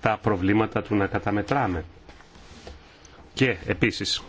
τα προβλήματα του να καταμετράμε. Και επίσης...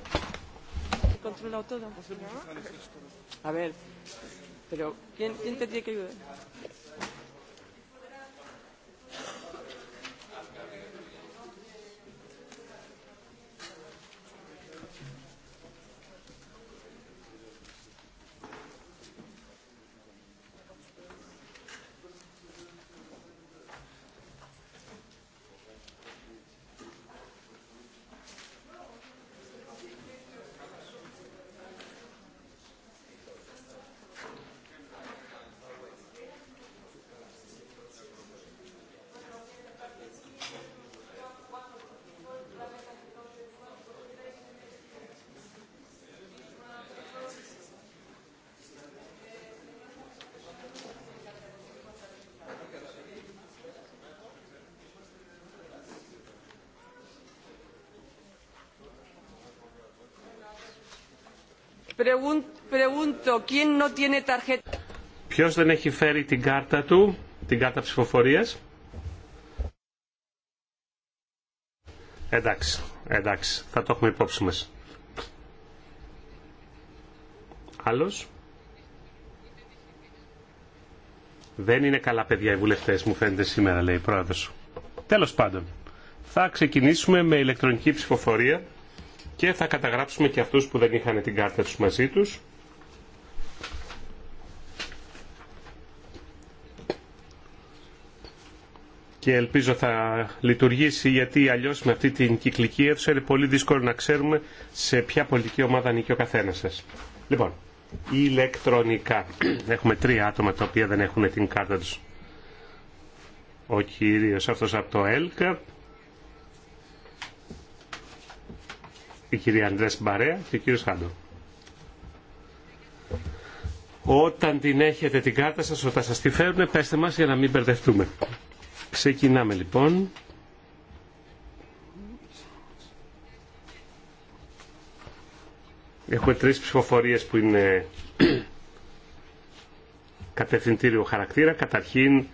Ποιος δεν έχει φέρει την κάρτα του, την κάρτα ψηφοφορίας. Εντάξει, εντάξει, θα το έχουμε υπόψη μας. Άλλος. Δεν είναι καλά παιδιά οι βουλευτές μου φαίνεται σήμερα, λέει η πρόεδρος. Τέλος πάντων, θα ξεκινήσουμε με ηλεκτρονική ψηφοφορία και θα καταγράψουμε και αυτούς που δεν είχαν την κάρτα τους μαζί τους. Και ελπίζω θα λειτουργήσει γιατί αλλιώς με αυτή την κυκλική αίθουσα είναι πολύ δύσκολο να ξέρουμε σε ποια πολιτική ομάδα ανήκει ο καθένας σας. Λοιπόν, ηλεκτρονικά. Έχουμε τρία άτομα τα οποία δεν έχουν την κάρτα τους. Ο κύριος αυτός από το ΕΛΚΑ, η κυρία Ανδρές Μπαρέα και ο κύριος Χάντο. Όταν την έχετε την κάρτα σας, όταν σας τη φέρουν, πέστε μας για να μην μπερδευτούμε. Ξεκινάμε λοιπόν. Έχουμε τρεις ψηφοφορίες που είναι κατευθυντήριο χαρακτήρα. Καταρχήν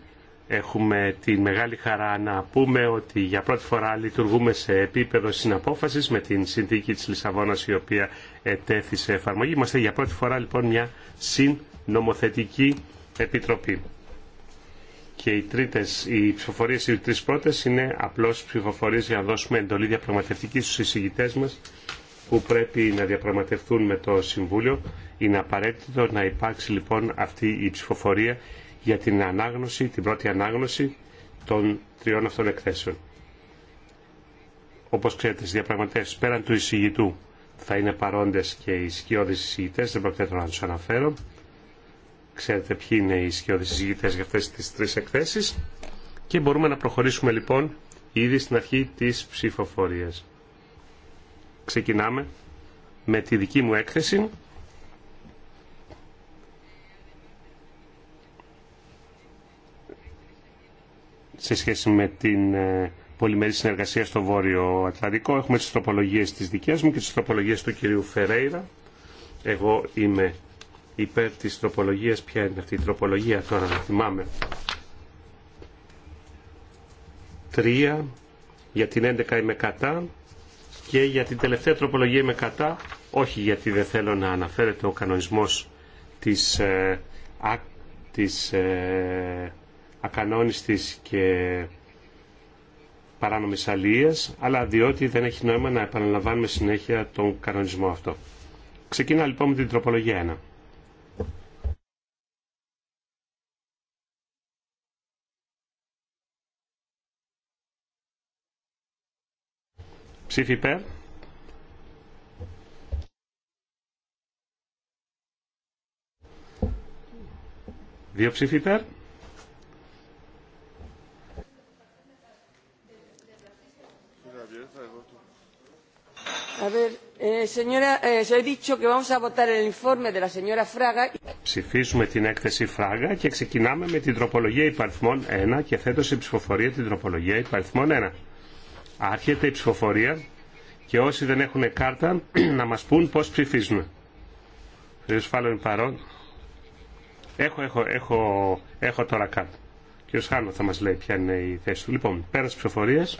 Έχουμε τη μεγάλη χαρά να πούμε ότι για πρώτη φορά λειτουργούμε σε επίπεδο συναπόφασης με την συνθήκη της Λισαβόνας η οποία ετέθη σε εφαρμογή. Είμαστε για πρώτη φορά λοιπόν μια συνομοθετική επιτροπή. Και οι, τρίτες, οι ψηφοφορίες, οι τρεις είναι απλώς ψηφοφορίες για να δώσουμε εντολή διαπραγματευτική στους εισηγητές μας που πρέπει να διαπραγματευτούν με το Συμβούλιο. Είναι απαραίτητο να υπάρξει λοιπόν αυτή η ψηφοφορία για την ανάγνωση, την πρώτη ανάγνωση των τριών αυτών εκθέσεων. Όπως ξέρετε, στις διαπραγματεύσεις πέραν του εισηγητού θα είναι παρόντες και οι σκιώδεις εισηγητές, δεν πρόκειται να τους αναφέρω. Ξέρετε ποιοι είναι οι σκιώδεις εισηγητές για αυτές τις τρεις εκθέσεις και μπορούμε να προχωρήσουμε λοιπόν ήδη στην αρχή της ψηφοφορίας. Ξεκινάμε με τη δική μου έκθεση σε σχέση με την ε, πολυμερή συνεργασία στο Βόρειο Ατλαντικό. Έχουμε τις τροπολογίες της δικιάς μου και τις τροπολογίες του κυρίου Φερέιρα. Εγώ είμαι υπέρ της τροπολογίας. Ποια είναι αυτή η τροπολογία τώρα να θυμάμαι. Τρία. Για την 11 είμαι κατά. Και για την τελευταία τροπολογία είμαι κατά. Όχι γιατί δεν θέλω να αναφέρεται ο κανονισμός της, ε, της ε, ακανόνιστης και παράνομης αλληλείας, αλλά διότι δεν έχει νόημα να επαναλαμβάνουμε συνέχεια τον κανονισμό αυτό. Ξεκινά λοιπόν με την τροπολογία 1. Ψήφι υπέρ. Δύο Ψήφι υπέρ. Eh, eh, ψηφίζουμε την έκθεση Φράγα και ξεκινάμε με την τροπολογία υπαριθμών 1 και θέτω σε ψηφοφορία την τροπολογία υπαριθμών 1. Άρχεται η ψηφοφορία και όσοι δεν έχουν κάρτα να μας πούν πώς ψηφίζουν. Κύριε Φάλλον παρόν. Έχω, έχω, έχω, έχω τώρα κάρτα. Κύριος Χάνο θα μας λέει ποια είναι η θέση του. Λοιπόν, πέρας ψηφοφορίας.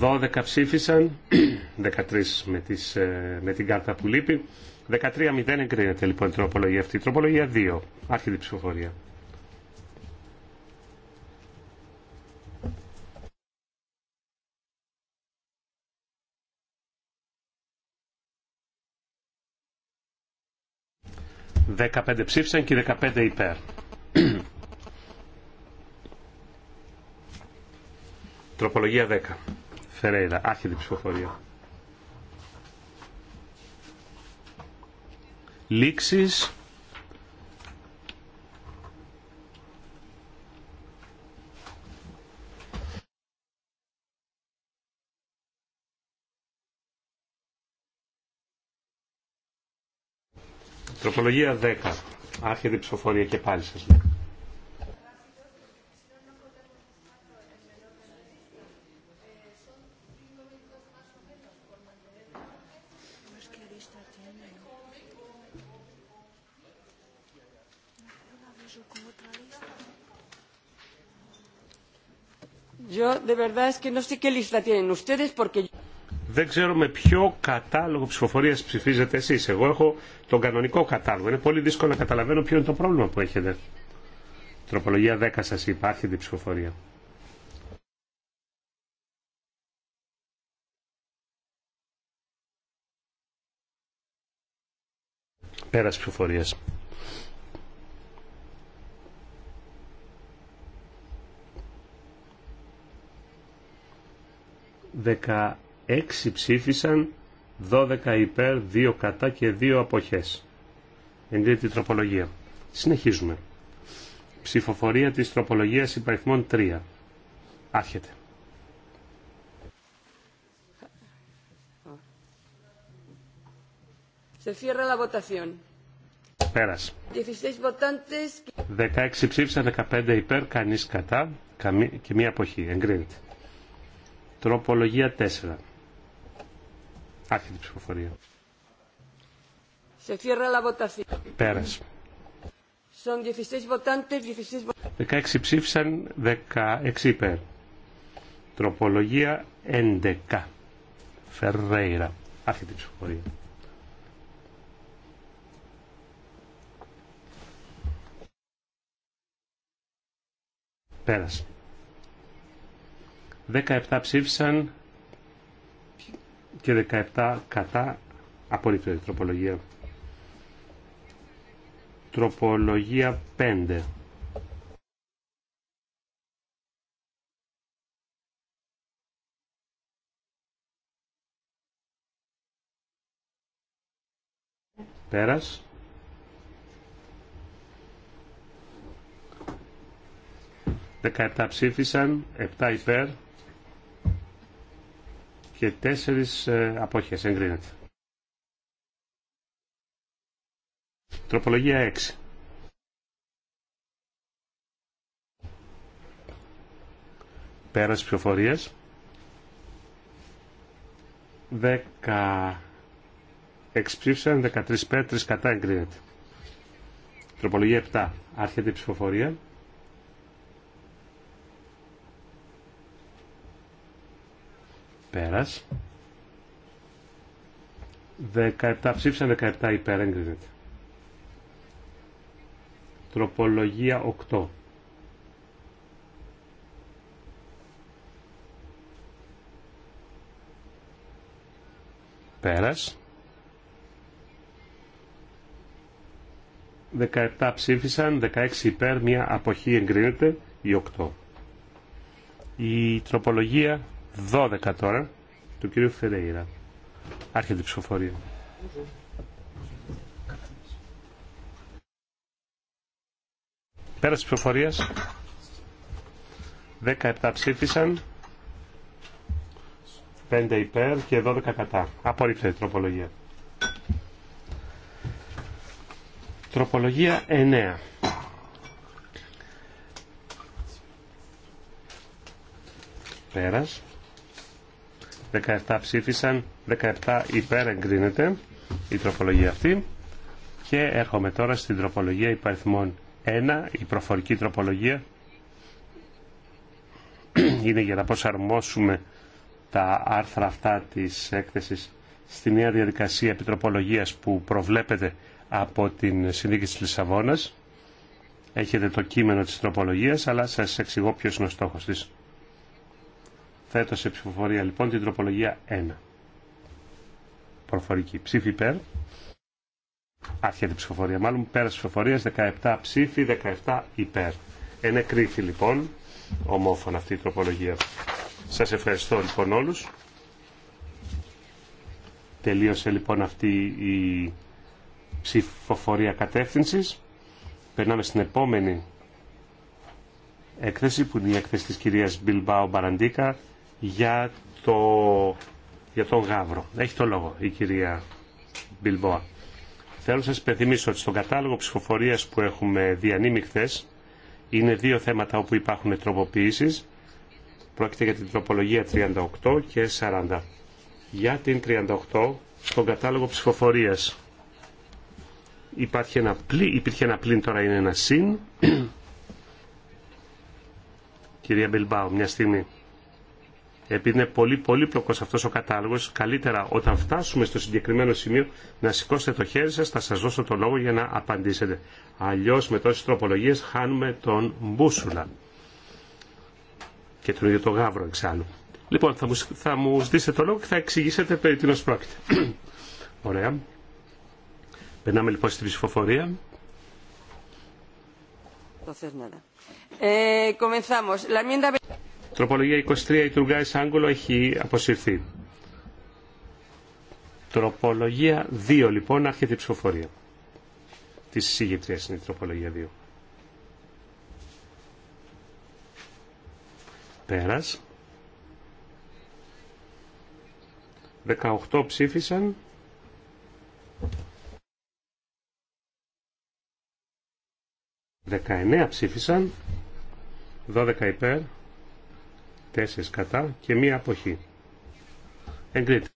12 ψήφισαν, 13 με, τις, ε, με την κάρτα που λείπει. 13-0 εγκρίνεται λοιπόν η τροπολογία αυτή. Η τροπολογία 2. άρχιτη ψηφοφορία. Δεκαπέντε ψήφισαν και 15 υπέρ. Τροπολογία 10. Φερέιρα. Άρχεται ψηφοφορία. Λήξεις. Τροπολογία 10. Άρχεται η ψηφοφορία και πάλι σας λέω. Δεν ξέρω με ποιο κατάλογο ψηφοφορία ψηφίζετε εσεί. Εγώ έχω τον κανονικό κατάλογο. Είναι πολύ δύσκολο να καταλαβαίνω ποιο είναι το πρόβλημα που έχετε. Τροπολογία 10 σα υπάρχει την ψηφοφορία. Πέρα ψηφοφορία. 16 ψήφισαν, 12 υπέρ, 2 κατά και 2 αποχές. Εγκρίνεται τροπολογία. Συνεχίζουμε. Ψηφοφορία της τροπολογίας υπαριθμών 3. Άρχεται. Σε cierra la votación. Πέρας. 16 ψήφισαν, 15 υπέρ, κανείς κατά και μία αποχή. Εγκρίνεται. Τροπολογία 4. Άρχεται ψηφοφορία. Σε 16 ψήφισαν, 16 υπέρ. Τροπολογία 11. Φερρέιρα. Άρχεται την ψηφοφορία. Πέρασε. 17 ψήφισαν και 17 κατά απορρίπτεται η τροπολογία. Τροπολογία 5. Πέρας. Δεκαεπτά ψήφισαν, 7 υπέρ, και τέσσερις ε, απόχες εγκρίνεται. Τροπολογία 6. Πέρας ψηφοφορίας. 10 εξψήφισαν, 13 πέρα, 3 κατά εγκρίνεται. Τροπολογία 7. Άρχεται η ψηφοφορία. πέρας. 17 ψήφισαν, 17 υπέρ εγκρίνεται. Τροπολογία 8. Πέρας. 17 ψήφισαν, 16 υπέρ, μια αποχή εγκρίνεται, η 8. Η τροπολογία 12 τώρα του κυρίου Φερέιρα. Άρχεται η ψηφοφορία. Πέρας ψηφοφορία. 17 ψήφισαν 5 υπέρ και 12 κατά. Απορρίπτεται η τροπολογία. Τροπολογία 9. Πέρας. 17 ψήφισαν, 17 υπέρ η τροπολογία αυτή. Και έρχομαι τώρα στην τροπολογία υπαριθμών 1, η προφορική τροπολογία. Είναι για να προσαρμόσουμε τα άρθρα αυτά της έκθεσης στη νέα διαδικασία επιτροπολογίας που προβλέπεται από την Συνδίκη της Λισαβόνας. Έχετε το κείμενο της τροπολογίας, αλλά σας εξηγώ ποιος είναι ο στόχος της. Θέτω σε ψηφοφορία λοιπόν την τροπολογία 1. Προφορική. Ψήφι υπέρ. Άρχια την ψηφοφορία. Μάλλον πέρα ψηφοφορία 17 ψήφι, 17 υπέρ. Ενεκρίθη λοιπόν ομόφωνα αυτή η τροπολογία. Σας ευχαριστώ λοιπόν όλους. Τελείωσε λοιπόν αυτή η ψηφοφορία κατεύθυνση. Περνάμε στην επόμενη έκθεση που είναι η έκθεση της κυρίας Μπιλμπάου Μπαραντίκα για, το, για τον Γάβρο. Έχει το λόγο η κυρία Μπιλμπόα. Θέλω να σας υπενθυμίσω ότι στον κατάλογο ψηφοφορίας που έχουμε διανύμει χθε είναι δύο θέματα όπου υπάρχουν τροποποιήσεις. Πρόκειται για την τροπολογία 38 και 40. Για την 38 στον κατάλογο ψηφοφορίας υπάρχει ένα πλή, υπήρχε ένα πλήν, τώρα είναι ένα συν. Κυρία Μπιλμπάου, μια στιγμή επειδή είναι πολύ πολύπλοκο αυτό ο κατάλογος, καλύτερα όταν φτάσουμε στο συγκεκριμένο σημείο να σηκώσετε το χέρι σα, θα σα δώσω το λόγο για να απαντήσετε. Αλλιώ με τόσε τροπολογίε χάνουμε τον μπούσουλα και τον ίδιο τον γάβρο εξάλλου. Λοιπόν, θα μου, θα μου ζητήσετε το λόγο και θα εξηγήσετε περί τίνο πρόκειται. Ωραία. Περνάμε λοιπόν στην ψηφοφορία. Ναι, ναι. Ε, Τροπολογία 23 η Τουργάη Σάγκολο έχει αποσυρθεί. Τροπολογία 2 λοιπόν άρχεται η ψηφοφορία. Της εισηγητρίας είναι η τροπολογία 2. Πέρας. 18 ψήφισαν. 19 ψήφισαν, 12 υπέρ, 4 κατά και μία αποχή. Εγκρίνεται.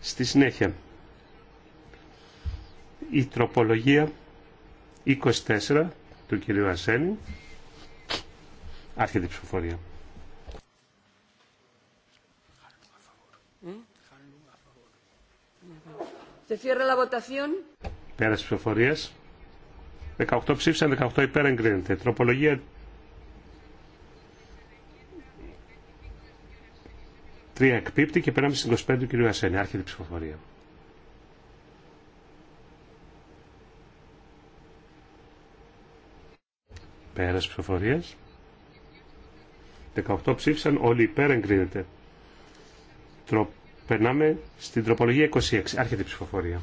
Στη συνέχεια, η τροπολογία 24 του κυρίου Ασένη άρχεται η ψηφοφορία. Σε cierra la Πέρας 18 ψήφισαν, 18 υπέρ εγκρίνεται. Τροπολογία 3 εκπίπτει και περάμε στην 25 του κ. Ασένη. Άρχεται η ψηφοφορία. Πέρας ψηφοφορίας. 18 ψήφισαν, όλοι υπέρ εγκρίνεται. Περνάμε στην τροπολογία 26. Άρχεται η ψηφοφορία.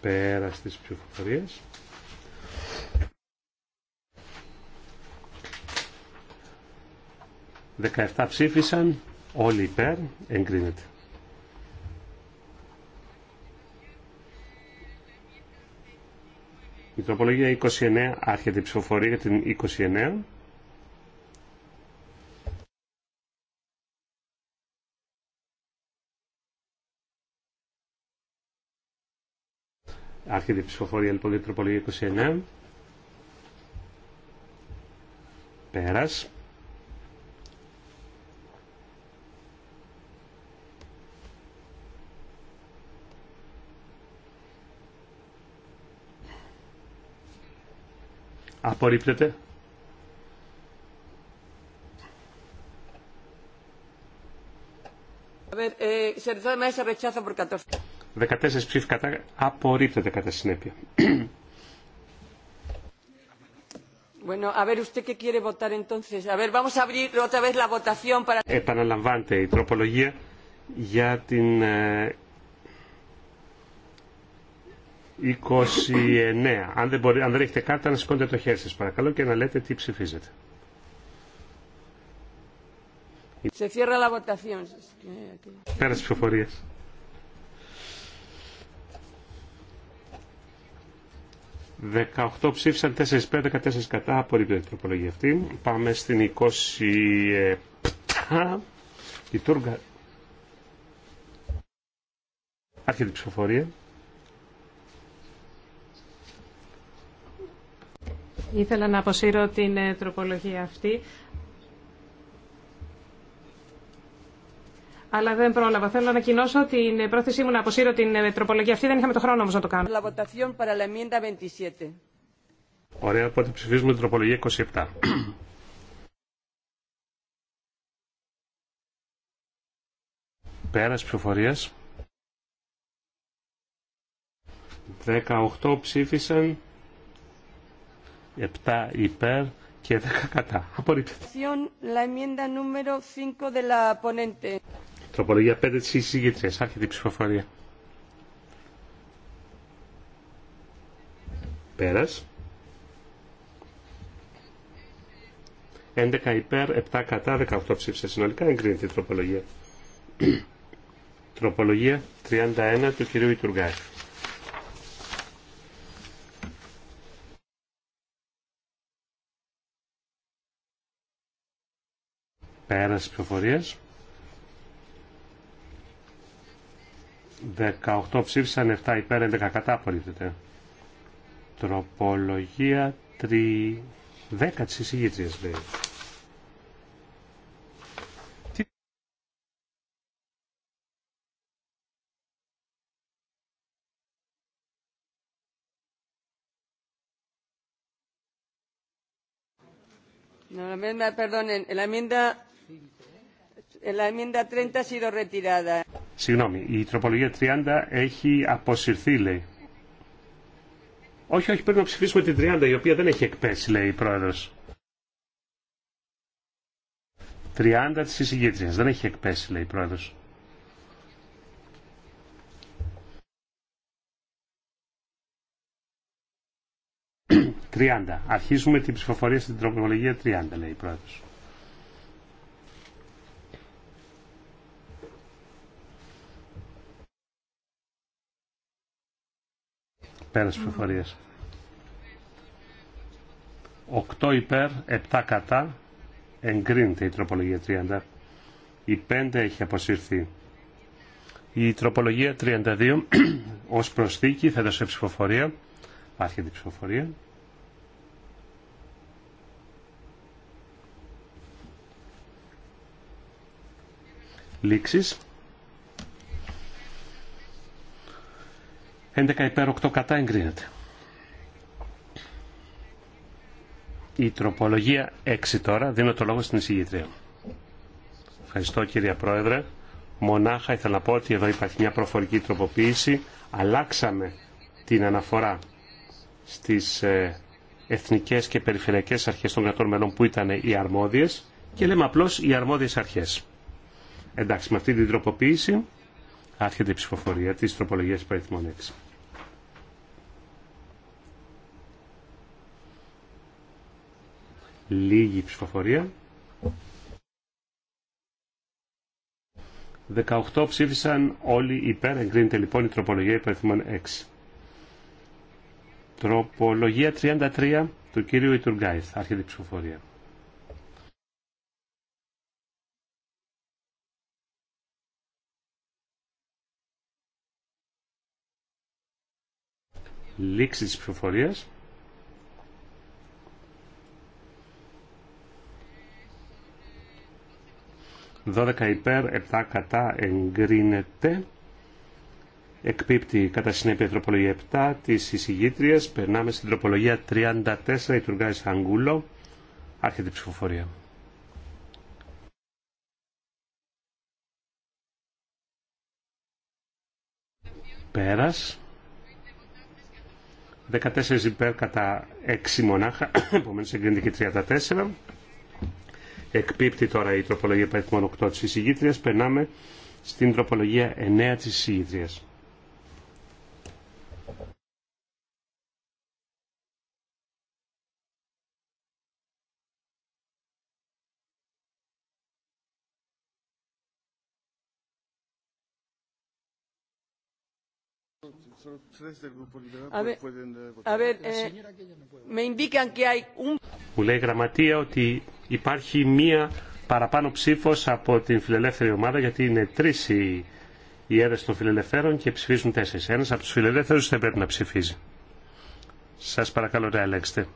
πέρα στις ψηφοφορίες. Δεκαεφτά ψήφισαν, όλοι υπέρ, εγκρίνεται. Η τροπολογία 29 άρχεται η ψηφοφορία για την 29. Άρχεται η ψηφοφορία λοιπόν για την τροπολογία 29. Πέρας. Απορρίπτεται. A ver, eh, se 14 ψήφοι κατά απορρίπτεται κατά συνέπεια. Επαναλαμβάνεται η τροπολογία για την 29. Ε, αν δεν, αν δεν έχετε κάρτα να σηκώνετε το χέρι σας παρακαλώ και να λέτε τι ψηφίζετε. Σε cierra la 18 ψήφισαν, 4 4-5, 14 κατά, Απορρίπτω την τροπολογία αυτή. Πάμε στην 27. Η Τούργα. Άρχεται η ψηφοφορία. Ήθελα να αποσύρω την ε, τροπολογία αυτή, αλλά δεν πρόλαβα. Θέλω να ανακοινώσω την πρόθεσή μου να αποσύρω την ε, τροπολογία αυτή. Δεν είχαμε το χρόνο όμω να το κάνουμε. Ωραία, οπότε ψηφίζουμε την τροπολογία 27. Πέρας ψηφοφορία. 18 ψήφισαν, 7 υπέρ και 10 κατά. Απορρίπτεται. Τροπολογία 5 της εισηγήτριας. Άρχεται η ψηφοφορία. Πέρας. 11 υπέρ, 7 κατά, 18 ψήφισε συνολικά. Εγκρίνεται η τροπολογία. τροπολογία 31 του κυρίου Ιτουργάη. Πέρας ψηφοφορίας. 18 ψήφισαν, 7 υπέρ, 11 κατά απορρίπτεται. Τροπολογία 10 της εισηγήτριας λέει. la enmienda, perdón, la enmienda La enmienda 30 ha sido retirada. Συγγνώμη, η τροπολογία 30 έχει αποσυρθεί, λέει. Όχι, όχι, πρέπει να ψηφίσουμε την 30, η οποία δεν έχει εκπέσει, λέει η πρόεδρο. 30 τη συζήτηση δεν έχει εκπέσει, λέει η πρόεδρος. Αρχίζουμε την ψηφοφορία στην τροπολογία 30, λέει η πρόεδρος. 8 υπέρ, 7 κατά. Εγκρίνεται η τροπολογία 30. Η 5 έχει αποσύρθει. Η τροπολογία 32 ως προσθήκη θα δώσει ψηφοφορία. Υπάρχει την ψηφοφορία. Λήξεις. 11 υπέρ 8 κατά εγκρίνεται. Η τροπολογία 6 τώρα. Δίνω το λόγο στην εισηγήτρια. Ευχαριστώ κύριε Πρόεδρε. Μονάχα ήθελα να πω ότι εδώ υπάρχει μια προφορική τροποποίηση. Αλλάξαμε την αναφορά στις ε, εθνικές και περιφερειακές αρχές των κρατών μελών που ήταν οι αρμόδιες και λέμε απλώς οι αρμόδιες αρχές. Εντάξει, με αυτή την τροποποίηση άρχεται η ψηφοφορία της τροπολογίας παριθμών 6. Λίγη ψηφοφορία. 18 ψήφισαν όλοι υπέρ. Εγκρίνεται λοιπόν η τροπολογία υπερθυμών 6. Τροπολογία 33 του κύριου Ιτουργκάιθ. Άρχεται η ψηφοφορία. Λήξη της ψηφοφορίας. 12 υπέρ, 7 κατά εγκρίνεται. Εκπίπτει κατά συνέπεια τροπολογία 7 της εισηγήτριας. Περνάμε στην τροπολογία 34 η Τουργάη Αγγούλο. Άρχεται η ψηφοφορία. Πέρας. 14 υπέρ κατά 6 μονάχα, επομένως εγκρίνεται και 34. Εκπίπτει τώρα η τροπολογία παριθμών 8 της εισηγήτριας. Περνάμε στην τροπολογία 9 της εισηγήτριας. Ε, Μου λέει η γραμματεία ότι υπάρχει μία παραπάνω ψήφο από την φιλελεύθερη ομάδα γιατί είναι τρει οι, οι των φιλελευθέρων και ψηφίζουν τέσσερι ένα από του φιλελεύθερου δεν πρέπει να ψηφίζει. Σα παρακαλώ να ελέγξετε.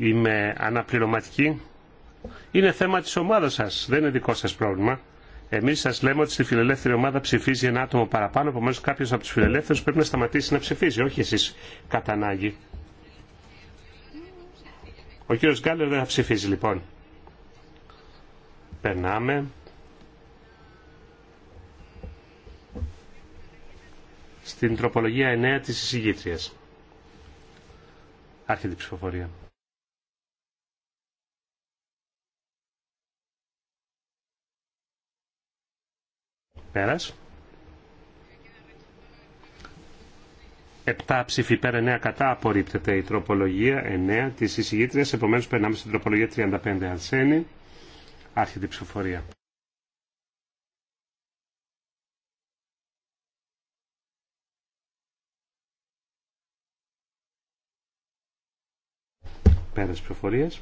Είμαι αναπληρωματική. Είναι θέμα της ομάδας σας, δεν είναι δικό σας πρόβλημα. Εμεί σα λέμε ότι στη φιλελεύθερη ομάδα ψηφίζει ένα άτομο παραπάνω, επομένω κάποιο από του φιλελεύθερου πρέπει να σταματήσει να ψηφίζει, όχι εσεί κατά ανάγκη. Ο κύριο Γκάλερ δεν θα ψηφίζει λοιπόν. Περνάμε. Στην τροπολογία 9 της εισηγήτριας. Άρχεται η ψηφοφορία. Πέρας. 7 ψήφοι υπέρ, 9 κατά απορρίπτεται η τροπολογία 9 τη εισηγήτριας. επομένω περνάμε στην τροπολογία 35 Αρσένη. Άρχεται η ψηφοφορία. Πέρας ψηφοφορίας.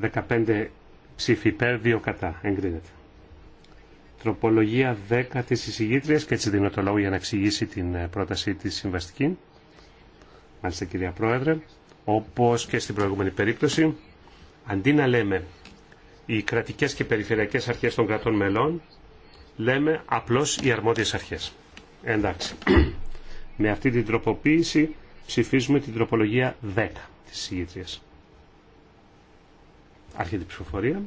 15 ψήφοι υπέρ, 2 κατά. Εγκρίνεται. Τροπολογία 10 της εισηγήτριας και έτσι δίνω το λόγο για να εξηγήσει την ε, πρότασή της συμβαστική. Μάλιστα κυρία Πρόεδρε, όπως και στην προηγούμενη περίπτωση, αντί να λέμε οι κρατικές και περιφερειακές αρχές των κρατών μελών, λέμε απλώς οι αρμόδιες αρχές. Εντάξει. Με αυτή την τροποποίηση ψηφίζουμε την τροπολογία 10 της εισηγήτριας. Αρχή η ψηφοφορία.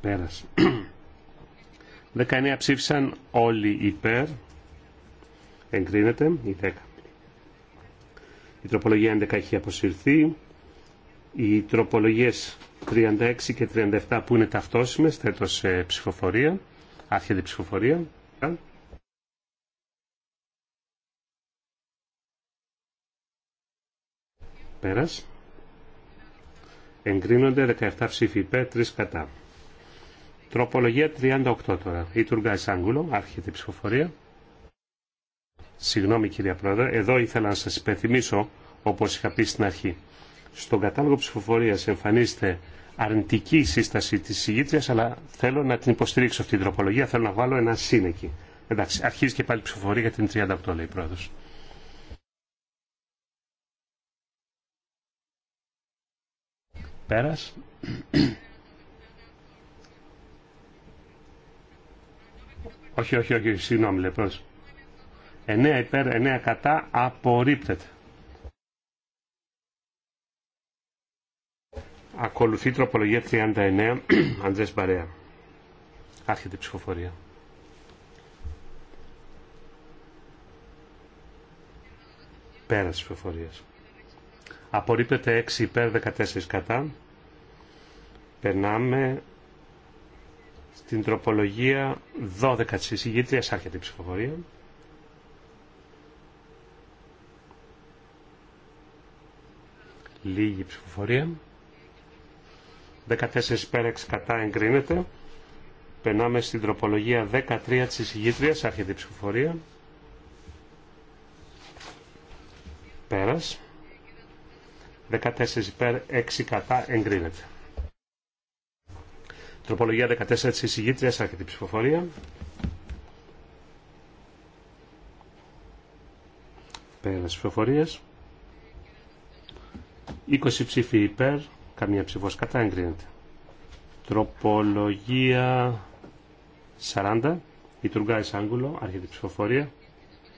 Πέρας. 19 ψήφισαν όλοι υπέρ. Εγκρίνεται η 10. Η τροπολογία 11 έχει αποσυρθεί. Οι τροπολογίες 36 και 37 που είναι ταυτόσιμες θέτω σε ψηφοφορία. Άρχεται ψηφοφορία. Πέρας. Εγκρίνονται 17 ψήφοι υπέρ, 3 κατά. Τροπολογία 38 τώρα. Η Άγγουλο, άρχεται η ψηφοφορία. Συγγνώμη κυρία Πρόεδρε, εδώ ήθελα να σας υπενθυμίσω, όπως είχα πει στην αρχή. Στον κατάλογο ψηφοφορίας εμφανίζεται αρνητική σύσταση της συγγήτριας, αλλά θέλω να την υποστηρίξω αυτή την τροπολογία, θέλω να βάλω ένα σύνεκι. Εντάξει, αρχίζει και πάλι η ψηφοφορία για την 38, λέει η Πρόεδρος. Πέρας. Όχι, όχι, όχι, συγγνώμη λοιπόν. 9 υπέρ, 9 κατά, απορρίπτεται. Ακολουθεί τροπολογία 39, Αντζές Μπαρέα. Άρχεται η ψηφοφορία. Πέρα της ψηφοφορίας. Απορρίπτεται 6 υπέρ, 14 κατά. Περνάμε στην τροπολογία 12 της εισηγήτριας άρχεται η ψηφοφορία. Λίγη ψηφοφορία. 14 πέρα 6 κατά εγκρίνεται. Περνάμε στην τροπολογία 13 της εισηγήτριας άρχεται η ψηφοφορία. Πέρας. 14 υπέρ 6 κατά εγκρίνεται. Τροπολογία 14 της εισηγήτριας, άρχεται η ψηφοφορία. Πέρα ψηφοφορίας. 20 ψήφοι υπέρ, καμία ψηφός κατά εγκρίνεται. Τροπολογία 40, η Τουργκάη Σάγκουλο, άρχεται η ψηφοφορία.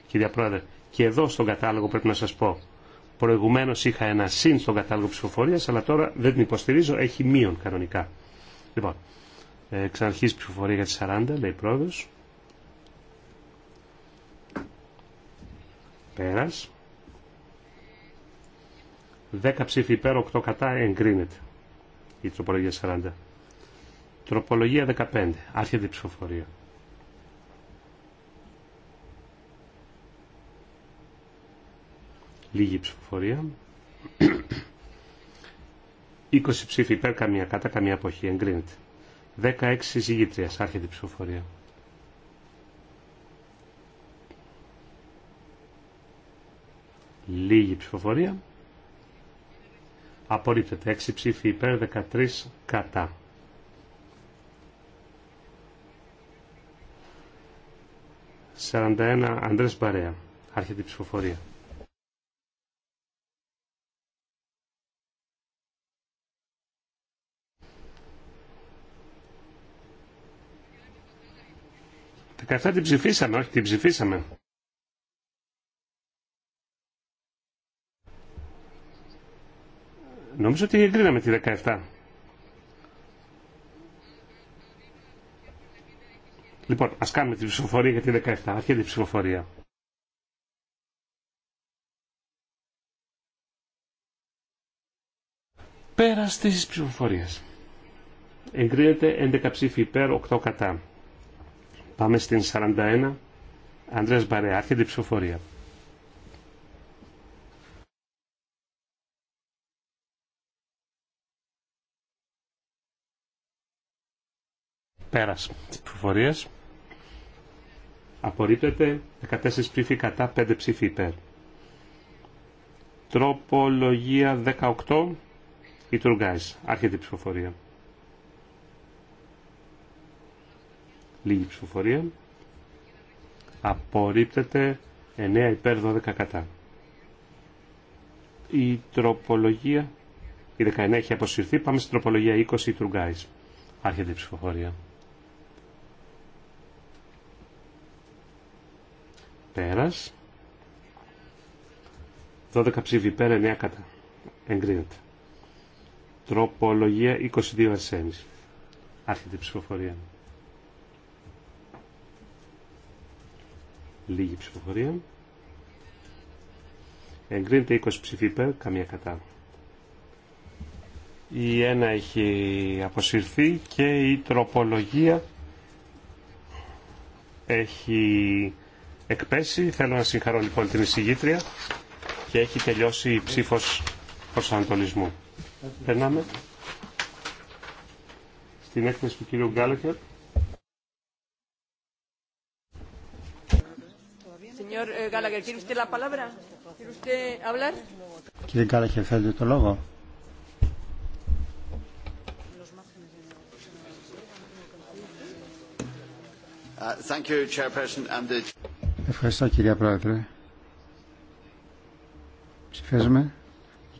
Κυρία Πρόεδρε, και εδώ στον κατάλογο πρέπει να σας πω, προηγουμένως είχα ένα συν στον κατάλογο ψηφοφορίας, αλλά τώρα δεν την υποστηρίζω, έχει μείον κανονικά. Λοιπόν, ε, εξ αρχής ψηφοφορία για τις 40, λέει πρόεδρος. Πέρας. 10 ψήφοι υπέρ, 8 κατά, εγκρίνεται η τροπολογία 40. Τροπολογία 15, άρχεται η ψηφοφορία. Λίγη ψηφοφορία. 20 ψήφοι υπέρ, καμία κατά, καμία αποχή, εγκρίνεται. 16 συζυγήτριας. Άρχεται η ψηφοφορία. Λίγη ψηφοφορία. Απορρίπτεται. 6 ψήφοι υπέρ, 13 κατά. 41, αντρέ Μπαρέα. Άρχεται η ψηφοφορία. 17 την ψηφίσαμε, όχι την ψηφίσαμε. Νομίζω ότι εγκρίναμε τη 17. Λοιπόν, ας κάνουμε τη ψηφοφορία για τη 17. αρχή την ψηφοφορία. Πέρα της ψηφοφορίες. Εγκρίνεται 11 ψήφοι υπέρ, 8 κατά. Πάμε στην 41. Ανδρέας Μπαρέα, άρχεται η ψηφοφορία. Πέρας τις ψηφοφορίες. Απορρίπτεται 14 ψήφοι κατά 5 ψήφοι υπέρ. Τροπολογία 18. Η Τουργκάης. Άρχεται η ψηφοφορία. Λίγη ψηφοφορία. Απορρίπτεται 9 υπέρ 12 κατά. Η τροπολογία, η 19 έχει αποσυρθεί, πάμε στην τροπολογία 20 guys Άρχεται η ψηφοφορία. Πέρας. 12 ψηφί υπέρ 9 κατά. Εγκρίνεται. Τροπολογία 22 ασένης Άρχεται η ψηφοφορία. Λίγη ψηφοφορία. Εγκρίνεται 20 ψηφί καμία κατά. Η ένα έχει αποσυρθεί και η τροπολογία έχει εκπέσει. Θέλω να συγχαρώ λοιπόν την εισηγήτρια και έχει τελειώσει η ψήφος προσανατολισμού. Περνάμε στην έκθεση του κύριου Γκάλεχερ. Eh, Κύριε Γκάλαχερ, θέλετε το λόγο. Uh, Ευχαριστώ κυρία Πρόεδρε. Ψηφίζουμε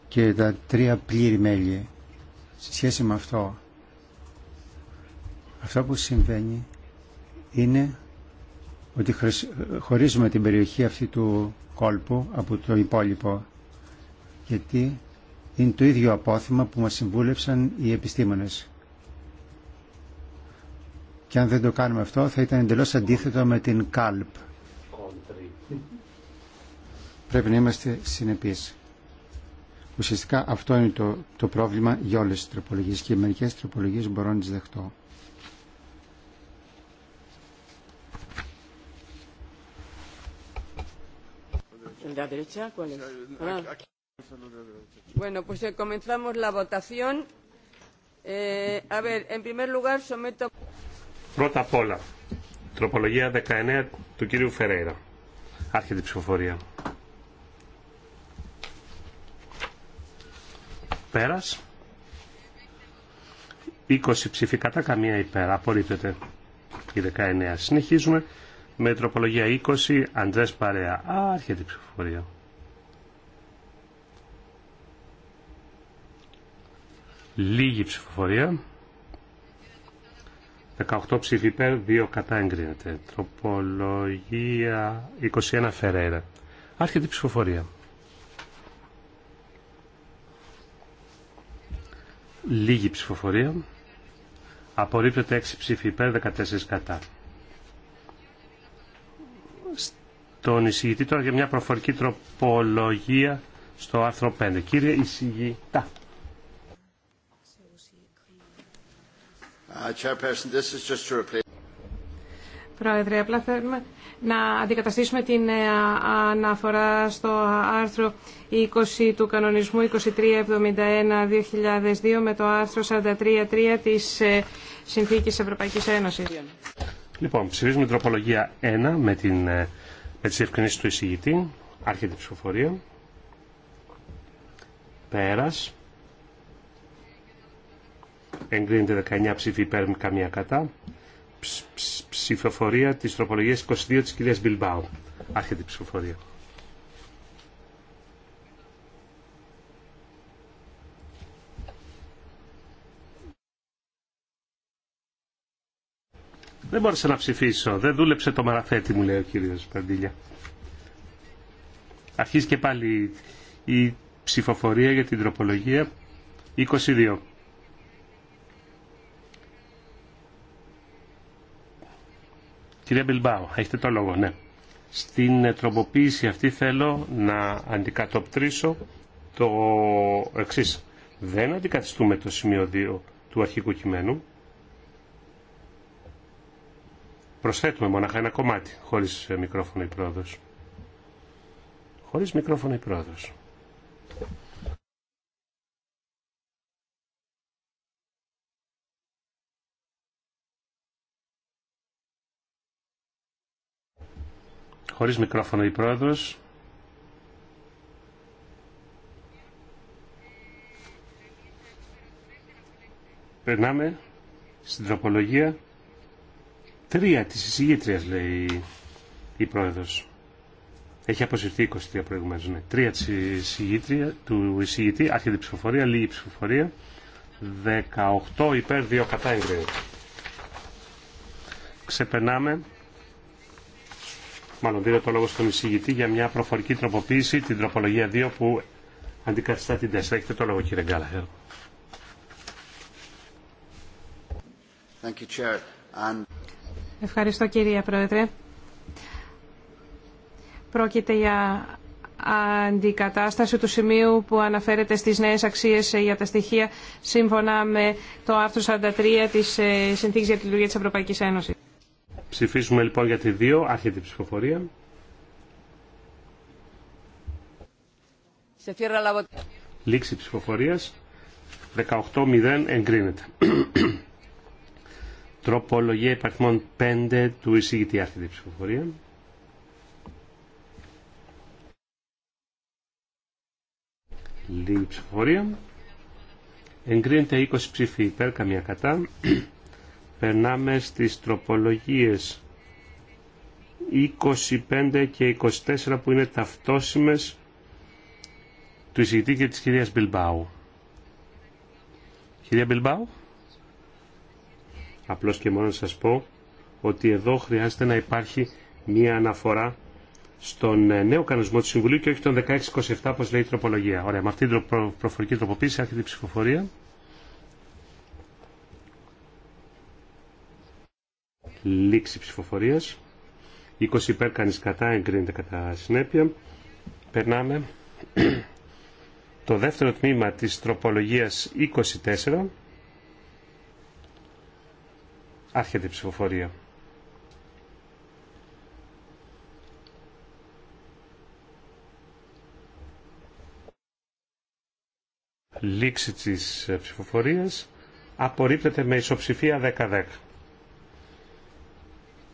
και τα τρία πλήρη μέλη. Σε σχέση με αυτό, αυτό που συμβαίνει είναι ότι χωρίζουμε την περιοχή αυτή του κόλπου από το υπόλοιπο γιατί είναι το ίδιο απόθυμα που μας συμβούλευσαν οι επιστήμονες. Και αν δεν το κάνουμε αυτό θα ήταν εντελώς αντίθετο με την κάλπ. Πρέπει να είμαστε συνεπείς. Ουσιαστικά αυτό είναι το, το πρόβλημα για όλες τις τροπολογίες και οι μερικές τροπολογίες μπορώ να τις δεχτώ. la derecha? ¿Cuál es? Ah. Bueno, pues eh, comenzamos la votación. Eh, a ver, en primer lugar, someto... Πρώτα απ' όλα, τροπολογία 19 του κυρίου Φερέιρα. Άρχεται η ψηφοφορία. Πέρας. 20 ψήφοι κατά καμία υπέρ. Απορρίπτεται η 19. Συνεχίζουμε με 20, Αντρές Παρέα. Α, η ψηφοφορία. Λίγη ψηφοφορία. 18 ψηφίπερ, υπέρ, 2 κατά εγκρίνεται. Τροπολογία 21 Φερέρα. Άρχεται η ψηφοφορία. Λίγη ψηφοφορία. Απορρίπτεται 6 ψήφοι υπέρ, 14 κατά. τον εισηγητή τώρα για μια προφορική τροπολογία στο άρθρο 5. Κύριε εισηγητά. Uh, Πρόεδρε, απλά θέλουμε να αντικαταστήσουμε την ε, αναφορά στο άρθρο 20 του κανονισμού 2371-2002 με το άρθρο 43.3 της ε, Συνθήκης Ευρωπαϊκής Ένωσης. Λοιπόν, ψηφίζουμε τροπολογία 1 με την ε, με τις ευκρινήσεις του εισηγητή. Άρχεται η ψηφοφορία. Πέρας. Εγκρίνεται 19 ψήφοι υπέρ καμία κατά. ψηφοφορία της τροπολογίας 22 της κυρίας Μπιλμπάου. Άρχεται η ψηφοφορία. Δεν μπόρεσα να ψηφίσω. Δεν δούλεψε το μαραφέτη μου λέει ο κύριος Παντήλια. Αρχίζει και πάλι η ψηφοφορία για την τροπολογία 22. Κυρία Μπιλμπάου, έχετε το λόγο, ναι. Στην τροποποίηση αυτή θέλω να αντικατοπτρίσω το εξής. Δεν αντικαθιστούμε το σημείο 2 του αρχικού κειμένου. Προσθέτουμε μονάχα ένα κομμάτι, χωρίς ε, μικρόφωνο η πρόοδος. Χωρίς μικρόφωνο η πρόοδος. Χωρίς μικρόφωνο η πρόοδος. Περνάμε στην τροπολογία Τρία τη συζήτρια, λέει η πρόεδρο, Έχει αποσυρθεί 23 προηγουμένω. ναι. Τρία της συζήτρια του εισηγητή, άρχεται η ψηφοφορία, λίγη ψηφοφορία. 18 υπέρ 2 κατά Ξεπερνάμε. Μάλλον δίνω το λόγο στον εισηγητή για μια προφορική τροποποίηση, την τροπολογία 2 που αντικαθιστά την 4. Έχετε το λόγο κύριε Γκάλαχερ. Thank you, Chair. And... Ευχαριστώ κυρία Πρόεδρε. Πρόκειται για αντικατάσταση του σημείου που αναφέρεται στις νέες αξίες για τα στοιχεία σύμφωνα με το άρθρο 43 της ε, Συνθήκης για τη Λειτουργία της Ευρωπαϊκής Ένωσης. Ψηφίσουμε λοιπόν για τη 2, άρχεται η ψηφοφορία. Λήξη ψηφοφορίας. 18-0 εγκρίνεται. Τροπολογία υπαριθμών 5 του εισηγητή αυτή την ψηφοφορία. Λίγη ψηφοφορία. Εγκρίνεται 20 ψήφοι υπέρ, καμία κατά. Περνάμε στις τροπολογίες 25 και 24 που είναι ταυτόσιμες του εισηγητή και της κυρίας Μπιλμπάου. Κυρία Μπιλμπάου. Απλώς και μόνο να σας πω ότι εδώ χρειάζεται να υπάρχει μία αναφορά στον ε, νέο κανονισμό του Συμβουλίου και όχι τον 1627 όπως λέει η τροπολογία. Ωραία, με αυτή την προφορική τροποποίηση άρχεται η ψηφοφορία. Λήξη ψηφοφορίας. 20 υπέρ κανείς κατά, εγκρίνεται κατά συνέπεια. Περνάμε το δεύτερο τμήμα της τροπολογίας 24 Άρχεται η ψηφοφορία. Λήξη της ε, ψηφοφορίας απορρίπτεται με ισοψηφία 10-10.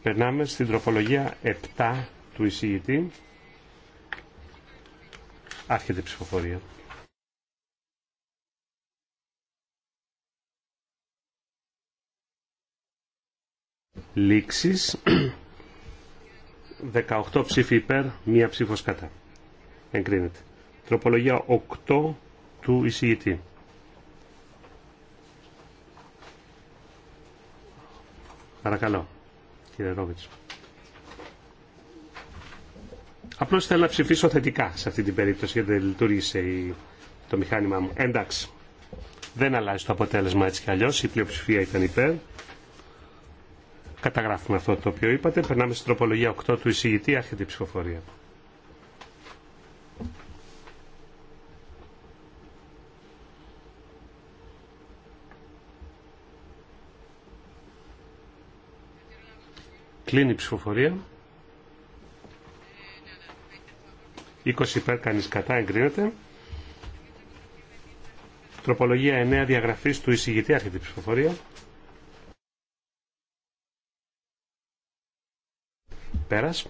Περνάμε στην τροπολογία 7 του εισηγητή. Άρχεται η ψηφοφορία. λήξης 18 ψήφοι υπέρ, μία ψήφος κατά. Εγκρίνεται. Τροπολογία 8 του εισηγητή. Παρακαλώ, κύριε Ρόβιτς. Απλώς θέλω να ψηφίσω θετικά σε αυτή την περίπτωση γιατί δεν λειτουργήσε το μηχάνημά μου. Εντάξει, δεν αλλάζει το αποτέλεσμα έτσι κι αλλιώς, η πλειοψηφία ήταν υπέρ καταγράφουμε αυτό το οποίο είπατε. Περνάμε στην τροπολογία 8 του εισηγητή. Άρχεται η ψηφοφορία. Κλείνει η ψηφοφορία. 20 υπέρ κανείς κατά εγκρίνεται. Τροπολογία 9 διαγραφής του εισηγητή άρχεται η ψηφοφορία. Πέρας.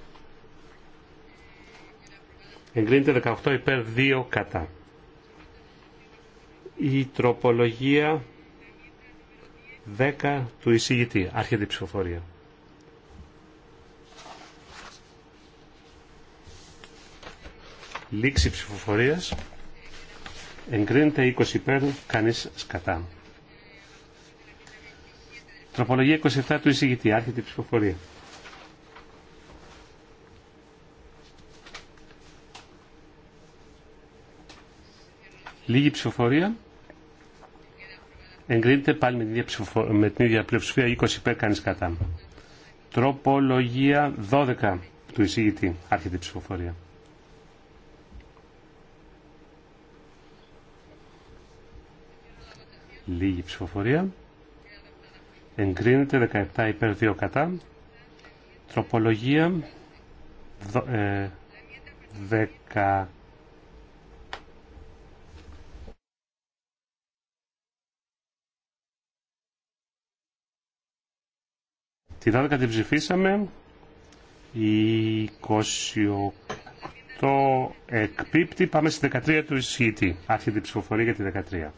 Εγκρίνεται 18 υπέρ 2 κατά. Η τροπολογία 10 του εισηγητή. Άρχεται η ψηφοφορία. Λήξη ψηφοφορίας. Εγκρίνεται 20 υπέρ, κανείς κατά. Τροπολογία 27 του εισηγητή. Άρχεται η ψηφοφορία. Λίγη ψηφοφορία. Εγκρίνεται πάλι με την ίδια, ψηφοφο... πλειοψηφία 20 υπέρ κανείς κατά. Τροπολογία 12 του εισηγητή. Άρχεται η ψηφοφορία. Λίγη ψηφοφορία. Εγκρίνεται 17 υπέρ 2 κατά. Τροπολογία 10. Ε, Τη 12 την ψηφίσαμε. Η 28 εκπίπτει. Πάμε στη 13 του εισηγητή. Άρχεται την ψηφοφορία για τη 13.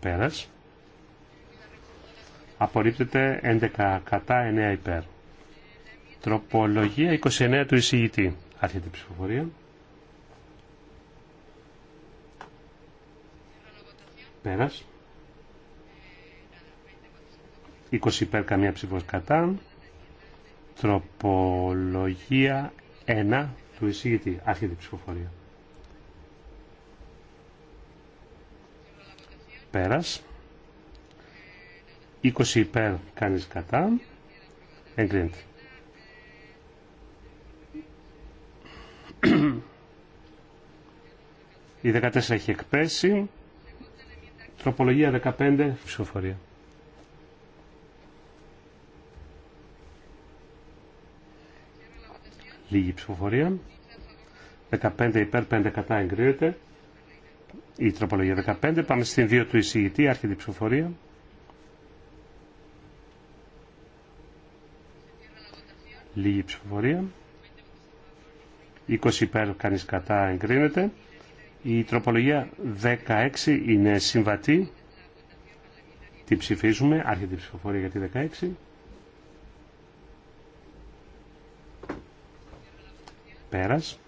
Πέρας. Απορρίπτεται 11 κατά 9 υπέρ. Τροπολογία 29 του εισηγητή. Άρχεται η ψηφοφορία. Πέρας. 20 υπέρ καμία ψήφος κατά. Τροπολογία 1 του εισηγητή. Άρχεται η ψηφοφορία. Πέρας. 20 υπέρ κανείς κατά. Εγκρίνεται. Η 14 έχει εκπέσει. Τροπολογία 15, ψηφοφορία. Λίγη ψηφοφορία. 15 υπέρ, 5 κατά εγκρίνεται. Η τροπολογία 15. Πάμε στην 2 του εισηγητή, άρχεται ψηφοφορία. Λίγη ψηφοφορία. 20 υπέρ, κανείς κατά εγκρίνεται. Η τροπολογία 16 είναι συμβατή. Την ψηφίζουμε. Άρχεται η ψηφοφορία για τη 16. Πέρας.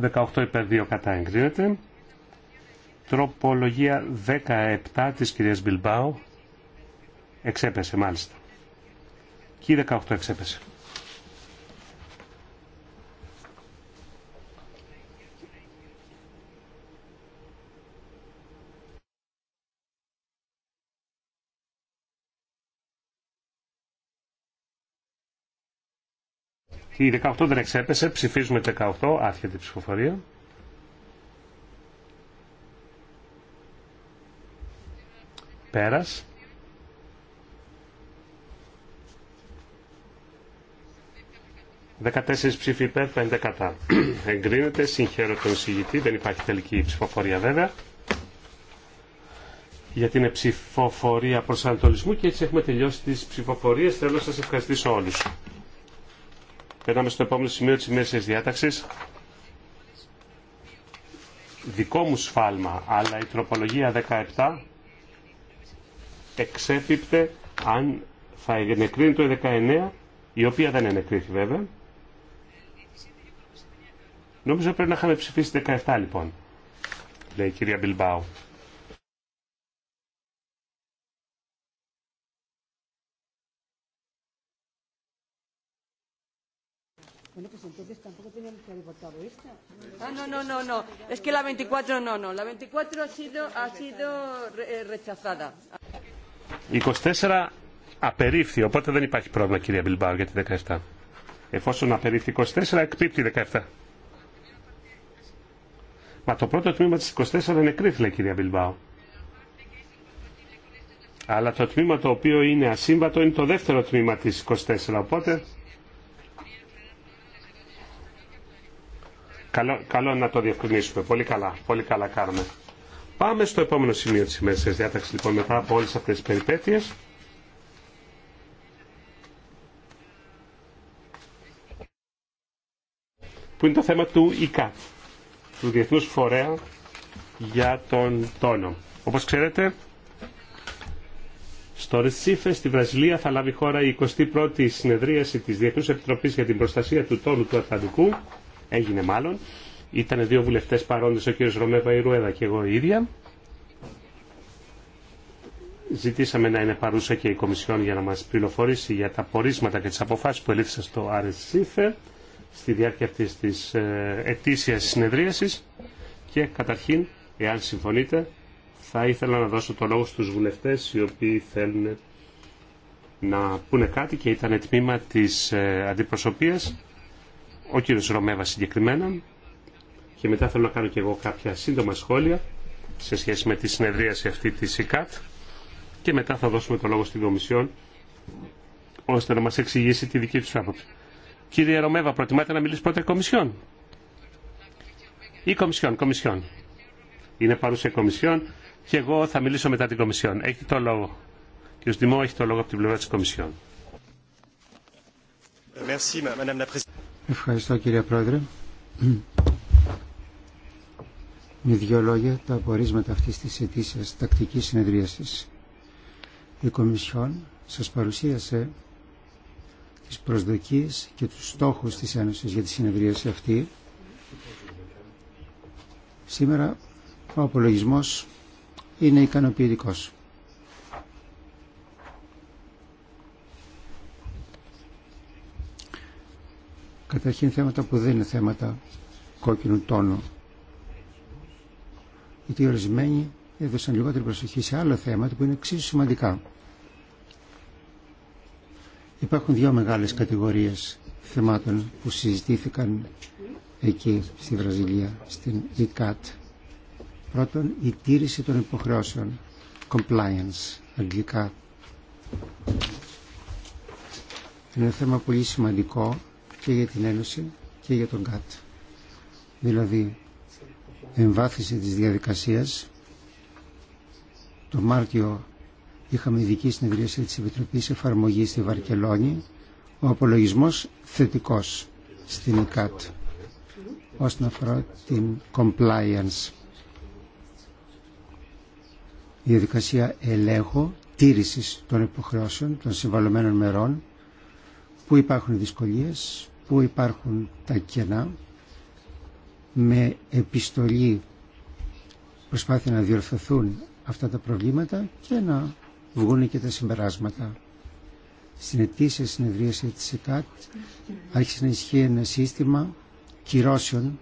18 υπέρ 2 κατά εγκρίνεται. Τροπολογία 17 της κυρίας Μπιλμπάου. Εξέπεσε μάλιστα. Και η 18 εξέπεσε. Η 18 δεν εξέπεσε. Ψηφίζουμε 18. Άρχεται η ψηφοφορία. Πέρας. 14 ψήφοι υπέρ, πέντε κατά. Εγκρίνεται, συγχαίρω τον συγητή, δεν υπάρχει τελική ψηφοφορία βέβαια. Για την ψηφοφορία ανατολισμού και έτσι έχουμε τελειώσει τις ψηφοφορίες. Θέλω να σας ευχαριστήσω όλους. Περνάμε στο επόμενο σημείο της ημέρας διάταξης. Δικό μου σφάλμα, αλλά η τροπολογία 17 εξέπιπτε αν θα ενεκρίνει το 19, η οποία δεν ενεκρίθη βέβαια. Νομίζω πρέπει να είχαμε ψηφίσει 17 λοιπόν, λέει η κυρία Μπιλμπάου. 24 ah, no, no. απερίφθη, οπότε δεν υπάρχει πρόβλημα κυρία Μπιλμπάου για τη 17. Εφόσον απερίφθη 24, εκπίπτει 17. Μα το πρώτο τμήμα της 24 δεν εκρήθη, λέει κυρία Μπιλμπάου. Αλλά το τμήμα το οποίο είναι ασύμβατο είναι το δεύτερο τμήμα της 24, οπότε Καλό, καλό να το διευκρινίσουμε. Πολύ καλά. Πολύ καλά κάνουμε. Πάμε στο επόμενο σημείο της ημέρας της λοιπόν μετά από όλες αυτές τις περιπέτειες. Που είναι το θέμα του ΙΚΑΤ, του Διεθνούς Φορέα για τον Τόνο. Όπως ξέρετε, στο Ρεσίφε στη Βραζιλία θα λάβει χώρα η 21η συνεδρίαση της Διεθνούς Επιτροπής για την Προστασία του Τόνου του Ατλαντικού έγινε μάλλον. Ήταν δύο βουλευτές παρόντες, ο κύριος Ρωμέβα Ιρουέδα και εγώ η ίδια. Ζητήσαμε να είναι παρούσα και η Κομισιόν για να μας πληροφορήσει για τα πορίσματα και τις αποφάσεις που ελήφθησαν στο RSCFER στη διάρκεια αυτής της ε, ετήσιας συνεδρίασης και καταρχήν, εάν συμφωνείτε, θα ήθελα να δώσω το λόγο στους βουλευτές οι οποίοι θέλουν να πούνε κάτι και ήταν τμήμα της ε, αντιπροσωπείας ο κύριος Ρωμέβα συγκεκριμένα και μετά θέλω να κάνω και εγώ κάποια σύντομα σχόλια σε σχέση με τη συνεδρίαση αυτή τη ΕΚΑΤ και μετά θα δώσουμε το λόγο στην Κομισιόν ώστε να μας εξηγήσει τη δική τους άποψη. Κύριε Ρωμέβα, προτιμάτε να μιλήσει πρώτα η Κομισιόν ή Κομισιόν, Κομισιόν. Είναι παρούσα η Κομισιόν και εγώ θα μιλήσω μετά την Κομισιόν. Έχετε το λόγο. Κύριο Δημό έχει το λόγο από την πλευρά τη Κομισιόν. Ευχαριστώ κύριε Πρόεδρε. Με δύο λόγια τα απορίσματα αυτής της αιτήσιας τακτικής συνεδρίασης. Η Κομισιόν σας παρουσίασε τις προσδοκίες και τους στόχους της Ένωσης για τη συνεδρίαση αυτή. Σήμερα ο απολογισμός είναι ικανοποιητικός. Καταρχήν θέματα που δεν είναι θέματα κόκκινου τόνου. Γιατί ορισμένοι έδωσαν λιγότερη προσοχή σε άλλα θέματα που είναι εξίσου σημαντικά. Υπάρχουν δύο μεγάλες κατηγορίες θεμάτων που συζητήθηκαν εκεί στη Βραζιλία, στην ΙΚΑΤ. Πρώτον, η τήρηση των υποχρεώσεων, compliance, αγγλικά. Είναι ένα θέμα πολύ σημαντικό και για την Ένωση και για τον ΚΑΤ. Δηλαδή, εμβάθυνση της διαδικασίας. Το Μάρτιο είχαμε ειδική συνεδρίαση της Επιτροπής Εφαρμογής στη Βαρκελόνη. Ο απολογισμός θετικός στην ΕΚΑΤ όσον αφορά την compliance. Η διαδικασία ελέγχου τήρησης των υποχρεώσεων των συμβαλωμένων μερών που υπάρχουν δυσκολίες που υπάρχουν τα κενά με επιστολή προσπάθεια να διορθωθούν αυτά τα προβλήματα και να βγουν και τα συμπεράσματα. Στην ετήσια συνεδρίαση της ΕΚΑΤ άρχισε να ισχύει ένα σύστημα κυρώσεων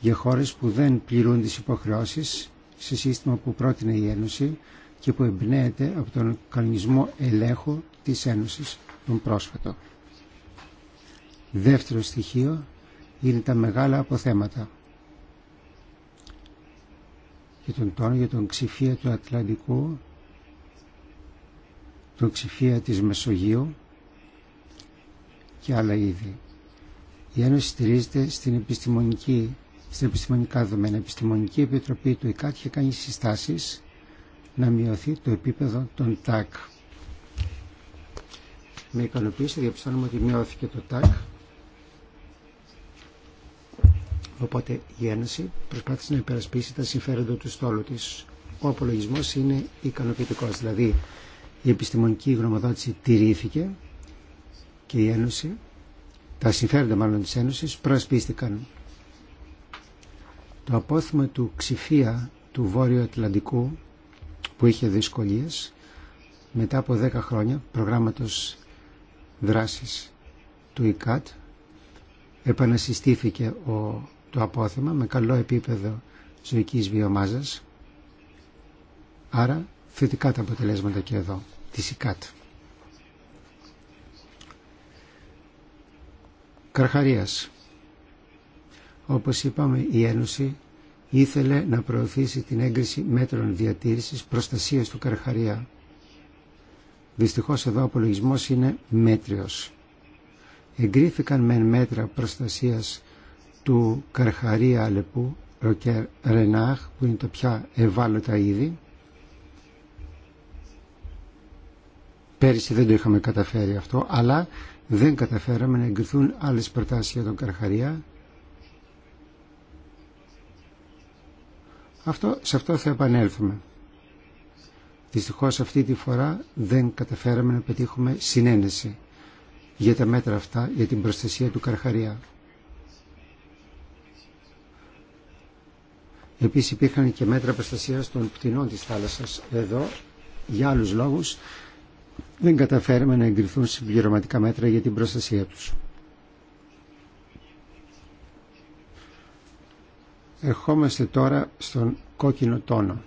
για χώρες που δεν πληρούν τις υποχρεώσεις σε σύστημα που πρότεινε η Ένωση και που εμπνέεται από τον κανονισμό ελέγχου της Ένωσης, τον πρόσφατο. Δεύτερο στοιχείο είναι τα μεγάλα αποθέματα για τον τόνο, για τον ξηφία του Ατλαντικού, τον ξηφία της Μεσογείου και άλλα είδη. Η Ένωση στηρίζεται στην επιστημονική, στην επιστημονικά δεδομένα. Η Επιστημονική Επιτροπή του ΕΚΑΤ είχε κάνει συστάσεις να μειωθεί το επίπεδο των ΤΑΚ. Με ικανοποίηση διαπιστώνουμε ότι μειώθηκε το ΤΑΚ Οπότε η Ένωση προσπάθησε να υπερασπίσει τα συμφέροντα του στόλου της. Ο απολογισμό είναι ικανοποιητικό. Δηλαδή η επιστημονική γνωμοδότηση τηρήθηκε και η Ένωση, τα συμφέροντα μάλλον της Ένωσης, προασπίστηκαν. Το απόθυμα του ξηφία του Βόρειο Ατλαντικού που είχε δυσκολίες μετά από 10 χρόνια προγράμματος δράσης του ΙΚΑΤ επανασυστήθηκε ο το απόθεμα με καλό επίπεδο ζωικής βιομάζας. Άρα θετικά τα αποτελέσματα και εδώ, της ΣΥΚΑΤ. Καρχαρίας. Όπως είπαμε η Ένωση ήθελε να προωθήσει την έγκριση μέτρων διατήρησης προστασίας του Καρχαρία. Δυστυχώς εδώ ο απολογισμός είναι μέτριος. Εγκρίθηκαν μεν μέτρα προστασίας του Καρχαρία Αλεπού και Ρενάχ που είναι τα πια ευάλωτα είδη πέρυσι δεν το είχαμε καταφέρει αυτό αλλά δεν καταφέραμε να εγκριθούν άλλες προτάσεις για τον Καρχαρία αυτό, σε αυτό θα επανέλθουμε δυστυχώς αυτή τη φορά δεν καταφέραμε να πετύχουμε συνένεση για τα μέτρα αυτά για την προστασία του Καρχαρία Επίσης υπήρχαν και μέτρα προστασίας των πτηνών της θάλασσας. Εδώ, για άλλους λόγους, δεν καταφέραμε να εγκριθούν συμπληρωματικά μέτρα για την προστασία τους. Ερχόμαστε τώρα στον κόκκινο τόνο,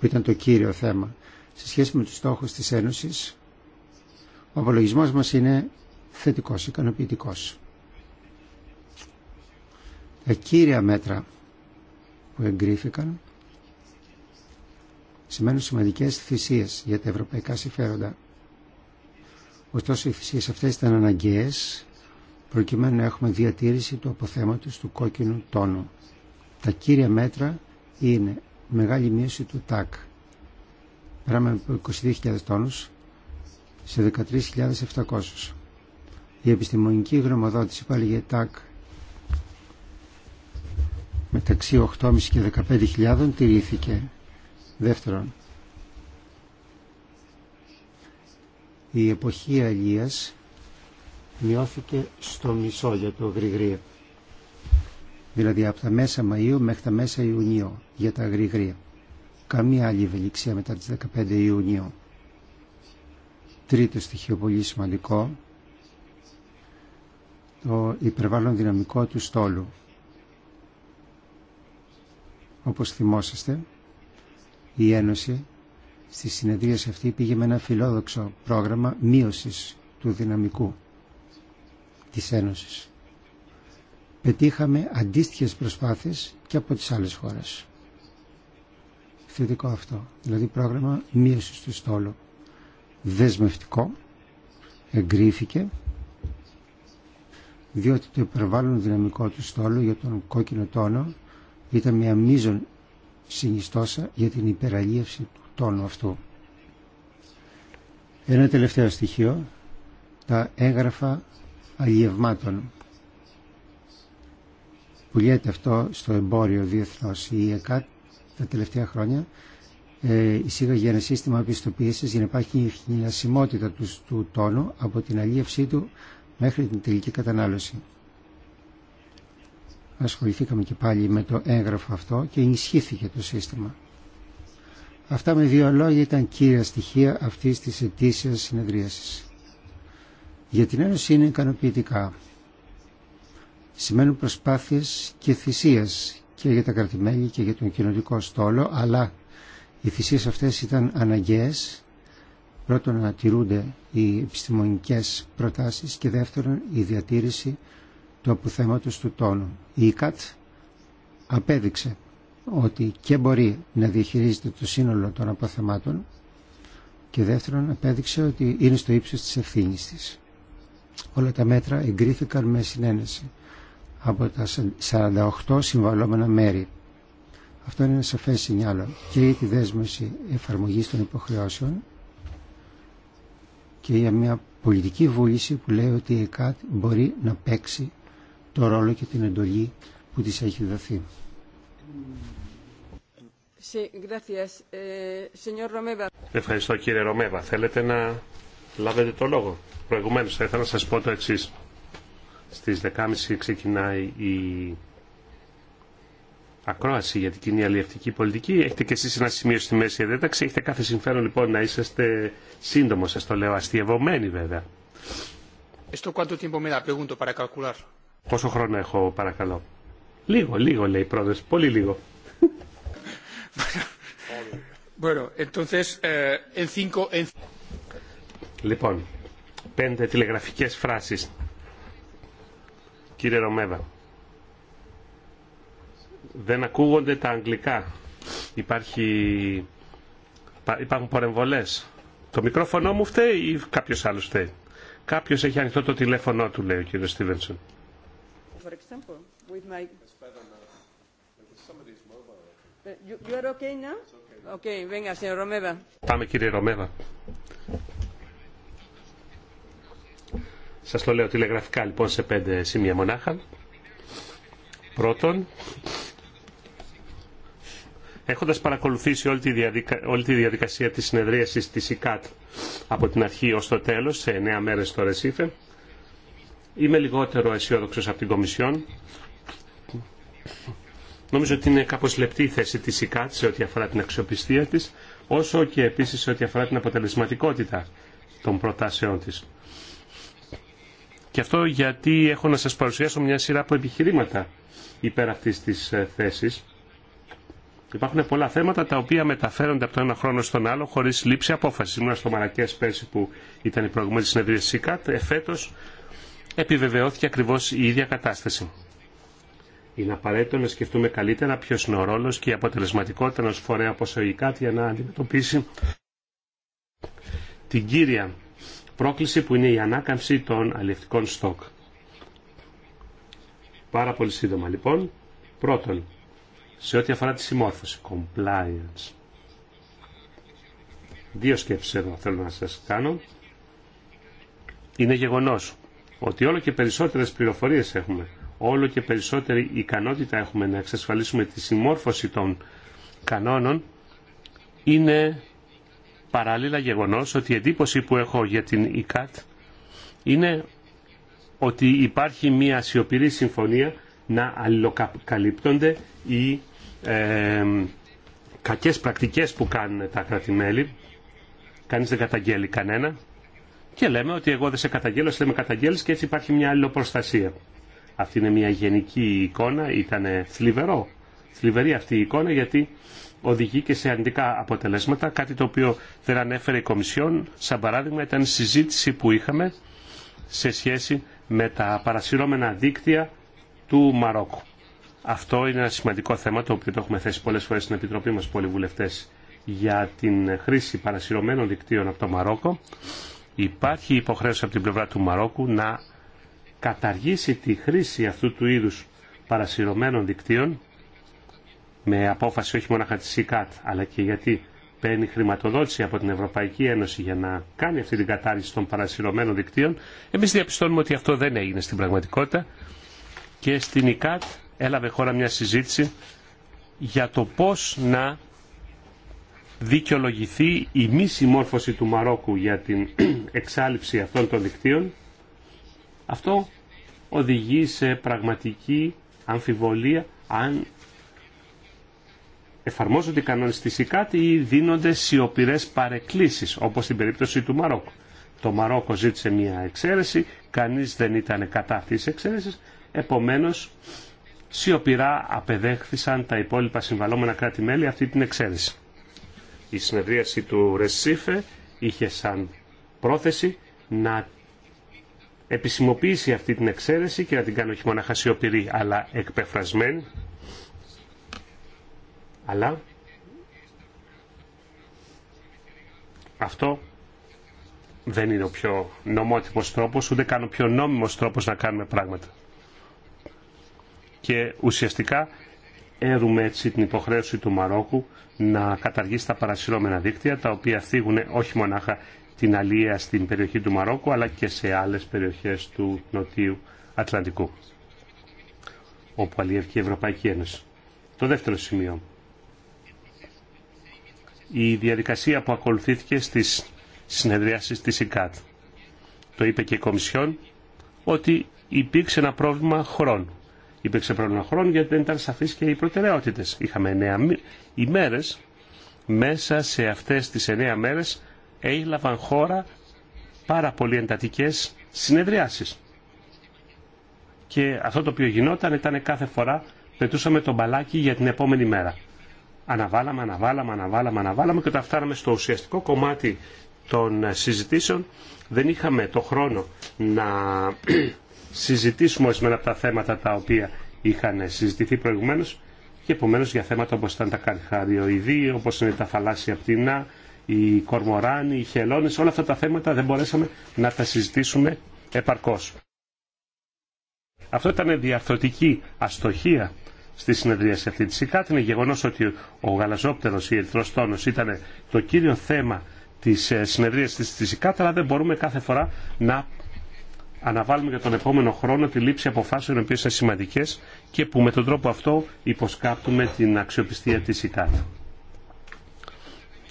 που ήταν το κύριο θέμα. Σε σχέση με τους στόχους της Ένωσης, ο απολογισμός μας είναι θετικός, ικανοποιητικός τα κύρια μέτρα που εγκρίθηκαν σημαίνουν σημαντικές θυσίες για τα ευρωπαϊκά συμφέροντα. Ωστόσο οι θυσίες αυτές ήταν αναγκαίες προκειμένου να έχουμε διατήρηση του αποθέματος του κόκκινου τόνου. Τα κύρια μέτρα είναι μεγάλη μείωση του ΤΑΚ. Περάμε από 22.000 τόνους σε 13.700. Η επιστημονική γνωμοδότηση πάλι για ΤΑΚ μεταξύ 8.500 και 15.000 τηρήθηκε. Δεύτερον, η εποχή αλίας μειώθηκε στο μισό για το γρηγρία. Δηλαδή από τα μέσα Μαΐου μέχρι τα μέσα Ιουνίου για τα γρηγρία. Καμία άλλη ευελιξία μετά τις 15 Ιουνίου. Τρίτο στοιχείο πολύ σημαντικό, το υπερβάλλον δυναμικό του στόλου. Όπως θυμόσαστε, η Ένωση στη συνεδρία αυτή πήγε με ένα φιλόδοξο πρόγραμμα μείωσης του δυναμικού της Ένωσης. Πετύχαμε αντίστοιχες προσπάθειες και από τις άλλες χώρες. Θετικό αυτό. Δηλαδή πρόγραμμα μείωσης του στόλου. Δεσμευτικό. Εγκρίθηκε. Διότι το υπερβάλλον δυναμικό του στόλου για τον κόκκινο τόνο ήταν μια μείζων συνιστόσα για την υπεραλίευση του τόνου αυτού. Ένα τελευταίο στοιχείο, τα έγγραφα αλλιευμάτων. λέτε αυτό στο εμπόριο διεθνώς. Η ΕΚΑΤ τα τελευταία χρόνια ε, εισήγαγε ένα σύστημα πιστοποίησης για να υπάρχει η του, του τόνου από την αλλίευσή του μέχρι την τελική κατανάλωση ασχοληθήκαμε και πάλι με το έγγραφο αυτό και ενισχύθηκε το σύστημα. Αυτά με δύο λόγια ήταν κύρια στοιχεία αυτής της ετήσιας συνεδρίασης. Για την Ένωση είναι ικανοποιητικά. Σημαίνουν προσπάθειες και θυσίες και για τα κρατημέλη και για τον κοινωνικό στόλο, αλλά οι θυσίες αυτές ήταν αναγκαίες. Πρώτον να τηρούνται οι επιστημονικές προτάσεις και δεύτερον η διατήρηση του αποθέματος του τόνου. Η ΙΚΑΤ απέδειξε ότι και μπορεί να διαχειρίζεται το σύνολο των αποθεμάτων και δεύτερον απέδειξε ότι είναι στο ύψος της ευθύνη της. Όλα τα μέτρα εγκρίθηκαν με συνένεση από τα 48 συμβαλόμενα μέρη. Αυτό είναι ένα σαφές σινιάλο και για τη δέσμευση εφαρμογής των υποχρεώσεων και για μια πολιτική βούληση που λέει ότι η ΕΚΑΤ μπορεί να παίξει το ρόλο και την εντολή που της έχει δοθεί. Eh, Ευχαριστώ κύριε Ρομέβα. Θέλετε να λάβετε το λόγο. Προηγουμένως θα ήθελα να σας πω το εξή. Στις 10.30 ξεκινάει η ακρόαση για την κοινή αλληλευτική πολιτική. Έχετε και εσείς ένα σημείο στη μέση διάταξη. Έχετε κάθε συμφέρον λοιπόν να είσαστε σύντομο, σα, το λέω, αστειευωμένοι βέβαια. Esto cuánto tiempo me da, pregunto, para calcular. Πόσο χρόνο έχω, παρακαλώ. Λίγο, λίγο, λέει η Πολύ λίγο. Eh, λοιπόν, πέντε τηλεγραφικέ φράσει. Κύριε Ρωμέβα. Δεν ακούγονται τα αγγλικά. Υπάρχει... Υπάρχουν παρεμβολές. Το μικρόφωνο μου φταίει ή κάποιος άλλος φταίει. Κάποιος έχει ανοιχτό το τηλέφωνο του, λέει ο κύριος Στίβενσον for example, with my... It's better now. Somebody's mobile. Eh, you, you are okay now? It's okay. okay, venga, señor Romeva. Πάμε κύριε Ρομέβα. Σας το λέω τηλεγραφικά λοιπόν σε πέντε σημεία μονάχα. Πρώτον, έχοντας παρακολουθήσει όλη τη, διαδικα... όλη τη διαδικασία της συνεδρίασης της ΙΚΑΤ από την αρχή ως το τέλος, σε εννέα μέρες στο Ρεσίφε, Είμαι λιγότερο αισιόδοξο από την Κομισιόν. Νομίζω ότι είναι κάπως λεπτή η θέση της ΙΚΑΤ σε ό,τι αφορά την αξιοπιστία της, όσο και επίσης σε ό,τι αφορά την αποτελεσματικότητα των προτάσεών της. Και αυτό γιατί έχω να σας παρουσιάσω μια σειρά από επιχειρήματα υπέρ αυτής της ε, θέσης. Υπάρχουν πολλά θέματα τα οποία μεταφέρονται από το ένα χρόνο στον άλλο χωρίς λήψη απόφαση. Ήμουν στο Μαρακές πέρσι που ήταν η προηγούμενη συνεδρία της ΕΚΑΤ. Εφέτος επιβεβαιώθηκε ακριβώς η ίδια κατάσταση. Είναι απαραίτητο να σκεφτούμε καλύτερα ποιο είναι ο ρόλο και η αποτελεσματικότητα ενό φορέα όπω για να αντιμετωπίσει την κύρια πρόκληση που είναι η ανάκαμψη των αλληλευτικών στόκ. Πάρα πολύ σύντομα λοιπόν. Πρώτον, σε ό,τι αφορά τη συμμόρφωση, compliance. Δύο σκέψεις εδώ θέλω να σας κάνω. Είναι γεγονός ότι όλο και περισσότερες πληροφορίες έχουμε, όλο και περισσότερη ικανότητα έχουμε να εξασφαλίσουμε τη συμμόρφωση των κανόνων, είναι παράλληλα γεγονός ότι η εντύπωση που έχω για την ΙΚΑΤ είναι ότι υπάρχει μια σιωπηρή συμφωνία να αλληλοκαλύπτονται οι ε, κακές πρακτικές που κάνουν τα κράτη-μέλη. Κανείς δεν καταγγέλει κανένα και λέμε ότι εγώ δεν σε καταγγέλω, σε λέμε καταγγέλλεις και έτσι υπάρχει μια αλληλοπροστασία. Αυτή είναι μια γενική εικόνα, ήταν θλιβερό. Θλιβερή αυτή η εικόνα γιατί οδηγεί και σε αντικά αποτελέσματα, κάτι το οποίο δεν ανέφερε η Κομισιόν. Σαν παράδειγμα ήταν συζήτηση που είχαμε σε σχέση με τα παρασυρώμενα δίκτυα του Μαρόκου. Αυτό είναι ένα σημαντικό θέμα το οποίο το έχουμε θέσει πολλές φορές στην Επιτροπή μας πολλοί για την χρήση παρασυρωμένων δικτύων από το Μαρόκο Υπάρχει υποχρέωση από την πλευρά του Μαρόκου να καταργήσει τη χρήση αυτού του είδους παρασυρωμένων δικτύων με απόφαση όχι μόνο τη ΣΥΚΑΤ αλλά και γιατί παίρνει χρηματοδότηση από την Ευρωπαϊκή Ένωση για να κάνει αυτή την κατάργηση των παρασυρωμένων δικτύων εμείς διαπιστώνουμε ότι αυτό δεν έγινε στην πραγματικότητα και στην ΙΚΑΤ έλαβε χώρα μια συζήτηση για το πώς να δικαιολογηθεί η μη συμμόρφωση του Μαρόκου για την εξάλληψη αυτών των δικτύων, αυτό οδηγεί σε πραγματική αμφιβολία αν εφαρμόζονται οι κανόνες της ΙΚΑΤ ή δίνονται σιωπηρέ παρεκκλήσεις, όπως στην περίπτωση του Μαρόκου. Το Μαρόκο ζήτησε μια εξαίρεση, κανείς δεν ήταν κατά αυτής της εξαίρεσης, επομένως σιωπηρά απεδέχθησαν τα υπόλοιπα συμβαλόμενα κράτη-μέλη αυτή την εξαίρεση. Η συνεδρίαση του Ρεσίφε είχε σαν πρόθεση να επισημοποιήσει αυτή την εξαίρεση και να την κάνει όχι μόνο χασιοπηρή αλλά εκπεφρασμένη. Αλλά αυτό δεν είναι ο πιο νομότυπος τρόπος, ούτε καν ο πιο νόμιμος τρόπος να κάνουμε πράγματα. Και ουσιαστικά έρουμε έτσι την υποχρέωση του Μαρόκου να καταργήσει τα παρασυρώμενα δίκτυα, τα οποία θίγουν όχι μονάχα την αλία στην περιοχή του Μαρόκου, αλλά και σε άλλες περιοχές του Νοτιού Ατλαντικού, όπου αλλιεύει η Ευρωπαϊκή Ένωση. Το δεύτερο σημείο. Η διαδικασία που ακολουθήθηκε στις συνεδριάσεις της ΕΚΑΤ. Το είπε και η Κομισιόν ότι υπήρξε ένα πρόβλημα χρόνου. Υπήρξε πρόβλημα χρόνου γιατί δεν ήταν σαφείς και οι προτεραιότητε. Είχαμε εννέα ημέρες. Μέσα σε αυτές τις εννέα μέρε έλαβαν χώρα πάρα πολύ εντατικέ συνεδριάσεις. Και αυτό το οποίο γινόταν ήταν κάθε φορά πετούσαμε το μπαλάκι για την επόμενη μέρα. Αναβάλαμε, αναβάλαμε, αναβάλαμε, αναβάλαμε και όταν φτάναμε στο ουσιαστικό κομμάτι των συζητήσεων δεν είχαμε το χρόνο να συζητήσουμε ορισμένα από τα θέματα τα οποία είχαν συζητηθεί προηγουμένω και επομένω για θέματα όπω ήταν τα καρχαριοειδή, όπω είναι τα θαλάσσια πτηνά, οι κορμοράνοι, οι χελώνε, όλα αυτά τα θέματα δεν μπορέσαμε να τα συζητήσουμε επαρκώ. Αυτό ήταν διαρθρωτική αστοχία στη σε αυτή τη ΣΥΚΑΤ. Είναι γεγονό ότι ο γαλαζόπτερο ή ερυθρό τόνο ήταν το κύριο θέμα τη ε, συνεδρία τη ΣΥΚΑΤ, αλλά δεν μπορούμε κάθε φορά να αναβάλουμε για τον επόμενο χρόνο τη λήψη αποφάσεων οι οποίες είναι σημαντικές και που με τον τρόπο αυτό υποσκάπτουμε την αξιοπιστία της ΙΤΑΤ.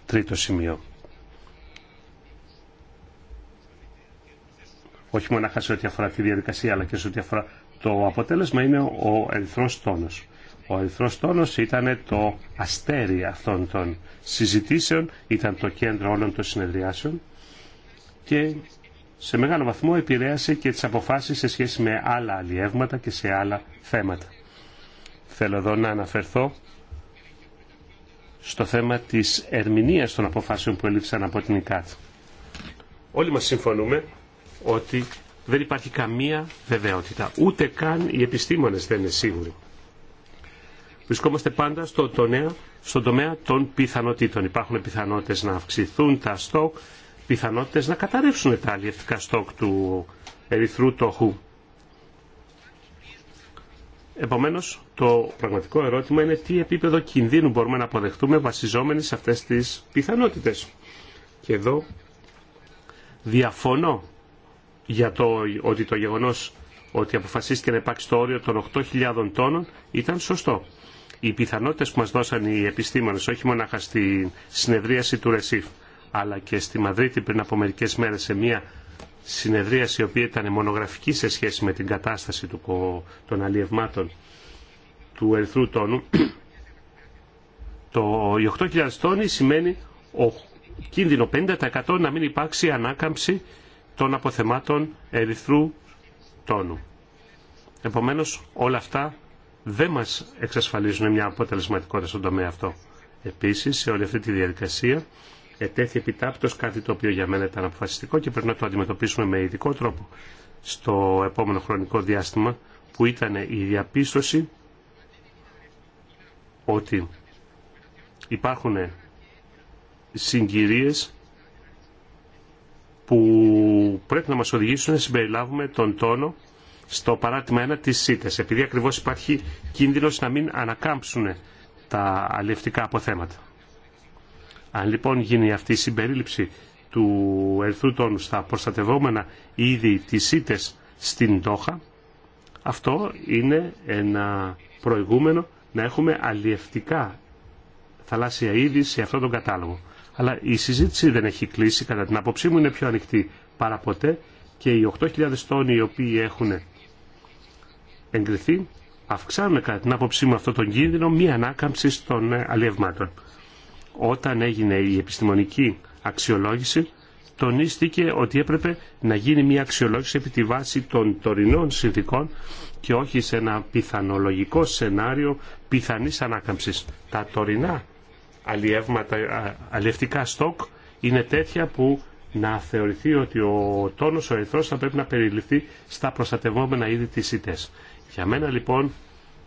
Τρίτο σημείο. Όχι μόνο σε ό,τι αφορά τη διαδικασία αλλά και σε ό,τι αφορά το αποτέλεσμα είναι ο ερυθρός τόνος. Ο ερυθρός τόνος ήταν το αστέρι αυτών των συζητήσεων, ήταν το κέντρο όλων των συνεδριάσεων και σε μεγάλο βαθμό επηρέασε και τις αποφάσεις σε σχέση με άλλα αλλιεύματα και σε άλλα θέματα. Θέλω εδώ να αναφερθώ στο θέμα της ερμηνείας των αποφάσεων που έλειψαν από την ΙΚΑΤ. Όλοι μας συμφωνούμε ότι δεν υπάρχει καμία βεβαιότητα. Ούτε καν οι επιστήμονες δεν είναι σίγουροι. Βρισκόμαστε πάντα στο τομέα, στον τομέα των πιθανότητων. Υπάρχουν πιθανότητες να αυξηθούν τα στόκ, πιθανότητες να καταρρεύσουν τα αλλιευτικά στόκ του ερυθρού τόχου. Επομένως, το πραγματικό ερώτημα είναι τι επίπεδο κινδύνου μπορούμε να αποδεχτούμε βασιζόμενοι σε αυτές τις πιθανότητες. Και εδώ διαφωνώ για το ότι το γεγονός ότι αποφασίστηκε να υπάρξει το όριο των 8.000 τόνων ήταν σωστό. Οι πιθανότητες που μας δώσαν οι επιστήμονες, όχι μονάχα στη συνεδρίαση του Ρεσίφ, αλλά και στη Μαδρίτη πριν από μερικές μέρες σε μια συνεδρίαση η οποία ήταν μονογραφική σε σχέση με την κατάσταση του, των αλλιευμάτων του ερυθρού τόνου, το 8.000 τόνοι σημαίνει ο κίνδυνο 50% να μην υπάρξει ανάκαμψη των αποθεμάτων ερυθρού τόνου. Επομένως όλα αυτά δεν μας εξασφαλίζουν μια αποτελεσματικότητα στον τομέα αυτό. Επίσης σε όλη αυτή τη διαδικασία ετέθη επιτάπτως κάτι το οποίο για μένα ήταν αποφασιστικό και πρέπει να το αντιμετωπίσουμε με ειδικό τρόπο στο επόμενο χρονικό διάστημα που ήταν η διαπίστωση ότι υπάρχουν συγκυρίες που πρέπει να μας οδηγήσουν να συμπεριλάβουμε τον τόνο στο παράτημα 1 της ΣΥΤΕΣ, επειδή ακριβώς υπάρχει κίνδυνος να μην ανακάμψουν τα αλληλευτικά αποθέματα. Αν λοιπόν γίνει αυτή η συμπερίληψη του ερθρού τόνου στα προστατευόμενα είδη της ήτες στην Τόχα, αυτό είναι ένα προηγούμενο να έχουμε αλλιευτικά θαλάσσια είδη σε αυτόν τον κατάλογο. Αλλά η συζήτηση δεν έχει κλείσει, κατά την άποψή μου είναι πιο ανοιχτή παραποτέ και οι 8.000 τόνοι οι οποίοι έχουν εγκριθεί αυξάνουν κατά την άποψή μου αυτόν τον κίνδυνο μη ανάκαμψη των ε, αλλιευμάτων όταν έγινε η επιστημονική αξιολόγηση τονίστηκε ότι έπρεπε να γίνει μια αξιολόγηση επί τη βάση των τωρινών συνθήκων και όχι σε ένα πιθανολογικό σενάριο πιθανής ανάκαμψης. Τα τωρινά αλλιεύματα, αλλιευτικά στόκ είναι τέτοια που να θεωρηθεί ότι ο τόνος ο θα πρέπει να περιληφθεί στα προστατευόμενα είδη της ΙΤΕΣ. Για μένα λοιπόν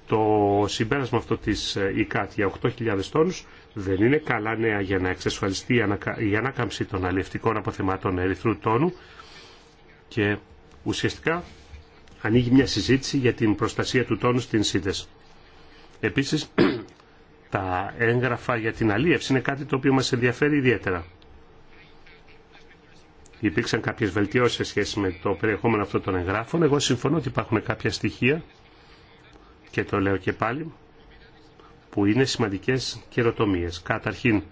το συμπέρασμα αυτό της ε, ΙΚΑΤ για 8.000 τόνους δεν είναι καλά νέα για να εξασφαλιστεί η ανάκαμψη των αλληλευτικών αποθεμάτων ερυθρού τόνου και ουσιαστικά ανοίγει μια συζήτηση για την προστασία του τόνου στην σύνδεση. Επίσης, τα έγγραφα για την αλίευση είναι κάτι το οποίο μας ενδιαφέρει ιδιαίτερα. Υπήρξαν κάποιες βελτιώσεις σε σχέση με το περιεχόμενο αυτών των εγγράφων. Εγώ συμφωνώ ότι υπάρχουν κάποια στοιχεία, και το λέω και πάλι, που είναι σημαντικές καιροτομίε. Καταρχήν,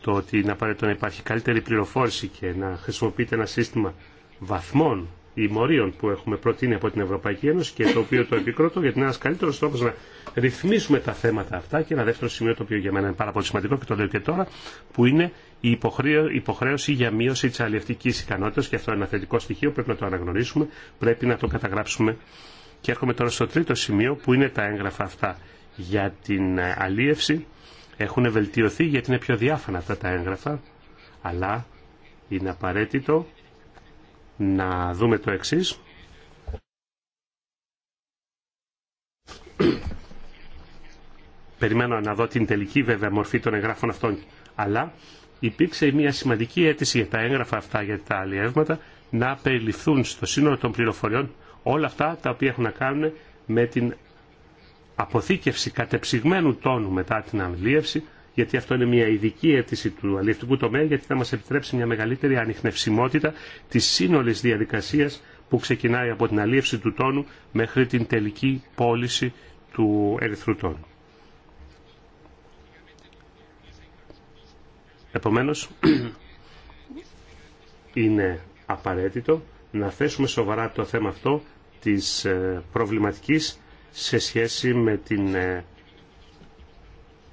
το ότι είναι απαραίτητο να υπάρχει καλύτερη πληροφόρηση και να χρησιμοποιείται ένα σύστημα βαθμών ή μορίων που έχουμε προτείνει από την Ευρωπαϊκή Ένωση και το οποίο το επικρότω γιατί είναι ένα καλύτερο τρόπο να ρυθμίσουμε τα θέματα αυτά. Και ένα δεύτερο σημείο το οποίο για μένα είναι πάρα πολύ σημαντικό και το λέω και τώρα, που είναι η υποχρέωση για μείωση τη αλληλευτική ικανότητα και αυτό είναι ένα θετικό στοιχείο, πρέπει να το αναγνωρίσουμε, πρέπει να το καταγράψουμε. Και έρχομαι τώρα στο τρίτο σημείο που είναι τα έγγραφα αυτά για την ε, αλίευση έχουν βελτιωθεί γιατί είναι πιο διάφανα αυτά τα έγγραφα, αλλά είναι απαραίτητο να δούμε το εξής. Περιμένω να δω την τελική βέβαια μορφή των εγγράφων αυτών, αλλά υπήρξε μια σημαντική αίτηση για τα έγγραφα αυτά, για τα αλλιεύματα, να περιληφθούν στο σύνολο των πληροφοριών όλα αυτά τα οποία έχουν να κάνουν με την αποθήκευση κατεψυγμένου τόνου μετά την αμβλίευση, γιατί αυτό είναι μια ειδική αίτηση του αλληλευτικού τομέα, γιατί θα μας επιτρέψει μια μεγαλύτερη ανιχνευσιμότητα της σύνολης διαδικασίας που ξεκινάει από την αλίευση του τόνου μέχρι την τελική πώληση του ερυθρού τόνου. Επομένως, είναι απαραίτητο να θέσουμε σοβαρά το θέμα αυτό της ε, προβληματικής σε σχέση με την ε,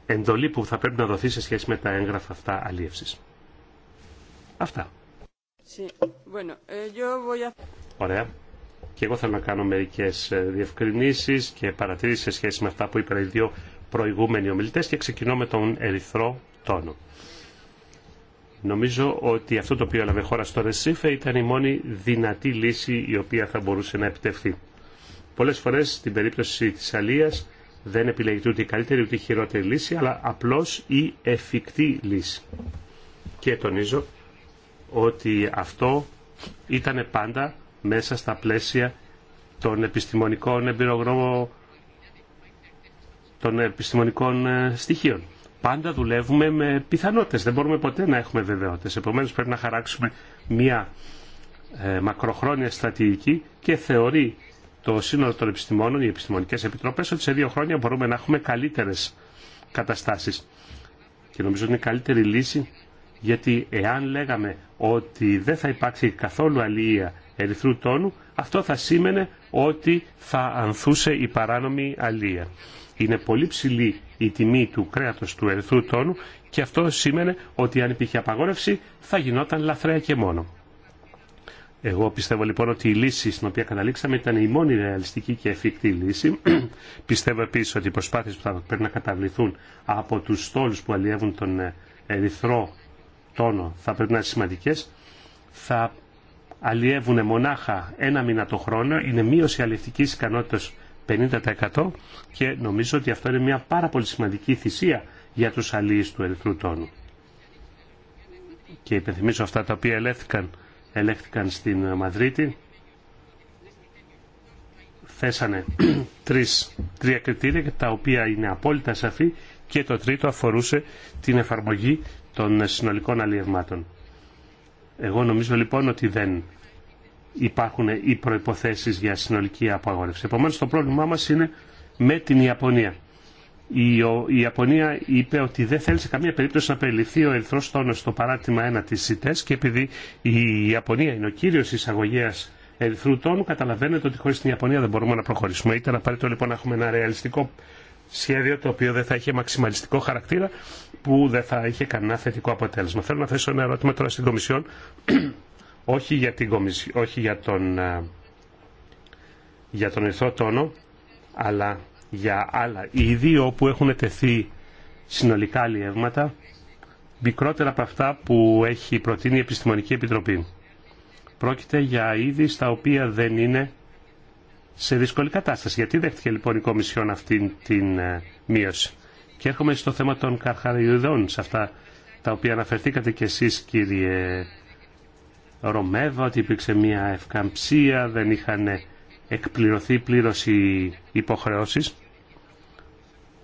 εντολή που θα πρέπει να δοθεί σε σχέση με τα έγγραφα αυτά αλίευσης. Αυτά. Eh, Ωραία. Και εγώ θέλω να κάνω μερικές ε, διευκρινήσεις και παρατηρήσεις σε σχέση με αυτά που είπαν οι δύο προηγούμενοι ομιλητές και ξεκινώ με τον ερυθρό τόνο. Νομίζω ότι αυτό το οποίο έλαβε χώρα στο Ρεσίφε ήταν η μόνη δυνατή λύση η οποία θα μπορούσε να επιτευχθεί. Πολλέ φορέ στην περίπτωση τη αλίας δεν επιλέγεται ούτε η καλύτερη ούτε η χειρότερη λύση, αλλά απλώ η εφικτή λύση. Και τονίζω ότι αυτό ήταν πάντα μέσα στα πλαίσια των επιστημονικών εμπειρογνώμων των επιστημονικών ε, στοιχείων. Πάντα δουλεύουμε με πιθανότητες, δεν μπορούμε ποτέ να έχουμε βεβαιότητες. Επομένως πρέπει να χαράξουμε μια ε, μακροχρόνια στρατηγική και θεωρεί το σύνολο των επιστημόνων, οι επιστημονικές επιτροπές, ότι σε δύο χρόνια μπορούμε να έχουμε καλύτερες καταστάσεις. Και νομίζω ότι είναι καλύτερη λύση γιατί εάν λέγαμε ότι δεν θα υπάρξει καθόλου αλληλεία ερυθρού τόνου, αυτό θα σήμαινε ότι θα ανθούσε η παράνομη αλληλεία. Είναι πολύ ψηλή η τιμή του κρέατος του ερυθρού τόνου και αυτό σήμαινε ότι αν υπήρχε απαγόρευση θα γινόταν λαθρέα και μόνο. Εγώ πιστεύω λοιπόν ότι η λύση στην οποία καταλήξαμε ήταν η μόνη ρεαλιστική και εφικτή λύση. πιστεύω επίση ότι οι προσπάθειε που θα πρέπει να καταβληθούν από του στόλου που αλλιεύουν τον ε, ερυθρό τόνο θα πρέπει να είναι σημαντικέ. Θα αλλιεύουν μονάχα ένα μήνα το χρόνο. Είναι μείωση αλλιευτική ικανότητα 50% και νομίζω ότι αυτό είναι μια πάρα πολύ σημαντική θυσία για τους αλίες του ερυθρού τόνου. Και υπενθυμίζω αυτά τα οποία ελέγχθηκαν ελέγχθηκαν στην Μαδρίτη θέσανε τρεις, τρία κριτήρια τα οποία είναι απόλυτα σαφή και το τρίτο αφορούσε την εφαρμογή των συνολικών αλλιευμάτων. Εγώ νομίζω λοιπόν ότι δεν υπάρχουν οι προϋποθέσεις για συνολική απαγόρευση. Επομένως το πρόβλημά μας είναι με την Ιαπωνία. Η, Ιαπωνία είπε ότι δεν θέλει σε καμία περίπτωση να περιληφθεί ο ερυθρό τόνο στο παράτημα 1 τη ΣΥΤΕΣ και επειδή η Ιαπωνία είναι ο κύριο εισαγωγέα ερυθρού τόνου, καταλαβαίνετε ότι χωρί την Ιαπωνία δεν μπορούμε να προχωρήσουμε. Ήταν απαραίτητο λοιπόν να έχουμε ένα ρεαλιστικό σχέδιο το οποίο δεν θα είχε μαξιμαλιστικό χαρακτήρα που δεν θα είχε κανένα θετικό αποτέλεσμα. Θέλω να θέσω ένα ερώτημα τώρα στην Κομισιόν, όχι, για την όχι για τον, για τον ερυθρό τόνο, αλλά για άλλα είδη όπου έχουν τεθεί συνολικά αλλιεύματα μικρότερα από αυτά που έχει προτείνει η Επιστημονική Επιτροπή. Πρόκειται για είδη στα οποία δεν είναι σε δύσκολη κατάσταση. Γιατί δέχτηκε λοιπόν η Κομισιόν αυτή την ε, μείωση. Και έρχομαι στο θέμα των καρχαριδών. σε αυτά τα οποία αναφερθήκατε κι εσείς κύριε Ρωμέβα, ότι υπήρξε μια ευκαμψία, δεν είχαν εκπληρωθεί πλήρως οι υποχρεώσεις.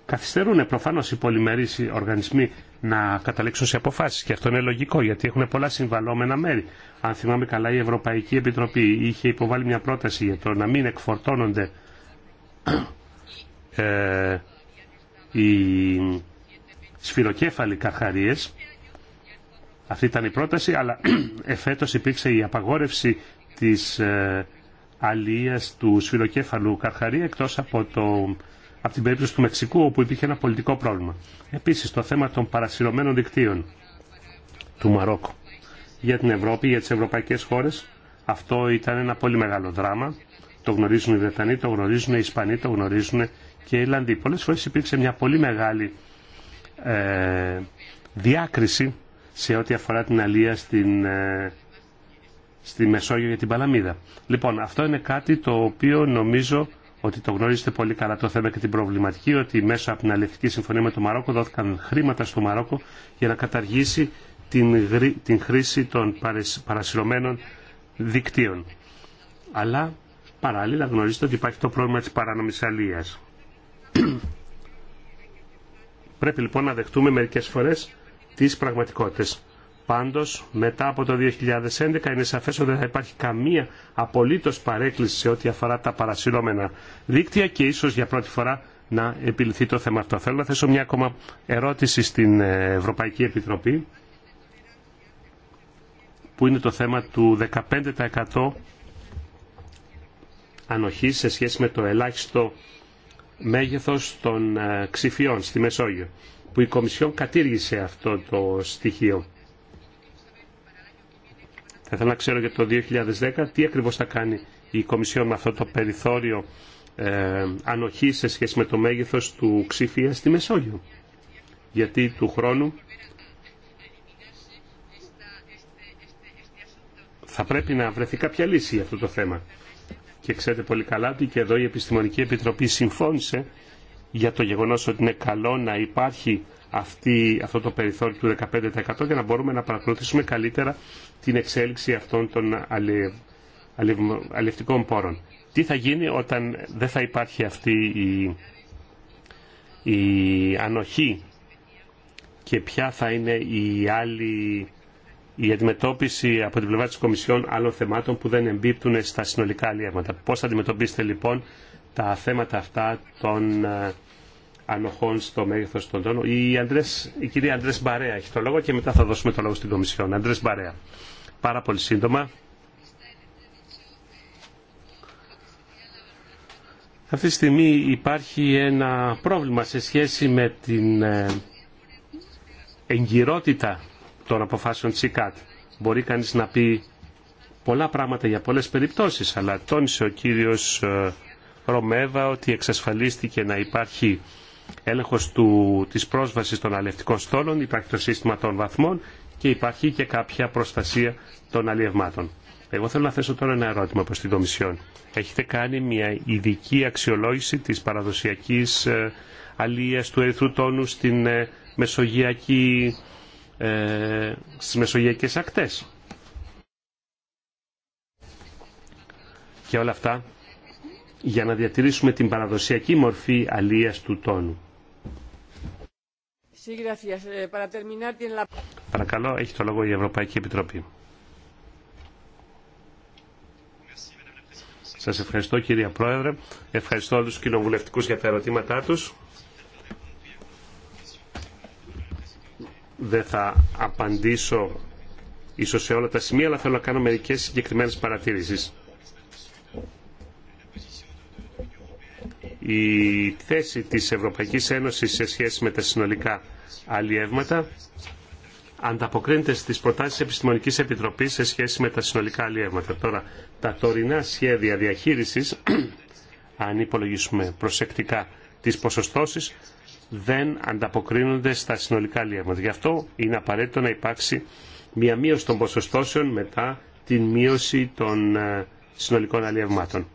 Καθυστερούν προφανώς οι πολυμερείς οργανισμοί να καταλήξουν σε αποφάσεις και αυτό είναι λογικό γιατί έχουν πολλά συμβαλόμενα μέρη. Αν θυμάμαι καλά η Ευρωπαϊκή Επιτροπή είχε υποβάλει μια πρόταση για το να μην εκφορτώνονται ε, οι σφυροκέφαλοι καρχαρίες. Αυτή ήταν η πρόταση αλλά εφέτος υπήρξε η απαγόρευση της ε, αλίας του σφυροκέφαλου Καρχαρή εκτός από, το, από την περίπτωση του Μεξικού όπου υπήρχε ένα πολιτικό πρόβλημα. Επίσης το θέμα των παρασυρωμένων δικτύων του Μαρόκου για την Ευρώπη, για τις ευρωπαϊκές χώρες αυτό ήταν ένα πολύ μεγάλο δράμα. Το γνωρίζουν οι Βρετανοί, το γνωρίζουν οι Ισπανοί, το γνωρίζουν και οι Ιρλανδοί. Πολλές φορές υπήρξε μια πολύ μεγάλη ε, διάκριση σε ό,τι αφορά την αλία στην ε, στη Μεσόγειο για την Παλαμίδα. Λοιπόν, αυτό είναι κάτι το οποίο νομίζω ότι το γνωρίζετε πολύ καλά το θέμα και την προβληματική, ότι μέσα από την Αλευτική Συμφωνία με το Μαρόκο δόθηκαν χρήματα στο Μαρόκο για να καταργήσει την, την χρήση των παρασυρωμένων δικτύων. Αλλά παράλληλα γνωρίζετε ότι υπάρχει το πρόβλημα της παράνομης Πρέπει λοιπόν να δεχτούμε μερικές φορές τις πραγματικότητες. Πάντως, μετά από το 2011 είναι σαφές ότι δεν θα υπάρχει καμία απολύτως παρέκκληση σε ό,τι αφορά τα παρασυρώμενα δίκτυα και ίσως για πρώτη φορά να επιληθεί το θέμα αυτό. Θέλω να θέσω μια ακόμα ερώτηση στην Ευρωπαϊκή Επιτροπή που είναι το θέμα του 15% ανοχής σε σχέση με το ελάχιστο μέγεθος των ε, ξηφιών στη Μεσόγειο που η Κομισιόν κατήργησε αυτό το στοιχείο. Θα να ξέρω για το 2010 τι ακριβώς θα κάνει η Κομισιόν με αυτό το περιθώριο ε, ανοχή σε σχέση με το μέγεθος του ξυφία στη Μεσόγειο. Γιατί του χρόνου θα πρέπει να βρεθεί κάποια λύση για αυτό το θέμα. Και ξέρετε πολύ καλά ότι και εδώ η Επιστημονική Επιτροπή συμφώνησε για το γεγονός ότι είναι καλό να υπάρχει αυτή, αυτό το περιθώριο του 15% για να μπορούμε να παρακολουθήσουμε καλύτερα την εξέλιξη αυτών των αλληλευτικών πόρων. Τι θα γίνει όταν δεν θα υπάρχει αυτή η, η ανοχή και ποια θα είναι η άλλη η αντιμετώπιση από την πλευρά της Κομισιόν άλλων θεμάτων που δεν εμπίπτουν στα συνολικά αλλιεύματα. Πώς θα αντιμετωπίσετε λοιπόν τα θέματα αυτά των ανοχών στο μέγεθο των τόνων. Η, η κυρία Αντρέ Μπαρέα έχει το λόγο και μετά θα δώσουμε το λόγο στην Κομισιόν. Αντρέ Μπαρέα. Πάρα πολύ σύντομα. Αυτή τη στιγμή υπάρχει ένα πρόβλημα σε σχέση με την ε, εγκυρότητα των αποφάσεων ΕΚΑΤ Μπορεί κανείς να πει πολλά πράγματα για πολλές περιπτώσεις, αλλά τόνισε ο κύριος ε, Ρωμέβα ότι εξασφαλίστηκε να υπάρχει έλεγχος του, της πρόσβασης των αλευτικών στόλων, υπάρχει το σύστημα των βαθμών και υπάρχει και κάποια προστασία των αλλιευμάτων. Εγώ θέλω να θέσω τώρα ένα ερώτημα προς την Κομισιόν. Έχετε κάνει μια ειδική αξιολόγηση της παραδοσιακής ε, αλίας του ερυθρού τόνου στην ε, μεσογειακή, ε, στις μεσογειακές ακτές. Και όλα αυτά για να διατηρήσουμε την παραδοσιακή μορφή αλίας του τόνου. Eh, Παρακαλώ, έχει το λόγο η Ευρωπαϊκή Επιτροπή. Σας ευχαριστώ κύριε Πρόεδρε. Ευχαριστώ όλους τους κοινοβουλευτικούς για τα ερωτήματά τους. Δεν θα απαντήσω ίσως σε όλα τα σημεία, αλλά θέλω να κάνω μερικές συγκεκριμένες παρατήρησεις. η θέση της Ευρωπαϊκής Ένωσης σε σχέση με τα συνολικά αλλιεύματα ανταποκρίνεται στις προτάσεις Επιστημονικής Επιτροπής σε σχέση με τα συνολικά αλλιεύματα. Τώρα, τα τωρινά σχέδια διαχείρισης, αν υπολογίσουμε προσεκτικά τις ποσοστώσεις, δεν ανταποκρίνονται στα συνολικά αλλιεύματα. Γι' αυτό είναι απαραίτητο να υπάρξει μια μείωση των ποσοστώσεων μετά την μείωση των ε, συνολικών αλλιευμάτων.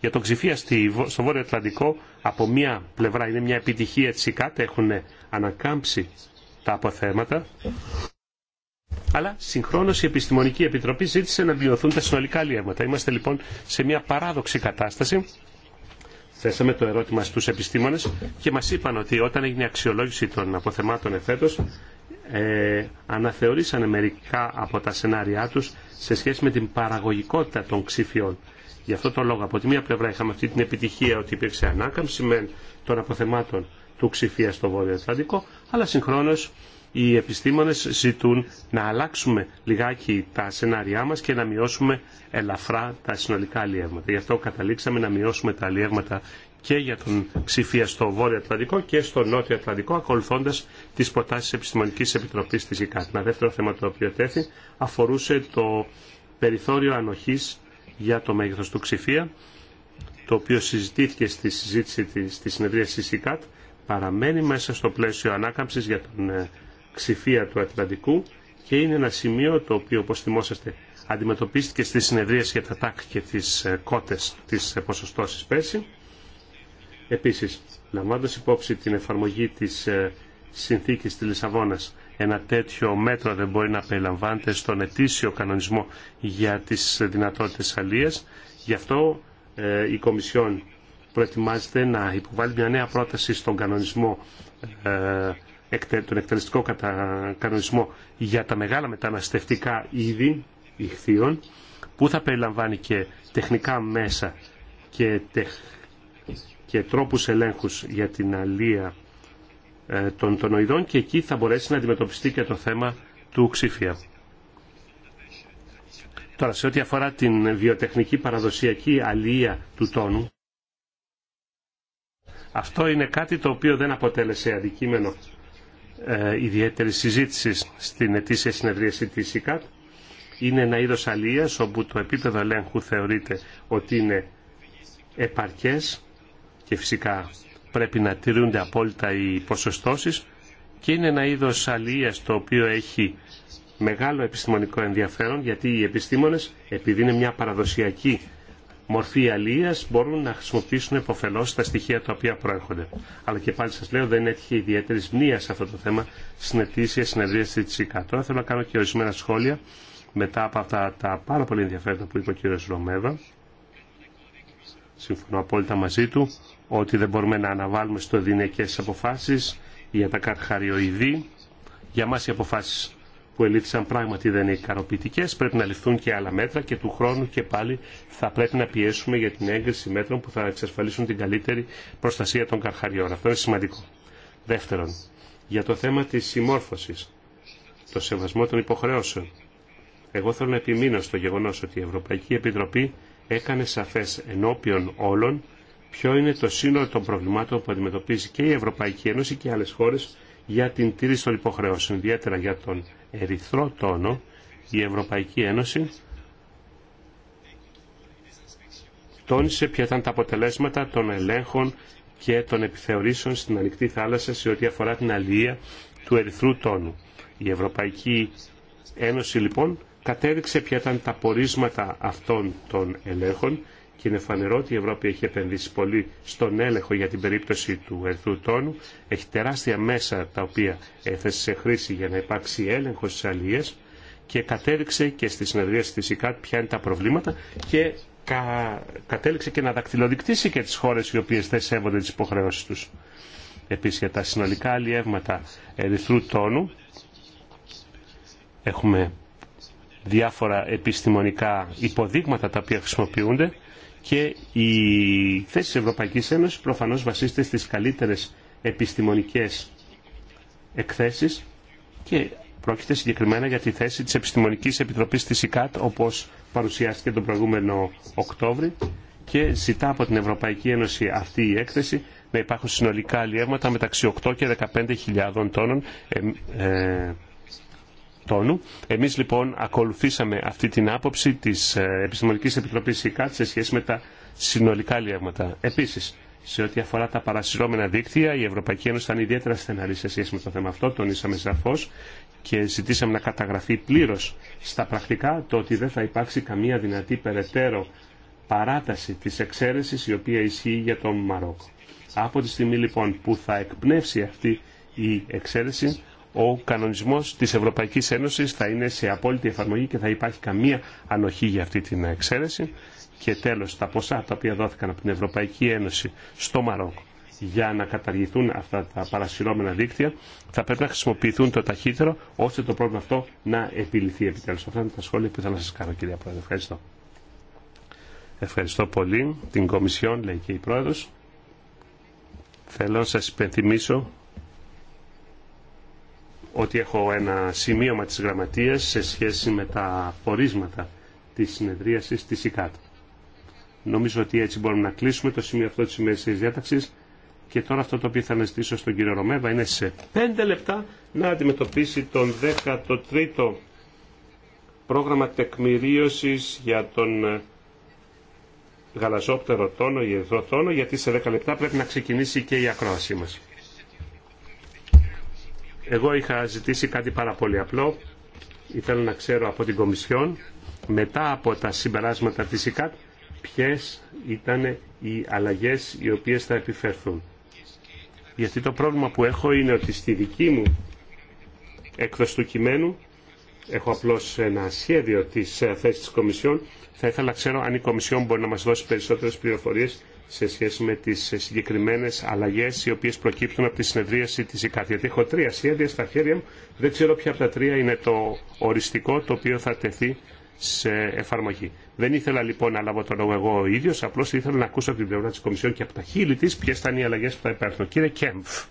Για τον Ξηφία στο Βόρειο Ατλαντικό, από μία πλευρά είναι μια επιτυχία της ΙΚΑΤ, έχουν ανακάμψει τα αποθέματα. Αλλά συγχρόνως η Επιστημονική Επιτροπή ζήτησε να μειωθούν τα συνολικά λίγματα. Είμαστε λοιπόν σε μια παράδοξη κατάσταση. Θέσαμε το ερώτημα στους επιστήμονες και μας είπαν ότι όταν έγινε η αξιολόγηση των αποθεμάτων εφέτος ε, αναθεωρήσανε μερικά από τα σενάριά τους σε σχέση με την παραγωγικότητα των ξηφιών. Γι' αυτό τον λόγο, από τη μία πλευρά είχαμε αυτή την επιτυχία ότι υπήρξε ανάκαμψη με των αποθεμάτων του ξηφία στο Βόρειο Ατλαντικό, αλλά συγχρόνω οι επιστήμονε ζητούν να αλλάξουμε λιγάκι τα σενάριά μα και να μειώσουμε ελαφρά τα συνολικά αλλιεύματα. Γι' αυτό καταλήξαμε να μειώσουμε τα αλλιεύματα και για τον ξηφία στο Βόρειο Ατλαντικό και στο Νότιο Ατλαντικό, ακολουθώντα τι προτάσει τη Επιστημονική Επιτροπή τη ΙΚΑΤ. Ένα δεύτερο θέμα το οποίο τέθη αφορούσε το περιθώριο ανοχή για το μέγεθος του ψηφία, το οποίο συζητήθηκε στη συζήτηση της, στη συνεδρία της παραμένει μέσα στο πλαίσιο ανάκαμψης για τον ε, ξηφία του Ατλαντικού και είναι ένα σημείο το οποίο, όπως θυμόσαστε, αντιμετωπίστηκε στη συνεδρία για τα ΤΑΚ και τις ε, κότες της ε, ποσοστώσης πέρσι. Επίσης, λαμβάνοντας υπόψη την εφαρμογή της συνθήκης της Λισαβόνας ένα τέτοιο μέτρο δεν μπορεί να περιλαμβάνεται στον ετήσιο κανονισμό για τις δυνατότητες αλίας. Γι' αυτό ε, η Κομισιόν προετοιμάζεται να υποβάλει μια νέα πρόταση στον κανονισμό, ε, τον εκτελεστικό κανονισμό για τα μεγάλα μεταναστευτικά είδη ηχθείων, που θα περιλαμβάνει και τεχνικά μέσα και, τεχ... και τρόπους ελέγχους για την αλία ε, των τονοειδών και εκεί θα μπορέσει να αντιμετωπιστεί και το θέμα του ξύφια. Τώρα, σε ό,τι αφορά την βιοτεχνική παραδοσιακή αλία του τόνου, αυτό είναι κάτι το οποίο δεν αποτέλεσε αντικείμενο ε, ιδιαίτερη συζήτηση στην ετήσια συνεδρίαση τη ΙΚΑΤ. Είναι ένα είδο αλίας όπου το επίπεδο ελέγχου θεωρείται ότι είναι επαρκές και φυσικά πρέπει να τηρούνται απόλυτα οι ποσοστώσεις και είναι ένα είδος αλίας το οποίο έχει μεγάλο επιστημονικό ενδιαφέρον γιατί οι επιστήμονες επειδή είναι μια παραδοσιακή μορφή αλίας μπορούν να χρησιμοποιήσουν επωφελώς τα στοιχεία τα οποία προέρχονται. Αλλά και πάλι σας λέω δεν έτυχε ιδιαίτερη μνήα σε αυτό το θέμα στην ετήσια συνεδρία στη Τσίκα. Τώρα θέλω να κάνω και ορισμένα σχόλια μετά από αυτά τα πάρα πολύ ενδιαφέροντα που είπε ο κ. Ρωμέβα συμφωνώ απόλυτα μαζί του ότι δεν μπορούμε να αναβάλουμε στο δυναικές αποφάσεις για τα καρχαριοειδή. Για μας οι αποφάσεις που ελήφθησαν πράγματι δεν είναι ικανοποιητικέ. Πρέπει να ληφθούν και άλλα μέτρα και του χρόνου και πάλι θα πρέπει να πιέσουμε για την έγκριση μέτρων που θα εξασφαλίσουν την καλύτερη προστασία των καρχαριών. Αυτό είναι σημαντικό. Δεύτερον, για το θέμα τη συμμόρφωση, το σεβασμό των υποχρεώσεων. Εγώ θέλω να επιμείνω στο γεγονό ότι η Ευρωπαϊκή Επιτροπή έκανε σαφές ενώπιον όλων ποιο είναι το σύνολο των προβλημάτων που αντιμετωπίζει και η Ευρωπαϊκή Ένωση και άλλες χώρες για την τήρηση των υποχρεώσεων. Ιδιαίτερα για τον ερυθρό τόνο η Ευρωπαϊκή Ένωση τόνισε ποια ήταν τα αποτελέσματα των ελέγχων και των επιθεωρήσεων στην ανοιχτή θάλασσα σε ό,τι αφορά την αλληλεία του ερυθρού τόνου. Η Ευρωπαϊκή Ένωση λοιπόν κατέδειξε ποια ήταν τα πορίσματα αυτών των ελέγχων και είναι φανερό ότι η Ευρώπη έχει επενδύσει πολύ στον έλεγχο για την περίπτωση του ερθού τόνου. Έχει τεράστια μέσα τα οποία έθεσε σε χρήση για να υπάρξει έλεγχο στι αλλιέ και κατέληξε και στη συνεδρία τη ΙΚΑΤ ποια είναι τα προβλήματα και κα... κατέληξε και να δακτυλοδεικτήσει και τι χώρε οι οποίε δεν σέβονται τι υποχρεώσει του. Επίση για τα συνολικά αλλιεύματα ερυθρού τόνου έχουμε διάφορα επιστημονικά υποδείγματα τα οποία χρησιμοποιούνται και η θέση της Ευρωπαϊκής Ένωσης προφανώς βασίζεται στις καλύτερες επιστημονικές εκθέσεις και πρόκειται συγκεκριμένα για τη θέση της Επιστημονικής Επιτροπής της ΙΚΑΤ όπως παρουσιάστηκε τον προηγούμενο Οκτώβρη και ζητά από την Ευρωπαϊκή Ένωση αυτή η έκθεση να υπάρχουν συνολικά αλλιεύματα μεταξύ 8 και 15.000 τόνων ε, τόνου. Εμείς λοιπόν ακολουθήσαμε αυτή την άποψη της ε, Επιστημονικής Επιτροπής ΙΚΑΤ σε σχέση με τα συνολικά λιεύματα. Επίσης, σε ό,τι αφορά τα παρασυρώμενα δίκτυα, η Ευρωπαϊκή Ένωση ήταν ιδιαίτερα στεναρή σε σχέση με το θέμα αυτό, τονίσαμε σαφώ και ζητήσαμε να καταγραφεί πλήρω στα πρακτικά το ότι δεν θα υπάρξει καμία δυνατή περαιτέρω παράταση της εξαίρεσης η οποία ισχύει για τον Μαρόκο. Από τη στιγμή λοιπόν που θα εκπνεύσει αυτή η εξαίρεση ο κανονισμός τη Ευρωπαϊκή Ένωση θα είναι σε απόλυτη εφαρμογή και θα υπάρχει καμία ανοχή για αυτή την εξαίρεση. Και τέλο, τα ποσά τα οποία δόθηκαν από την Ευρωπαϊκή Ένωση στο Μαρόκο για να καταργηθούν αυτά τα παρασυρώμενα δίκτυα θα πρέπει να χρησιμοποιηθούν το ταχύτερο ώστε το πρόβλημα αυτό να επιληθεί επιτέλου. Αυτά είναι τα σχόλια που ήθελα να σας κάνω κυρία Πρόεδρε. Ευχαριστώ. Ευχαριστώ πολύ την Κομισιόν, λέει και η πρόεδρο. Θέλω να σα υπενθυμίσω ότι έχω ένα σημείωμα της γραμματείας σε σχέση με τα πορίσματα της συνεδρίασης της ΙΚΑΤ. Νομίζω ότι έτσι μπορούμε να κλείσουμε το σημείο αυτό της ημέρησης διάταξης και τώρα αυτό το οποίο θα αναζητήσω στον κύριο Ρωμέβα είναι σε 5 λεπτά να αντιμετωπίσει τον 13ο πρόγραμμα τεκμηρίωσης για τον ε, γαλαζόπτερο τόνο ή εδώ γιατί σε 10 λεπτά πρέπει να ξεκινήσει και η ακρόασή μας. Εγώ είχα ζητήσει κάτι πάρα πολύ απλό. Ήθελα να ξέρω από την Κομισιόν, μετά από τα συμπεράσματα της ΕΚΑΤ, ποιες ήταν οι αλλαγές οι οποίες θα επιφέρθουν. Γιατί το πρόβλημα που έχω είναι ότι στη δική μου έκδοση του κειμένου έχω απλώς ένα σχέδιο της ε, θέσης της Κομισιόν. Θα ήθελα να ξέρω αν η Κομισιόν μπορεί να μας δώσει περισσότερες πληροφορίες σε σχέση με τις συγκεκριμένες αλλαγές οι οποίες προκύπτουν από τη συνεδρίαση της ΙΚΑΤ. Γιατί έχω τρία σχέδια στα χέρια μου, δεν ξέρω ποια από τα τρία είναι το οριστικό το οποίο θα τεθεί σε εφαρμογή. Δεν ήθελα λοιπόν να λάβω το λόγο εγώ ο ίδιος, απλώς ήθελα να ακούσω από την πλευρά της Κομισιόν και από τα χείλη της ποιες θα είναι οι αλλαγές που θα υπάρχουν. Κύριε Κέμφ,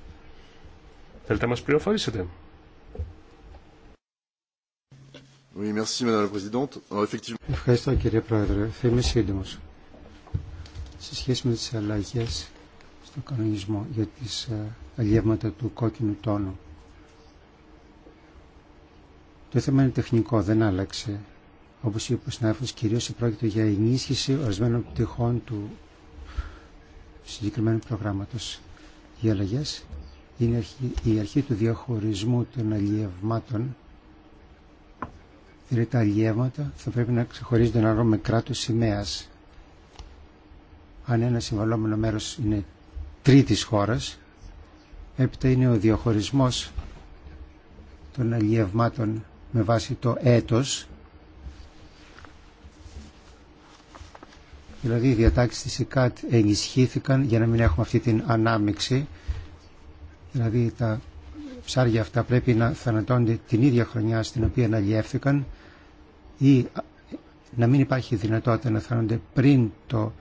θέλετε να μας πληροφορήσετε. Ευχαριστώ κύριε Πρόεδρε. Θα είμαι σύντομος σε σχέση με τις αλλαγές στο κανονισμό για τις ε, αλλιεύματα του κόκκινου τόνου. Το θέμα είναι τεχνικό, δεν άλλαξε. Όπως είπε ο συνάδελφος, κυρίως πρόκειται για ενίσχυση ορισμένων πτυχών του συγκεκριμένου προγράμματος. Οι αλλαγές είναι η αρχή του διαχωρισμού των αλλιευμάτων. Δηλαδή τα αλλιεύματα θα πρέπει να ξεχωρίζονται ανάλογα με κράτος σημαίας αν ένα συμβαλόμενο μέρος είναι τρίτης χώρας, έπειτα είναι ο διαχωρισμός των αλλιευμάτων με βάση το έτος, δηλαδή οι διατάξεις της ΕΚΑΤ ενισχύθηκαν για να μην έχουμε αυτή την ανάμειξη, δηλαδή τα ψάρια αυτά πρέπει να θανατώνται την ίδια χρονιά στην οποία αναλιεύθηκαν ή να μην υπάρχει δυνατότητα να θανατώνται πριν το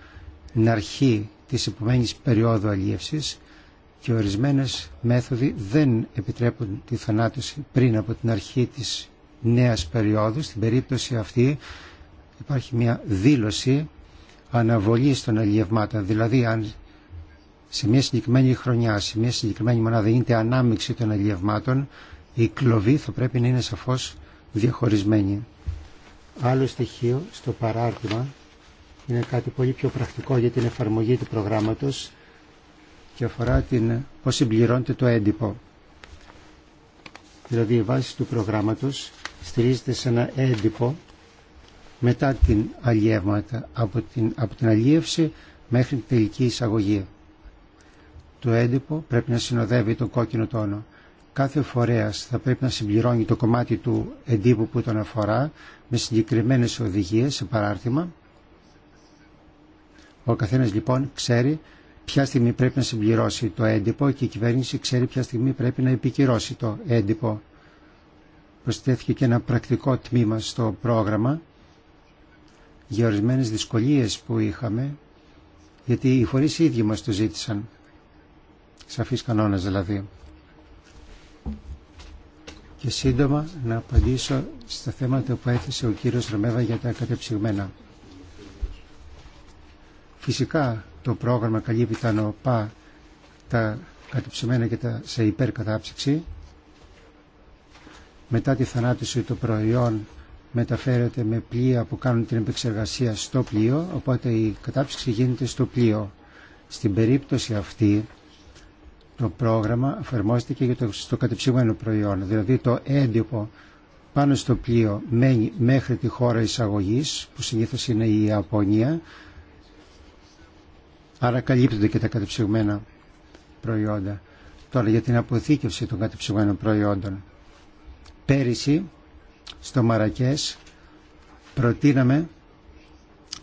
την αρχή της επομένης περίοδου αλίευσης και ορισμένες μέθοδοι δεν επιτρέπουν τη θανάτωση πριν από την αρχή της νέας περίοδου. Στην περίπτωση αυτή υπάρχει μια δήλωση αναβολής των αλλιευμάτων. Δηλαδή αν σε μια συγκεκριμένη χρονιά, σε μια συγκεκριμένη μονάδα γίνεται ανάμειξη των αλλιευμάτων, η κλωβή θα πρέπει να είναι σαφώς διαχωρισμένη. Άλλο στοιχείο στο παράρτημα είναι κάτι πολύ πιο πρακτικό για την εφαρμογή του προγράμματος και αφορά την πώς συμπληρώνεται το έντυπο. Δηλαδή η βάση του προγράμματος στηρίζεται σε ένα έντυπο μετά την αλλιεύματα, από την, από την αλλίευση μέχρι την τελική εισαγωγή. Το έντυπο πρέπει να συνοδεύει τον κόκκινο τόνο. Κάθε φορέας θα πρέπει να συμπληρώνει το κομμάτι του εντύπου που τον αφορά με συγκεκριμένες οδηγίες σε παράρτημα ο καθένα λοιπόν ξέρει ποια στιγμή πρέπει να συμπληρώσει το έντυπο και η κυβέρνηση ξέρει ποια στιγμή πρέπει να επικυρώσει το έντυπο. Προσθέθηκε και ένα πρακτικό τμήμα στο πρόγραμμα για ορισμένε δυσκολίες που είχαμε γιατί οι φορεί οι ίδιοι μας το ζήτησαν. Σαφή κανόνα δηλαδή. Και σύντομα να απαντήσω στα θέματα που έθεσε ο κύριος Ρωμέβα για τα κατεψυγμένα. Φυσικά το πρόγραμμα καλύπτει τα νοπά, τα κατεψημένα και τα σε υπερκατάψυξη. Μετά τη θανάτωση το προϊόν μεταφέρεται με πλοία που κάνουν την επεξεργασία στο πλοίο, οπότε η κατάψυξη γίνεται στο πλοίο. Στην περίπτωση αυτή το πρόγραμμα εφαρμόζεται και στο κατεψυγμένο προϊόν, δηλαδή το έντυπο πάνω στο πλοίο μένει μέχρι τη χώρα εισαγωγής, που συνήθως είναι η Ιαπωνία, Άρα καλύπτονται και τα κατεψυγμένα προϊόντα. Τώρα για την αποθήκευση των κατεψυγμένων προϊόντων. Πέρυσι στο Μαρακές προτείναμε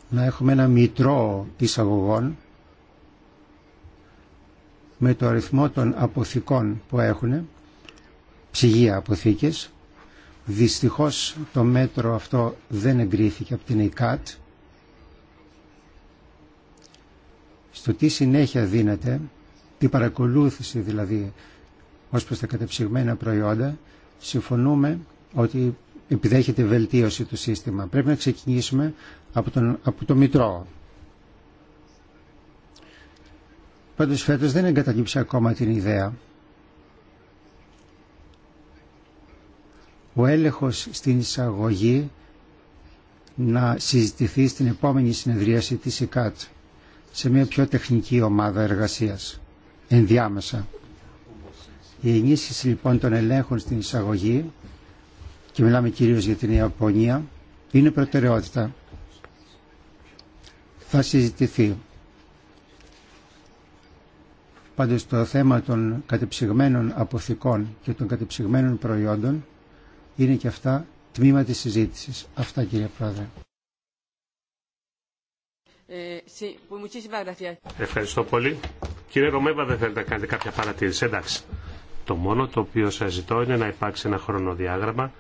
να έχουμε ένα μητρό εισαγωγών με το αριθμό των αποθηκών που έχουν, ψυγεία αποθήκες. Δυστυχώς το μέτρο αυτό δεν εγκρίθηκε από την ΕΚΑΤ στο τι συνέχεια δίνεται, τι παρακολούθηση δηλαδή ως προς τα κατεψυγμένα προϊόντα, συμφωνούμε ότι επιδέχεται βελτίωση του σύστημα. Πρέπει να ξεκινήσουμε από, τον, από το Μητρό. Πάντως φέτος δεν εγκαταλείψα ακόμα την ιδέα. Ο έλεγχος στην εισαγωγή να συζητηθεί στην επόμενη συνεδρίαση της ΕΚΑΤ σε μια πιο τεχνική ομάδα εργασίας ενδιάμεσα. Η ενίσχυση λοιπόν των ελέγχων στην εισαγωγή και μιλάμε κυρίως για την Ιαπωνία είναι προτεραιότητα. Θα συζητηθεί. Πάντως το θέμα των κατεψυγμένων αποθηκών και των κατεψυγμένων προϊόντων είναι και αυτά τμήμα της συζήτησης. Αυτά κύριε Πρόεδρε. Ε, Ευχαριστώ πολύ. Κύριε Ρωμέβα, δεν θέλετε να κάνετε κάποια παρατήρηση. Εντάξει. Το μόνο το οποίο σας ζητώ είναι να υπάρξει ένα χρονοδιάγραμμα,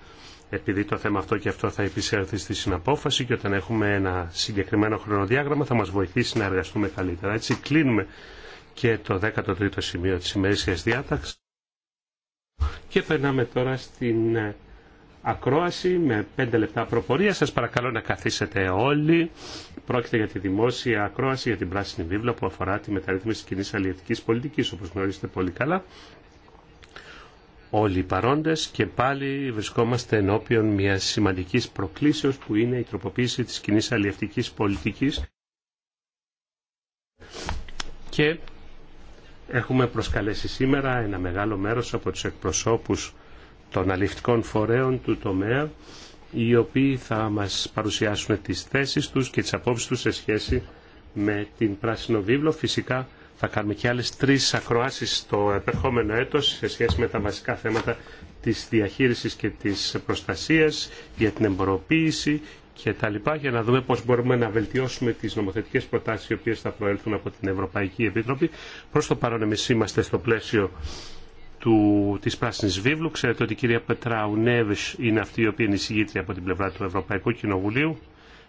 επειδή το θέμα αυτό και αυτό θα επισέλθει στη συναπόφαση και όταν έχουμε ένα συγκεκριμένο χρονοδιάγραμμα θα μας βοηθήσει να εργαστούμε καλύτερα. Έτσι κλείνουμε και το 13ο σημείο της ημερήσιας διάταξης και περνάμε τώρα στην ε, ακρόαση με 5 λεπτά προπορία. Σας παρακαλώ να καθίσετε όλοι. Πρόκειται για τη δημόσια ακρόαση για την πράσινη βίβλα που αφορά τη μεταρρύθμιση της κοινής αλληλευτικής πολιτικής, όπως γνωρίζετε πολύ καλά. Όλοι οι παρόντες και πάλι βρισκόμαστε ενώπιον μιας σημαντικής προκλήσεως που είναι η τροποποίηση της κοινή αλληλευτικής πολιτικής και έχουμε προσκαλέσει σήμερα ένα μεγάλο μέρος από τους εκπροσώπους των αληφτικών φορέων του τομέα οι οποίοι θα μας παρουσιάσουν τις θέσεις τους και τις απόψεις τους σε σχέση με την Πράσινο Βίβλο. Φυσικά θα κάνουμε και άλλες τρεις ακροάσεις το επερχόμενο έτος σε σχέση με τα βασικά θέματα της διαχείρισης και της προστασίας για την εμποροποίηση και τα λοιπά για να δούμε πώς μπορούμε να βελτιώσουμε τις νομοθετικές προτάσεις οι οποίες θα προέλθουν από την Ευρωπαϊκή Επίτροπη. Προς το παρόν εμείς είμαστε στο πλαίσιο του, της Πράσινης Βίβλου. Ξέρετε ότι η κυρία Πετράου Νέβης είναι αυτή η οποία είναι συγγήτρια από την πλευρά του Ευρωπαϊκού Κοινοβουλίου.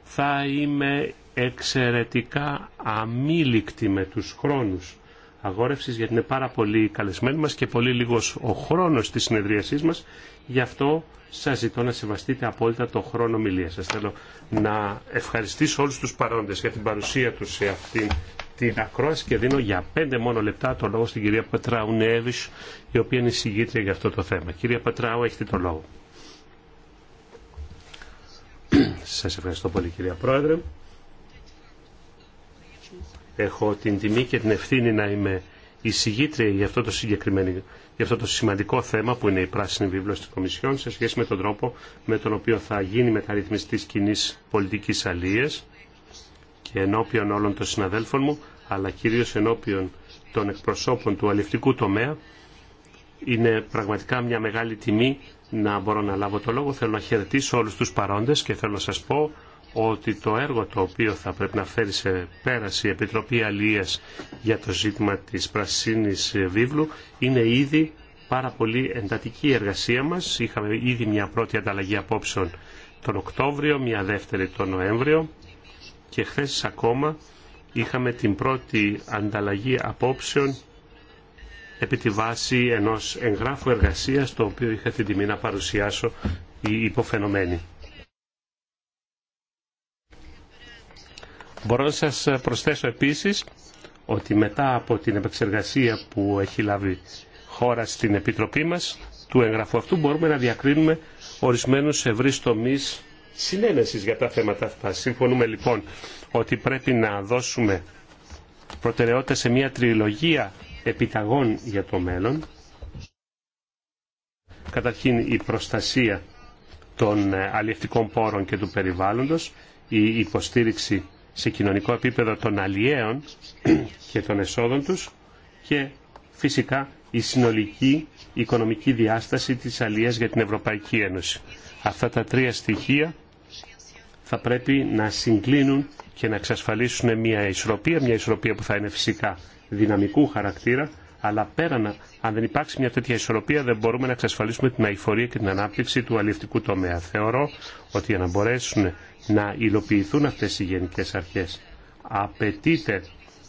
Θα είμαι εξαιρετικά αμήλικτη με τους χρόνους αγόρευσης γιατί είναι πάρα πολύ καλεσμένοι μας και πολύ λίγος ο χρόνος της συνεδρίασής μας. Γι' αυτό σας ζητώ να σεβαστείτε απόλυτα το χρόνο μιλίας σας. Θέλω να ευχαριστήσω όλους τους παρόντες για την παρουσία τους σε αυτήν την ακρόαση και δίνω για πέντε μόνο λεπτά το λόγο στην κυρία Πατράου Νέβης, η οποία είναι συγγήτρια για αυτό το θέμα. Κυρία Πατράου, έχετε το λόγο. Σας ευχαριστώ πολύ κυρία Πρόεδρε. Έχω την τιμή και την ευθύνη να είμαι η για αυτό το συγκεκριμένο, για αυτό το σημαντικό θέμα που είναι η πράσινη βίβλος της Κομισιόν σε σχέση με τον τρόπο με τον οποίο θα γίνει μεταρρυθμιστής κοινή πολιτικής αλίας ενώπιον όλων των συναδέλφων μου, αλλά κυρίως ενώπιον των εκπροσώπων του αληφτικού τομέα. Είναι πραγματικά μια μεγάλη τιμή να μπορώ να λάβω το λόγο. Θέλω να χαιρετήσω όλους τους παρόντες και θέλω να σας πω ότι το έργο το οποίο θα πρέπει να φέρει σε πέραση η Επιτροπή Αλίας για το ζήτημα της Πρασίνης Βίβλου είναι ήδη πάρα πολύ εντατική εργασία μας. Είχαμε ήδη μια πρώτη ανταλλαγή απόψεων τον Οκτώβριο, μια δεύτερη τον Νοέμβριο και χθε ακόμα είχαμε την πρώτη ανταλλαγή απόψεων επί τη βάση ενός εγγράφου εργασίας το οποίο είχα την τιμή να παρουσιάσω η υποφαινομένη. Μπορώ να σας προσθέσω επίσης ότι μετά από την επεξεργασία που έχει λάβει χώρα στην Επιτροπή μας του εγγραφού αυτού μπορούμε να διακρίνουμε ορισμένους ευρύς τομείς συνένεσης για τα θέματα αυτά. Συμφωνούμε λοιπόν ότι πρέπει να δώσουμε προτεραιότητα σε μια τριλογία επιταγών για το μέλλον. Καταρχήν η προστασία των ε, αλλιευτικών πόρων και του περιβάλλοντος, η υποστήριξη σε κοινωνικό επίπεδο των αλλιέων και των εσόδων τους και φυσικά η συνολική οικονομική διάσταση της αλλιές για την Ευρωπαϊκή Ένωση. Αυτά τα τρία στοιχεία θα πρέπει να συγκλίνουν και να εξασφαλίσουν μια ισορροπία, μια ισορροπία που θα είναι φυσικά δυναμικού χαρακτήρα, αλλά πέραν, αν δεν υπάρξει μια τέτοια ισορροπία, δεν μπορούμε να εξασφαλίσουμε την αηφορία και την ανάπτυξη του αλληλευτικού τομέα. Θεωρώ ότι για να μπορέσουν να υλοποιηθούν αυτές οι γενικές αρχές, απαιτείται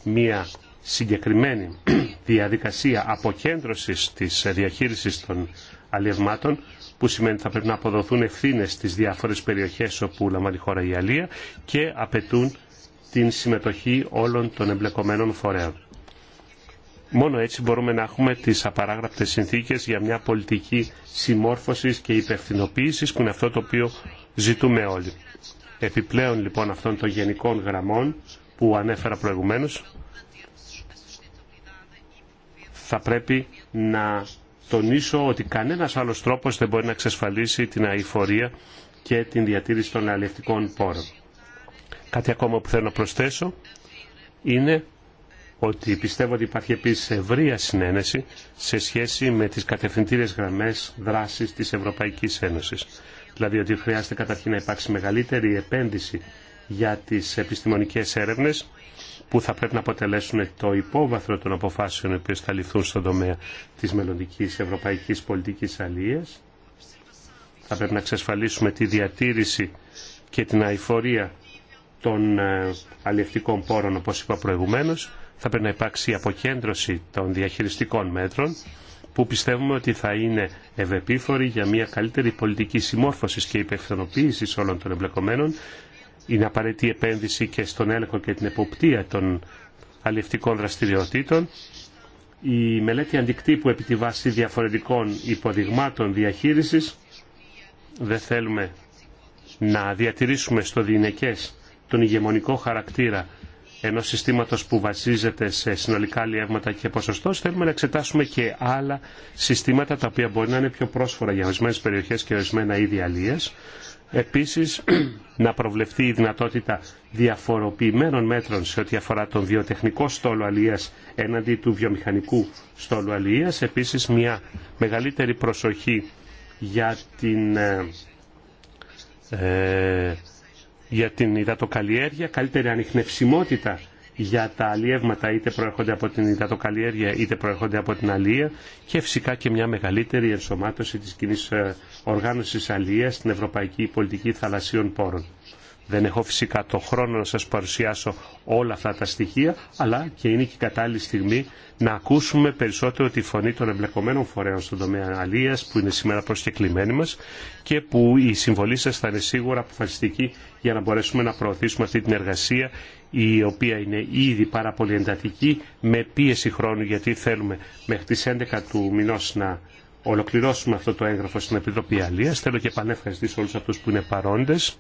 μια συγκεκριμένη διαδικασία αποκέντρωσης της διαχείρισης των αλλιευμάτων που σημαίνει ότι θα πρέπει να αποδοθούν ευθύνε στις διάφορες περιοχές όπου λαμβάνει η χώρα η Αλία και απαιτούν την συμμετοχή όλων των εμπλεκομένων φορέων. Μόνο έτσι μπορούμε να έχουμε τις απαράγραπτε συνθήκες για μια πολιτική συμμόρφωση και υπεύθυνοποίηση που είναι αυτό το οποίο ζητούμε όλοι. Επιπλέον λοιπόν αυτών των γενικών γραμμών που ανέφερα προηγουμένως θα πρέπει να τονίσω ότι κανένας άλλος τρόπος δεν μπορεί να εξασφαλίσει την αηφορία και την διατήρηση των αλληλευτικών πόρων. Κάτι ακόμα που θέλω να προσθέσω είναι ότι πιστεύω ότι υπάρχει επίσης ευρεία συνένεση σε σχέση με τις κατευθυντήριες γραμμές δράσης της Ευρωπαϊκής Ένωσης. Δηλαδή ότι χρειάζεται καταρχήν να υπάρξει μεγαλύτερη επένδυση για τις επιστημονικές έρευνες που θα πρέπει να αποτελέσουν το υπόβαθρο των αποφάσεων οι οποίες θα ληφθούν στον τομέα της μελλοντική ευρωπαϊκής πολιτικής αλίες. Θα πρέπει να εξασφαλίσουμε τη διατήρηση και την αηφορία των ε, αλληλευτικών πόρων, όπως είπα προηγουμένως. Θα πρέπει να υπάρξει η αποκέντρωση των διαχειριστικών μέτρων που πιστεύουμε ότι θα είναι ευεπίφοροι για μια καλύτερη πολιτική συμμόρφωση και υπευθυνοποίηση όλων των εμπλεκομένων είναι απαραίτητη επένδυση και στον έλεγχο και την εποπτεία των αλληλευτικών δραστηριοτήτων. Η μελέτη αντικτύπου επί τη βάση διαφορετικών υποδειγμάτων διαχείρισης δεν θέλουμε να διατηρήσουμε στο διηνεκές τον ηγεμονικό χαρακτήρα ενός συστήματος που βασίζεται σε συνολικά λιεύματα και ποσοστό, θέλουμε να εξετάσουμε και άλλα συστήματα τα οποία μπορεί να είναι πιο πρόσφορα για ορισμένε περιοχές και ορισμένα είδη αλίες, Επίσης, να προβλεφθεί η δυνατότητα διαφοροποιημένων μέτρων σε ό,τι αφορά τον βιοτεχνικό στόλο αλίας έναντι του βιομηχανικού στόλου αλίας. Επίσης, μια μεγαλύτερη προσοχή για την, ε, ε για την υδατοκαλλιέργεια, καλύτερη ανιχνευσιμότητα για τα αλλιεύματα είτε προέρχονται από την υδατοκαλλιέργεια είτε προέρχονται από την αλλία και φυσικά και μια μεγαλύτερη ενσωμάτωση της κοινή ε, οργάνωσης αλλίας στην ευρωπαϊκή πολιτική θαλασσίων πόρων. Δεν έχω φυσικά το χρόνο να σας παρουσιάσω όλα αυτά τα στοιχεία, αλλά και είναι και η κατάλληλη στιγμή να ακούσουμε περισσότερο τη φωνή των εμπλεκομένων φορέων στον τομέα αλίας που είναι σήμερα προσκεκλημένοι μας και που η συμβολή σας θα είναι σίγουρα αποφασιστική για να μπορέσουμε να προωθήσουμε αυτή την εργασία η οποία είναι ήδη πάρα πολύ εντατική με πίεση χρόνου γιατί θέλουμε μέχρι τις 11 του μηνός να ολοκληρώσουμε αυτό το έγγραφο στην Επιτροπή Αλίας. Θέλω και επανέφευχαριστήσω όλους αυτούς που είναι παρόντες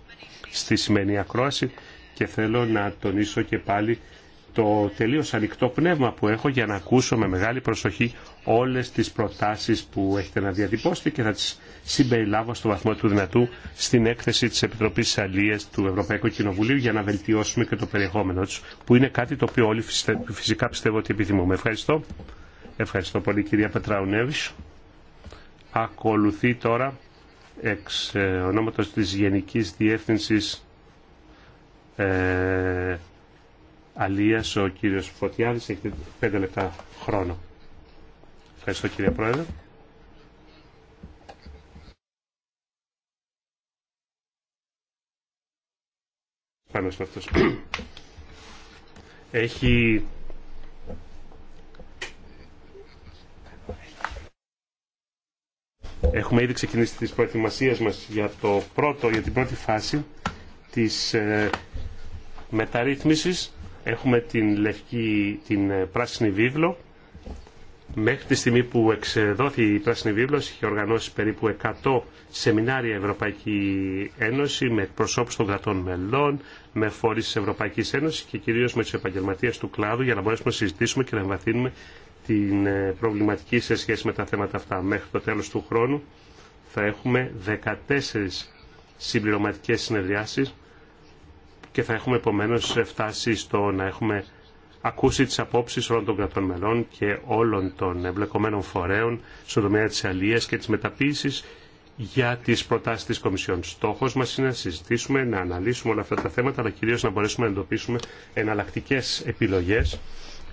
στη σημερινή ακρόαση και θέλω να τονίσω και πάλι το τελείως ανοιχτό πνεύμα που έχω για να ακούσω με μεγάλη προσοχή όλες τις προτάσεις που έχετε να διατυπώσετε και θα τις συμπεριλάβω στο βαθμό του δυνατού στην έκθεση της Επιτροπής Αλίας του Ευρωπαϊκού Κοινοβουλίου για να βελτιώσουμε και το περιεχόμενο τους, που είναι κάτι το οποίο όλοι φυσικά πιστεύω ότι επιθυμούμε. Ευχαριστώ. Ευχαριστώ πολύ κυρία Πετραουνέβης. Ακολουθεί τώρα εξ ονόματος της Γενικής Διεύθυνσης ε, Αλίας, ο κύριος Φωτιάδης. Έχετε πέντε λεπτά χρόνο. Ευχαριστώ κύριε Πρόεδρε. Πάνω Έχει Έχουμε ήδη ξεκινήσει τις προετοιμασίες μας για, το πρώτο, για την πρώτη φάση της ε, μεταρρύθμισης. Έχουμε την, λευκή, την ε, πράσινη βίβλο. Μέχρι τη στιγμή που εξεδόθη η Πράσινη Βίβλος είχε οργανώσει περίπου 100 σεμινάρια Ευρωπαϊκή Ένωση με προσώπους των κρατών μελών, με φορείς της Ευρωπαϊκής Ένωσης και κυρίως με τους επαγγελματίες του κλάδου για να μπορέσουμε να συζητήσουμε και να εμβαθύνουμε την ε, προβληματική σε σχέση με τα θέματα αυτά. Μέχρι το τέλος του χρόνου θα έχουμε 14 συμπληρωματικές συνεδριάσεις και θα έχουμε επομένως φτάσει στο να έχουμε ακούσει τις απόψεις όλων των κρατών μελών και όλων των εμπλεκομένων φορέων στον τομέα της αλίας και της μεταποίησης για τις προτάσεις της Κομισιόν. Στόχος μας είναι να συζητήσουμε, να αναλύσουμε όλα αυτά τα θέματα, αλλά κυρίως να μπορέσουμε να εντοπίσουμε εναλλακτικές επιλογές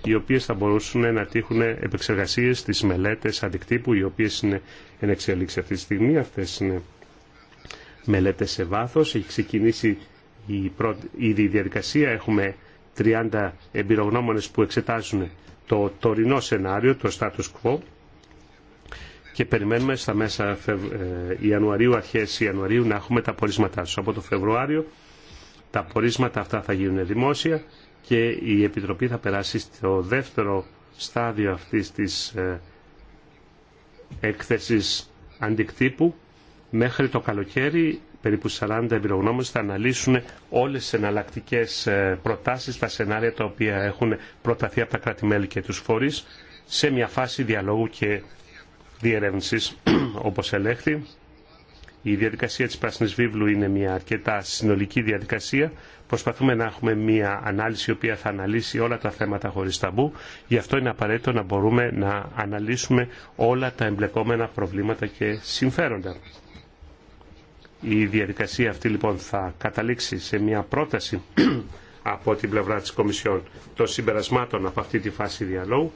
οι οποίες θα μπορούσαν να τύχουν επεξεργασίες στις μελέτες αντικτύπου, οι οποίες είναι εν αυτή τη στιγμή. Αυτές είναι μελέτες σε βάθος. Έχει ξεκινήσει η πρώτη, ήδη η διαδικασία. Έχουμε 30 εμπειρογνώμονες που εξετάζουν το τωρινό σενάριο, το status quo και περιμένουμε στα μέσα ε, Ιανουαρίου, αρχές Ιανουαρίου να έχουμε τα πορίσματά τους. Από το Φεβρουάριο τα πορίσματα αυτά θα γίνουν δημόσια και η Επιτροπή θα περάσει στο δεύτερο στάδιο αυτής της ε, έκθεσης αντικτύπου. Μέχρι το καλοκαίρι περίπου 40 εμπειρογνώμες θα αναλύσουν όλες τις εναλλακτικέ ε, προτάσεις, τα σενάρια τα οποία έχουν προταθεί από τα κράτη-μέλη και τους φορείς σε μια φάση διαλόγου και διερεύνησης όπως ελέγχθη. Η διαδικασία της Πράσινης Βίβλου είναι μια αρκετά συνολική διαδικασία. Προσπαθούμε να έχουμε μια ανάλυση η οποία θα αναλύσει όλα τα θέματα χωρίς ταμπού. Γι' αυτό είναι απαραίτητο να μπορούμε να αναλύσουμε όλα τα εμπλεκόμενα προβλήματα και συμφέροντα. Η διαδικασία αυτή λοιπόν θα καταλήξει σε μια πρόταση από την πλευρά της Κομισιόν των συμπερασμάτων από αυτή τη φάση διαλόγου.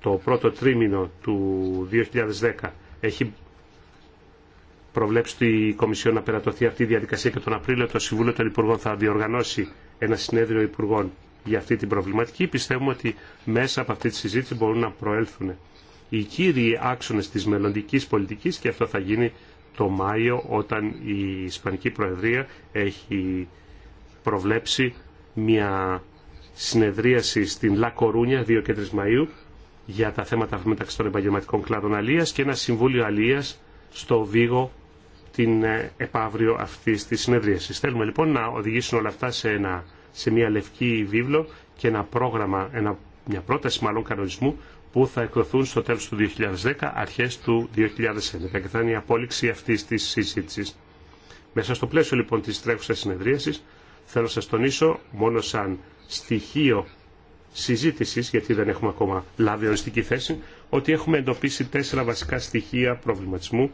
Το πρώτο τρίμηνο του 2010 έχει προβλέψει η Κομισιόν να περατωθεί αυτή η διαδικασία και τον Απρίλιο το Συμβούλιο των Υπουργών θα διοργανώσει ένα συνέδριο Υπουργών για αυτή την προβληματική. Πιστεύουμε ότι μέσα από αυτή τη συζήτηση μπορούν να προέλθουν οι κύριοι άξονε τη μελλοντική πολιτική και αυτό θα γίνει το Μάιο όταν η Ισπανική Προεδρία έχει προβλέψει μια συνεδρίαση στην Λα Κορούνια 2 και 3 Μαΐου για τα θέματα μεταξύ των επαγγελματικών κλάδων αλίας και ένα συμβούλιο αλίας στο Βίγο την ε, επαύριο αυτή τη συνεδρίαση. Θέλουμε λοιπόν να οδηγήσουν όλα αυτά σε, ένα, σε μια λευκή βίβλο και ένα πρόγραμμα, ένα, μια πρόταση μάλλον κανονισμού που θα εκδοθούν στο τέλος του 2010, αρχές του 2011 και θα είναι η απόλυξη αυτής της συζήτησης. Μέσα στο πλαίσιο λοιπόν της τρέχουσα συνεδρίασης θέλω να σας τονίσω μόνο σαν στοιχείο συζήτηση, γιατί δεν έχουμε ακόμα λάβει οριστική θέση, ότι έχουμε εντοπίσει τέσσερα βασικά στοιχεία προβληματισμού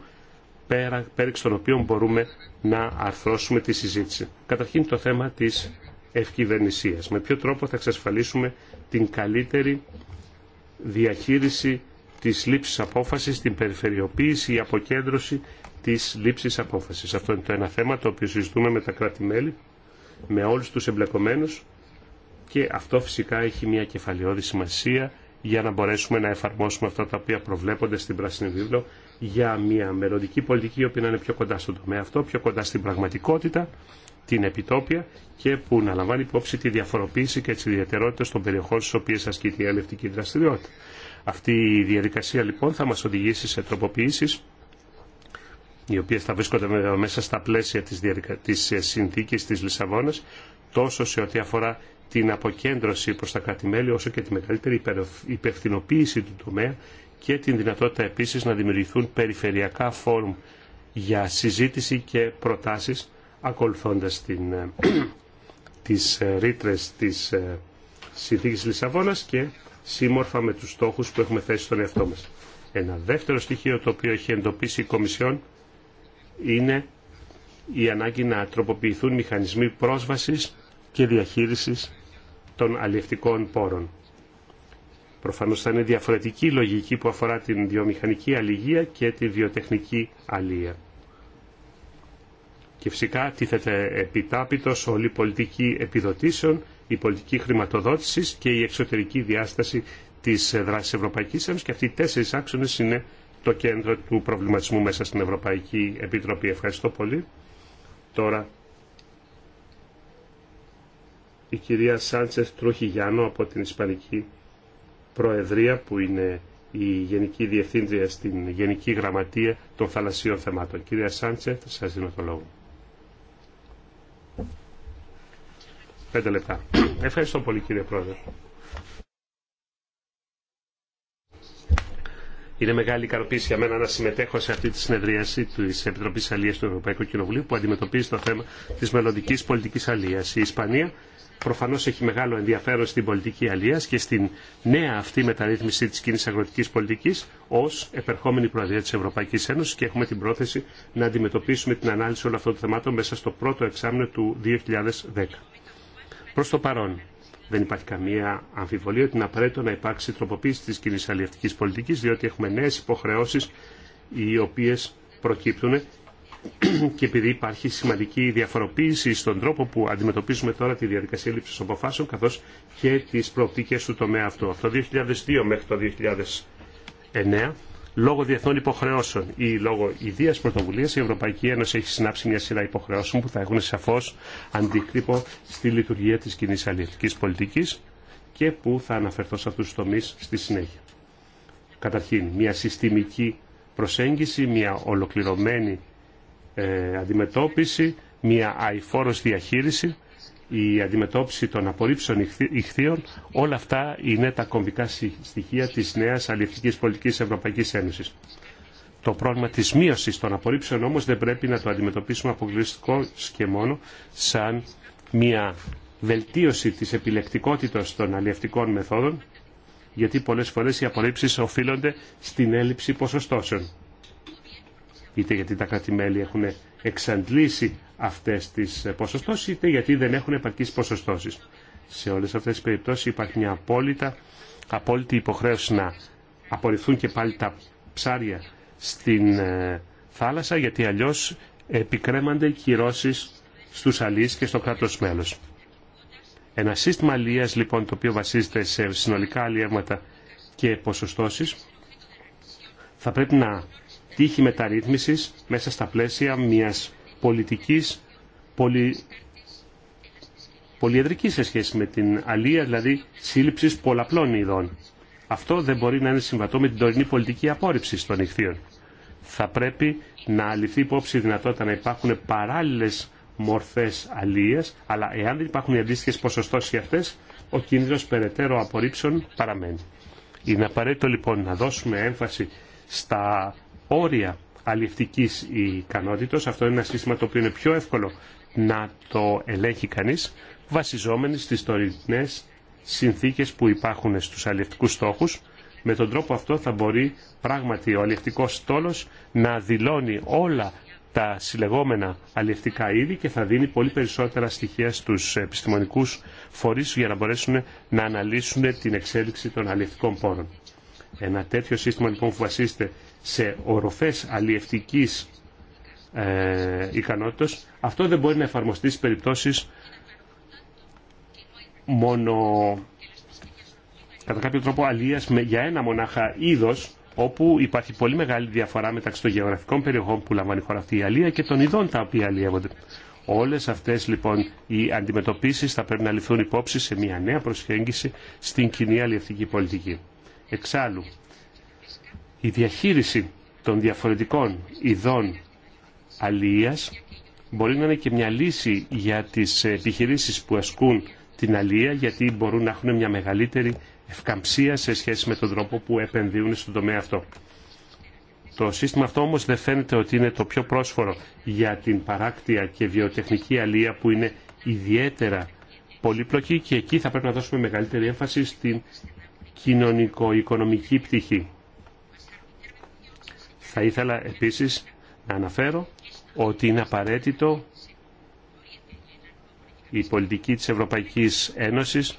πέρα, πέριξ των οποίων μπορούμε να αρθρώσουμε τη συζήτηση. Καταρχήν το θέμα της ευκυβερνησίας. Με ποιο τρόπο θα εξασφαλίσουμε την καλύτερη διαχείριση της λήψης απόφασης, την περιφερειοποίηση ή αποκέντρωση της λήψης απόφασης. Αυτό είναι το ένα θέμα το οποίο συζητούμε με τα κράτη-μέλη, με όλους τους εμπλεκομένους και αυτό φυσικά έχει μια κεφαλαιόδη σημασία για να μπορέσουμε να εφαρμόσουμε αυτά τα οποία προβλέπονται στην Πράσινη Βίβλο για μια μελλοντική πολιτική η οποία να είναι πιο κοντά στον τομέα αυτό, πιο κοντά στην πραγματικότητα, την επιτόπια και που να λαμβάνει υπόψη τη διαφοροποίηση και τι ιδιαιτερότητε των περιοχών στι οποίε ασκείται η ελευτική δραστηριότητα. Αυτή η διαδικασία λοιπόν θα μα οδηγήσει σε τροποποίησει, οι οποίε θα βρίσκονται μέσα στα πλαίσια τη διαδικα... τη ε, συνθήκης της τόσο σε ό,τι αφορά την αποκέντρωση προς τα κράτη-μέλη όσο και τη μεγαλύτερη υπευθυνοποίηση του τομέα και την δυνατότητα επίσης να δημιουργηθούν περιφερειακά φόρουμ για συζήτηση και προτάσεις ακολουθώντας την, ε, τις ε, ρήτρε της ε, συνθήκης Λισαβόνας και σύμμορφα με τους στόχους που έχουμε θέσει στον εαυτό μας. Ένα δεύτερο στοιχείο το οποίο έχει εντοπίσει η Κομισιόν είναι η ανάγκη να τροποποιηθούν μηχανισμοί πρόσβασης και διαχείρισης των αλληλευτικών πόρων. Προφανώς θα είναι διαφορετική λογική που αφορά την βιομηχανική αλληλεία και τη βιοτεχνική αλληλεία. Και φυσικά τίθεται επιτάπητος όλη η πολιτική επιδοτήσεων, η πολιτική χρηματοδότησης και η εξωτερική διάσταση της δράσης Ευρωπαϊκής Ένωσης και αυτοί οι τέσσερις άξονες είναι το κέντρο του προβληματισμού μέσα στην Ευρωπαϊκή Επιτροπή. Ευχαριστώ πολύ. Τώρα η κυρία Σάντσεφ Τρούχη Γιάννο από την Ισπανική Προεδρία που είναι η Γενική Διευθύντρια στην Γενική Γραμματεία των Θαλασσίων Θεμάτων. Κυρία Σάντσεφ, σας δίνω το λόγο. Πέντε λεπτά. Ευχαριστώ πολύ κύριε Πρόεδρε. Είναι μεγάλη ικανοποίηση για μένα να συμμετέχω σε αυτή τη συνεδρίαση τη Επιτροπή Αλία του Ευρωπαϊκού Κοινοβουλίου που αντιμετωπίζει το θέμα τη μελλοντική πολιτική αλία. Η Ισπανία Προφανώ έχει μεγάλο ενδιαφέρον στην πολιτική αλίας και στην νέα αυτή μεταρρύθμιση τη κοινή αγροτική πολιτική ω επερχόμενη προεδρία τη Ευρωπαϊκή Ένωση και έχουμε την πρόθεση να αντιμετωπίσουμε την ανάλυση όλων αυτών των θεμάτων μέσα στο πρώτο εξάμεινο του 2010. Προ το παρόν, δεν υπάρχει καμία αμφιβολία ότι είναι απαραίτητο να υπάρξει τροποποίηση τη κοινή αλληλευτική πολιτική, διότι έχουμε νέε υποχρεώσει οι οποίε προκύπτουν και επειδή υπάρχει σημαντική διαφοροποίηση στον τρόπο που αντιμετωπίζουμε τώρα τη διαδικασία λήψη αποφάσεων καθώ και τι προοπτικέ του τομέα αυτού. Από το 2002 μέχρι το 2009 Λόγω διεθνών υποχρεώσεων ή λόγω ιδία πρωτοβουλία, η Ευρωπαϊκή Ένωση έχει συνάψει μια σειρά υποχρεώσεων που θα έχουν σαφώ αντίκτυπο στη λειτουργία τη κοινή αλληλεγγύη πολιτική και που θα αναφερθώ σε αυτού του τομεί στη συνέχεια. Καταρχήν, μια συστημική προσέγγιση, μια ολοκληρωμένη ε, αντιμετώπιση, μια αηφόρος διαχείριση, η αντιμετώπιση των απορρίψεων ηχθείων, όλα αυτά είναι τα κομβικά στοιχεία της νέας αλληλευτικής πολιτικής Ευρωπαϊκής Ένωσης. Το πρόβλημα της μείωσης των απορρίψεων όμως δεν πρέπει να το αντιμετωπίσουμε αποκλειστικό και μόνο σαν μια βελτίωση της επιλεκτικότητας των αλληλευτικών μεθόδων, γιατί πολλές φορές οι απορρίψεις οφείλονται στην έλλειψη ποσοστώσεων είτε γιατί τα κράτη-μέλη έχουν εξαντλήσει αυτές τις ποσοστώσεις, είτε γιατί δεν έχουν επαρκείς ποσοστώσεις. Σε όλες αυτές τις περιπτώσεις υπάρχει μια απόλυτα, απόλυτη υποχρέωση να απορριφθούν και πάλι τα ψάρια στην ε, θάλασσα, γιατί αλλιώς επικρέμανται κυρώσεις στους αλείς και στο κράτος μέλος. Ένα σύστημα αλίας λοιπόν το οποίο βασίζεται σε συνολικά αλιεύματα και ποσοστώσεις θα πρέπει να τύχη μεταρρύθμισης μέσα στα πλαίσια μιας πολιτικής πολυ... πολυεδρική σε σχέση με την αλία, δηλαδή σύλληψης πολλαπλών ειδών. Αυτό δεν μπορεί να είναι συμβατό με την τωρινή πολιτική απόρριψη των νυχθείων. Θα πρέπει να ληφθεί υπόψη η δυνατότητα να υπάρχουν παράλληλες μορφές αλίες, αλλά εάν δεν υπάρχουν οι αντίστοιχες ποσοστώσεις για αυτές, ο κίνδυνος περαιτέρω απορρίψεων παραμένει. Είναι απαραίτητο λοιπόν να δώσουμε έμφαση στα όρια αλληλευτικής ικανότητα. Αυτό είναι ένα σύστημα το οποίο είναι πιο εύκολο να το ελέγχει κανείς βασιζόμενοι στις τωρινές συνθήκες που υπάρχουν στους αλληλευτικούς στόχους. Με τον τρόπο αυτό θα μπορεί πράγματι ο αλληλευτικός στόλος να δηλώνει όλα τα συλλεγόμενα αλληλευτικά είδη και θα δίνει πολύ περισσότερα στοιχεία στους επιστημονικούς φορείς για να μπορέσουν να αναλύσουν την εξέλιξη των αλληλευτικών πόρων. Ένα τέτοιο σύστημα λοιπόν που βασίζεται σε οροφές αλλιευτικής ε, ικανότητας, αυτό δεν μπορεί να εφαρμοστεί στις περιπτώσεις μόνο κατά κάποιο τρόπο με για ένα μονάχα είδος όπου υπάρχει πολύ μεγάλη διαφορά μεταξύ των γεωγραφικών περιοχών που λαμβάνει η χώρα αυτή η αλία και των ειδών τα οποία αλλιεύονται. Όλες αυτές λοιπόν οι αντιμετωπίσεις θα πρέπει να ληφθούν υπόψη σε μια νέα προσχέγγιση στην κοινή αλλιευτική πολιτική. Εξάλλου, η διαχείριση των διαφορετικών ειδών αλίας μπορεί να είναι και μια λύση για τις επιχειρήσεις που ασκούν την αλία γιατί μπορούν να έχουν μια μεγαλύτερη ευκαμψία σε σχέση με τον τρόπο που επενδύουν στον τομέα αυτό. Το σύστημα αυτό όμως δεν φαίνεται ότι είναι το πιο πρόσφορο για την παράκτια και βιοτεχνική αλία που είναι ιδιαίτερα πολύπλοκη και εκεί θα πρέπει να δώσουμε μεγαλύτερη έμφαση στην κοινωνικο-οικονομική πτυχή. Θα ήθελα επίσης να αναφέρω ότι είναι απαραίτητο η πολιτική της Ευρωπαϊκής Ένωσης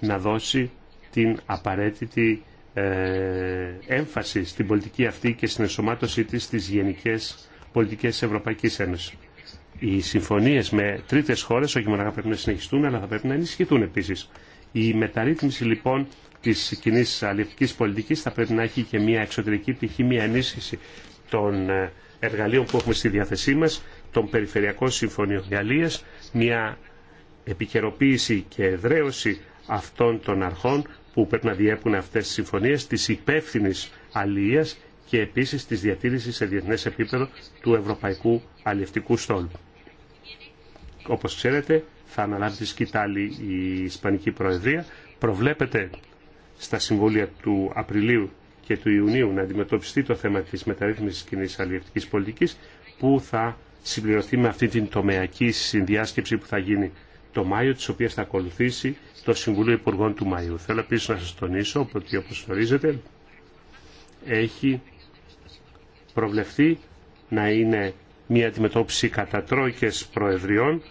να δώσει την απαραίτητη ε, έμφαση στην πολιτική αυτή και στην ενσωμάτωσή της στις γενικές πολιτικές της Ευρωπαϊκής Ένωσης. Οι συμφωνίες με τρίτες χώρες όχι μόνο πρέπει να συνεχιστούν αλλά θα πρέπει να ενισχυθούν επίσης. Η μεταρρύθμιση λοιπόν Τη κοινή αλληλευτική πολιτική θα πρέπει να έχει και μια εξωτερική πτυχή, μια ενίσχυση των ε, εργαλείων που έχουμε στη διάθεσή μα, των περιφερειακών συμφωνιών διαλύε, μια επικαιροποίηση και εδραίωση αυτών των αρχών που πρέπει να διέπουν αυτέ τι συμφωνίε τη υπεύθυνη αλληλεία και επίση τη διατήρηση σε διεθνέ επίπεδο του Ευρωπαϊκού Αλληλευτικού Στόλου. Όπως ξέρετε, θα αναλάβει τη σκητάλη η Ισπανική Προεδρία. Προβλέπεται στα συμβούλια του Απριλίου και του Ιουνίου να αντιμετωπιστεί το θέμα της μεταρρύθμισης κοινή αλληλευτικής πολιτικής που θα συμπληρωθεί με αυτή την τομεακή συνδιάσκεψη που θα γίνει το Μάιο, της οποίας θα ακολουθήσει το Συμβούλιο Υπουργών του Μαΐου. Θέλω επίσης να σας τονίσω ότι όπως γνωρίζετε έχει προβλεφθεί να είναι μια αντιμετώπιση κατά τρόικες προεδριών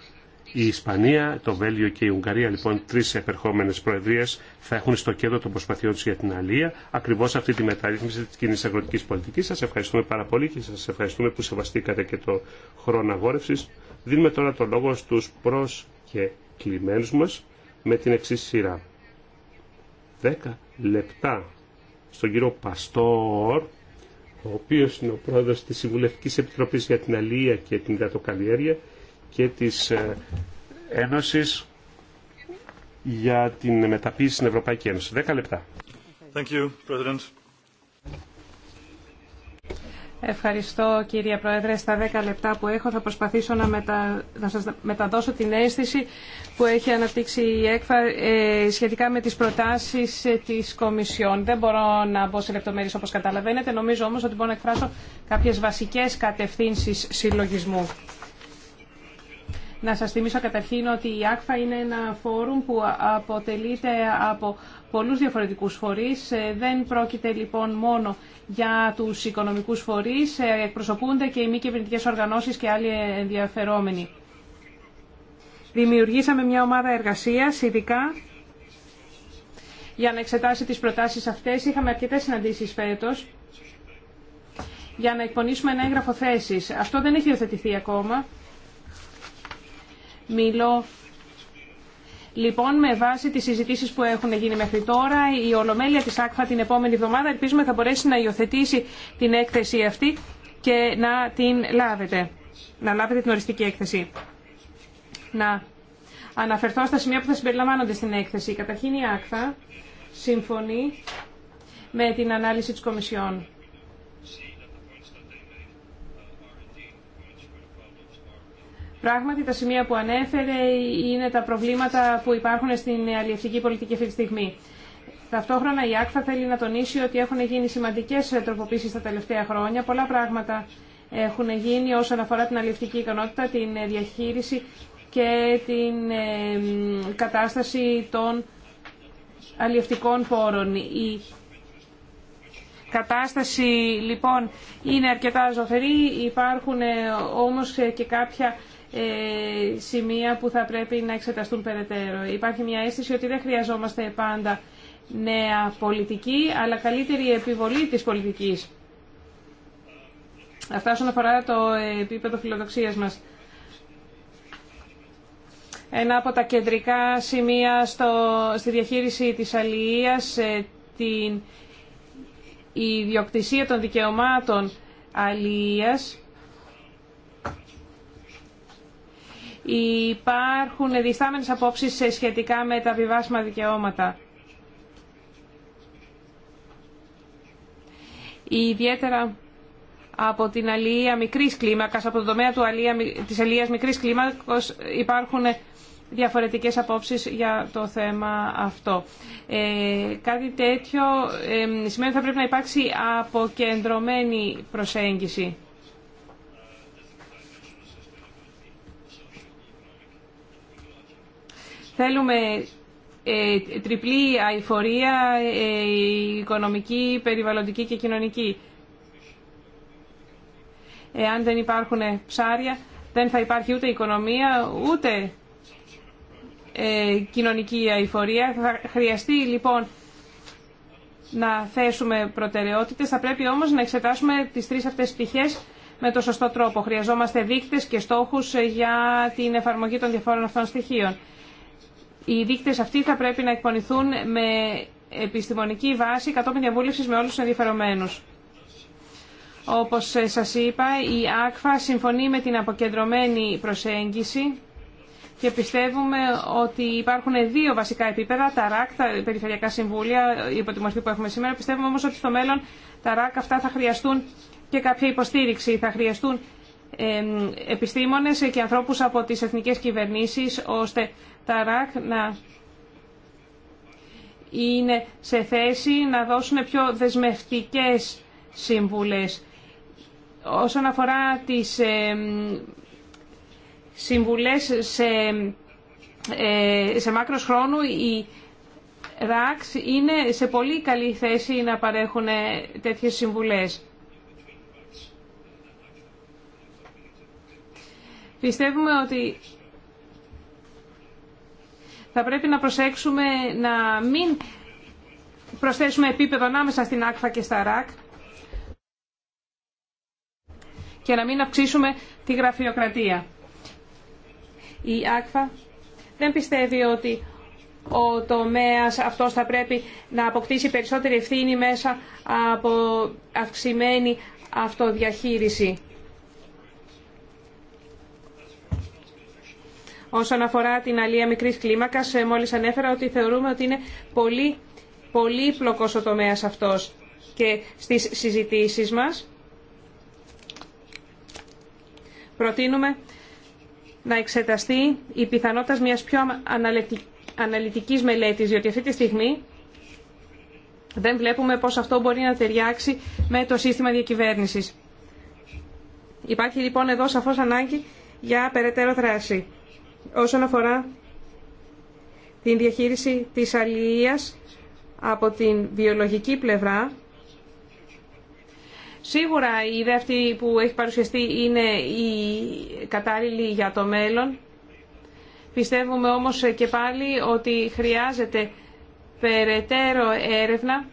η Ισπανία, το Βέλγιο και η Ουγγαρία, λοιπόν, τρει επερχόμενε προεδρίε θα έχουν στο κέντρο των προσπαθειών του για την αλία ακριβώ αυτή τη μεταρρύθμιση τη κοινή αγροτική πολιτική. Σα ευχαριστούμε πάρα πολύ και σα ευχαριστούμε που σεβαστήκατε και το χρόνο αγόρευση. Δίνουμε τώρα το λόγο στου προ και κλειμένου μα με την εξή σειρά. 10 λεπτά στον κύριο Παστόρ, ο οποίο είναι ο πρόεδρο τη Συμβουλευτική Επιτροπή για την Αλία και την Κατοκαλλιέργεια και της ε, Ένωσης για την μεταποίηση στην Ευρωπαϊκή Ένωση. Δέκα λεπτά. Thank you, Ευχαριστώ κύριε Πρόεδρε. Στα δέκα λεπτά που έχω θα προσπαθήσω να, μετα... να σας μεταδώσω την αίσθηση που έχει αναπτύξει η ΕΚΦΑ ε, σχετικά με τις προτάσεις ε, της Κομισιόν. Δεν μπορώ να μπω σε λεπτομέρειες όπως καταλαβαίνετε. Νομίζω όμως ότι μπορώ να εκφράσω κάποιες βασικές κατευθύνσεις συλλογισμού. Να σας θυμίσω καταρχήν ότι η ΑΚΦΑ είναι ένα φόρουμ που αποτελείται από πολλούς διαφορετικούς φορείς. Ε, δεν πρόκειται λοιπόν μόνο για τους οικονομικούς φορείς. Ε, εκπροσωπούνται και οι μη κυβερνητικέ οργανώσεις και άλλοι ενδιαφερόμενοι. Δημιουργήσαμε μια ομάδα εργασίας ειδικά για να εξετάσει τις προτάσεις αυτές. Είχαμε αρκετές συναντήσεις φέτος για να εκπονήσουμε ένα έγγραφο θέσης. Αυτό δεν έχει υιοθετηθεί ακόμα. Μιλώ Λοιπόν, με βάση τι συζητήσει που έχουν γίνει μέχρι τώρα, η Ολομέλεια τη ΑΚΦΑ την επόμενη εβδομάδα ελπίζουμε θα μπορέσει να υιοθετήσει την έκθεση αυτή και να την λάβετε. Να λάβετε την οριστική έκθεση. Να αναφερθώ στα σημεία που θα συμπεριλαμβάνονται στην έκθεση. Καταρχήν η ΑΚΦΑ συμφωνεί με την ανάλυση της Κομισιόν. Πράγματι, τα σημεία που ανέφερε είναι τα προβλήματα που υπάρχουν στην αλληλευτική πολιτική αυτή τη στιγμή. Ταυτόχρονα, η ΑΚΦΑ θέλει να τονίσει ότι έχουν γίνει σημαντικέ τροποποίησει τα τελευταία χρόνια. Πολλά πράγματα έχουν γίνει όσον αφορά την αλληλευτική ικανότητα, την διαχείριση και την κατάσταση των αλληλευτικών πόρων. Η κατάσταση λοιπόν είναι αρκετά ζωφερή, υπάρχουν ε, όμως ε, και κάποια ε, σημεία που θα πρέπει να εξεταστούν περαιτέρω. Υπάρχει μια αίσθηση ότι δεν χρειαζόμαστε πάντα νέα πολιτική, αλλά καλύτερη επιβολή της πολιτικής. Αυτά όσον αφορά το επίπεδο φιλοδοξίας μας. Ένα από τα κεντρικά σημεία στο, στη διαχείριση της αλληλείας, ε, την η ιδιοκτησία των δικαιωμάτων αλληλείας, υπάρχουν διστάμενες απόψεις σχετικά με τα βιβάσιμα δικαιώματα. Ιδιαίτερα από την αλληλεία μικρής κλίμακας, από το τομέα του αλληλεία, της αλληλείας μικρής κλίμακας υπάρχουν διαφορετικές απόψεις για το θέμα αυτό. Ε, κάτι τέτοιο ε, σημαίνει ότι θα πρέπει να υπάρξει αποκεντρωμένη προσέγγιση. Θέλουμε ε, τριπλή αηφορία, ε, οικονομική, περιβαλλοντική και κοινωνική. Εάν δεν υπάρχουν ψάρια, δεν θα υπάρχει ούτε οικονομία, ούτε ε, κοινωνική αηφορία. Θα χρειαστεί λοιπόν να θέσουμε προτεραιότητες. Θα πρέπει όμως να εξετάσουμε τις τρεις αυτές πτυχές με το σωστό τρόπο. Χρειαζόμαστε δείκτες και στόχους για την εφαρμογή των διαφόρων αυτών στοιχείων. Οι δείκτες αυτοί θα πρέπει να εκπονηθούν με επιστημονική βάση κατόπιν διαβούλευσης με όλους τους ενδιαφερομένους. Όπως σας είπα, η ΑΚΦΑ συμφωνεί με την αποκεντρωμένη προσέγγιση και πιστεύουμε ότι υπάρχουν δύο βασικά επίπεδα, τα ΡΑΚ, τα Περιφερειακά Συμβούλια, υπό τη που έχουμε σήμερα. Πιστεύουμε όμως ότι στο μέλλον τα ΡΑΚ αυτά θα χρειαστούν και κάποια υποστήριξη, θα χρειαστούν επιστήμονες και ανθρώπους από τις εθνικές κυβερνήσεις ώστε τα ΡΑΚ να είναι σε θέση να δώσουν πιο δεσμευτικές συμβουλές. Όσον αφορά τις ε, συμβουλές σε, ε, σε μάκρος χρόνου, οι ΡΑΚ είναι σε πολύ καλή θέση να παρέχουν ε, τέτοιες συμβουλές. Πιστεύουμε ότι θα πρέπει να προσέξουμε να μην προσθέσουμε επίπεδο ανάμεσα στην ΑΚΦΑ και στα ΡΑΚ και να μην αυξήσουμε τη γραφειοκρατία. Η ΑΚΦΑ δεν πιστεύει ότι ο τομέας αυτός θα πρέπει να αποκτήσει περισσότερη ευθύνη μέσα από αυξημένη αυτοδιαχείριση. Όσον αφορά την αλία μικρή κλίμακα, ε, μόλι ανέφερα ότι θεωρούμε ότι είναι πολύ, πολύ ο τομέα αυτός και στις συζητήσεις μας προτείνουμε να εξεταστεί η πιθανότητα μιας πιο αναλυτικής μελέτης, διότι αυτή τη στιγμή δεν βλέπουμε πώς αυτό μπορεί να ταιριάξει με το σύστημα διακυβέρνησης. Υπάρχει λοιπόν εδώ σαφώς ανάγκη για περαιτέρω δράση όσον αφορά την διαχείριση της αλληλείας από την βιολογική πλευρά. Σίγουρα η ιδέα αυτή που έχει παρουσιαστεί είναι η κατάλληλη για το μέλλον. Πιστεύουμε όμως και πάλι ότι χρειάζεται περαιτέρω έρευνα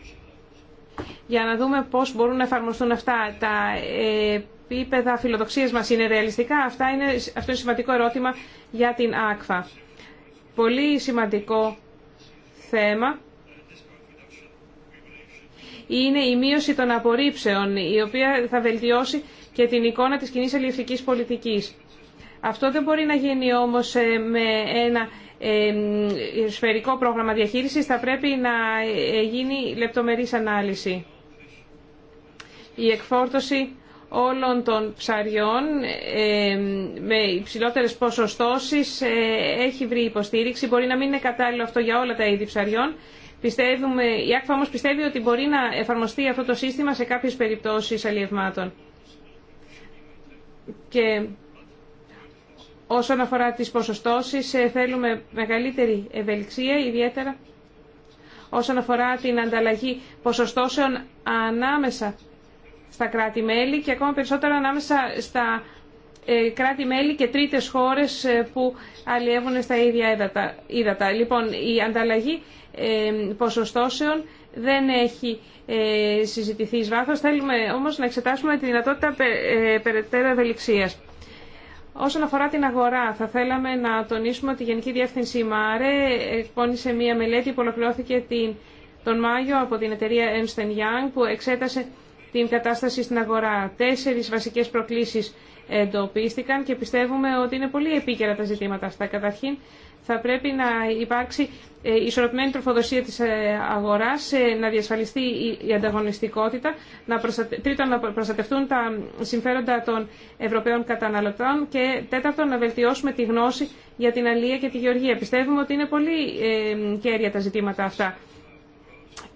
για να δούμε πώς μπορούν να εφαρμοστούν αυτά τα ε, επίπεδα φιλοδοξίας μας είναι ρεαλιστικά, αυτά είναι, αυτό είναι σημαντικό ερώτημα για την ΑΚΦΑ. Πολύ σημαντικό θέμα είναι η μείωση των απορρίψεων, η οποία θα βελτιώσει και την εικόνα της κοινή ελληνικής πολιτικής. Αυτό δεν μπορεί να γίνει όμως ε, με ένα ε, σφαιρικό πρόγραμμα διαχείρισης, θα πρέπει να ε, γίνει λεπτομερής ανάλυση. Η εκφόρτωση όλων των ψαριών ε, με υψηλότερες ποσοστώσεις ε, έχει βρει υποστήριξη. Μπορεί να μην είναι κατάλληλο αυτό για όλα τα είδη ψαριών. Πιστεύουμε, η ΑΚΦΑ όμως πιστεύει ότι μπορεί να εφαρμοστεί αυτό το σύστημα σε κάποιες περιπτώσεις αλλιευμάτων. Και όσον αφορά τις ποσοστώσεις ε, θέλουμε μεγαλύτερη ευελιξία, ιδιαίτερα όσον αφορά την ανταλλαγή ποσοστώσεων ανάμεσα στα κράτη-μέλη και ακόμα περισσότερο ανάμεσα στα ε, κράτη-μέλη και τρίτες χώρες ε, που αλλιεύουν στα ίδια ύδατα. Λοιπόν, η ανταλλαγή ε, ποσοστώσεων δεν έχει συζητηθεί εις βάθος. Θέλουμε όμως να εξετάσουμε τη δυνατότητα περαιτέρω ευελιξίας. Όσον αφορά την αγορά, θα θέλαμε να τονίσουμε ότι η Γενική Διεύθυνση ΜΑΡΕ εκπώνησε μία μελέτη που ολοκληρώθηκε την, τον Μάιο από την εταιρεία Ernst Young που εξέτασε την κατάσταση στην αγορά. Τέσσερις βασικές προκλήσεις εντοπίστηκαν και πιστεύουμε ότι είναι πολύ επίκαιρα τα ζητήματα αυτά. Καταρχήν, θα πρέπει να υπάρξει ε, ισορροπημένη τροφοδοσία της ε, αγοράς, ε, να διασφαλιστεί η ανταγωνιστικότητα, να τρίτον να προστατευτούν τα συμφέροντα των Ευρωπαίων καταναλωτών και τέταρτον να βελτιώσουμε τη γνώση για την αλία και τη γεωργία. Πιστεύουμε ότι είναι πολύ κέρια τα ζητήματα αυτά.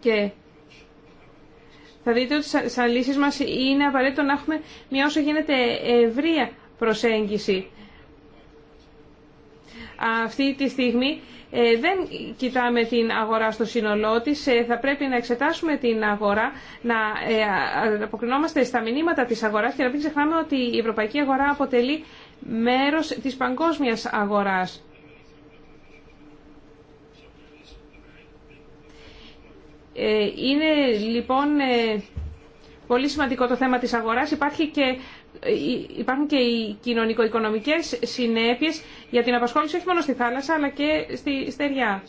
Και θα δείτε ότι σαν λύσεις μας είναι απαραίτητο να έχουμε μια όσο γίνεται ευρεία προσέγγιση. Αυτή τη στιγμή ε, δεν κοιτάμε την αγορά στο σύνολό της. Ε, θα πρέπει να εξετάσουμε την αγορά, να ε, αποκρινόμαστε στα μηνύματα της αγοράς και να μην ξεχνάμε ότι η ευρωπαϊκή αγορά αποτελεί μέρος της παγκόσμιας αγοράς. Ε, είναι λοιπόν ε, πολύ σημαντικό το θέμα της αγοράς. Υπάρχει και, ε, υπάρχουν και οι κοινωνικο-οικονομικές συνέπειες για την απασχόληση όχι μόνο στη θάλασσα αλλά και στη στεριά.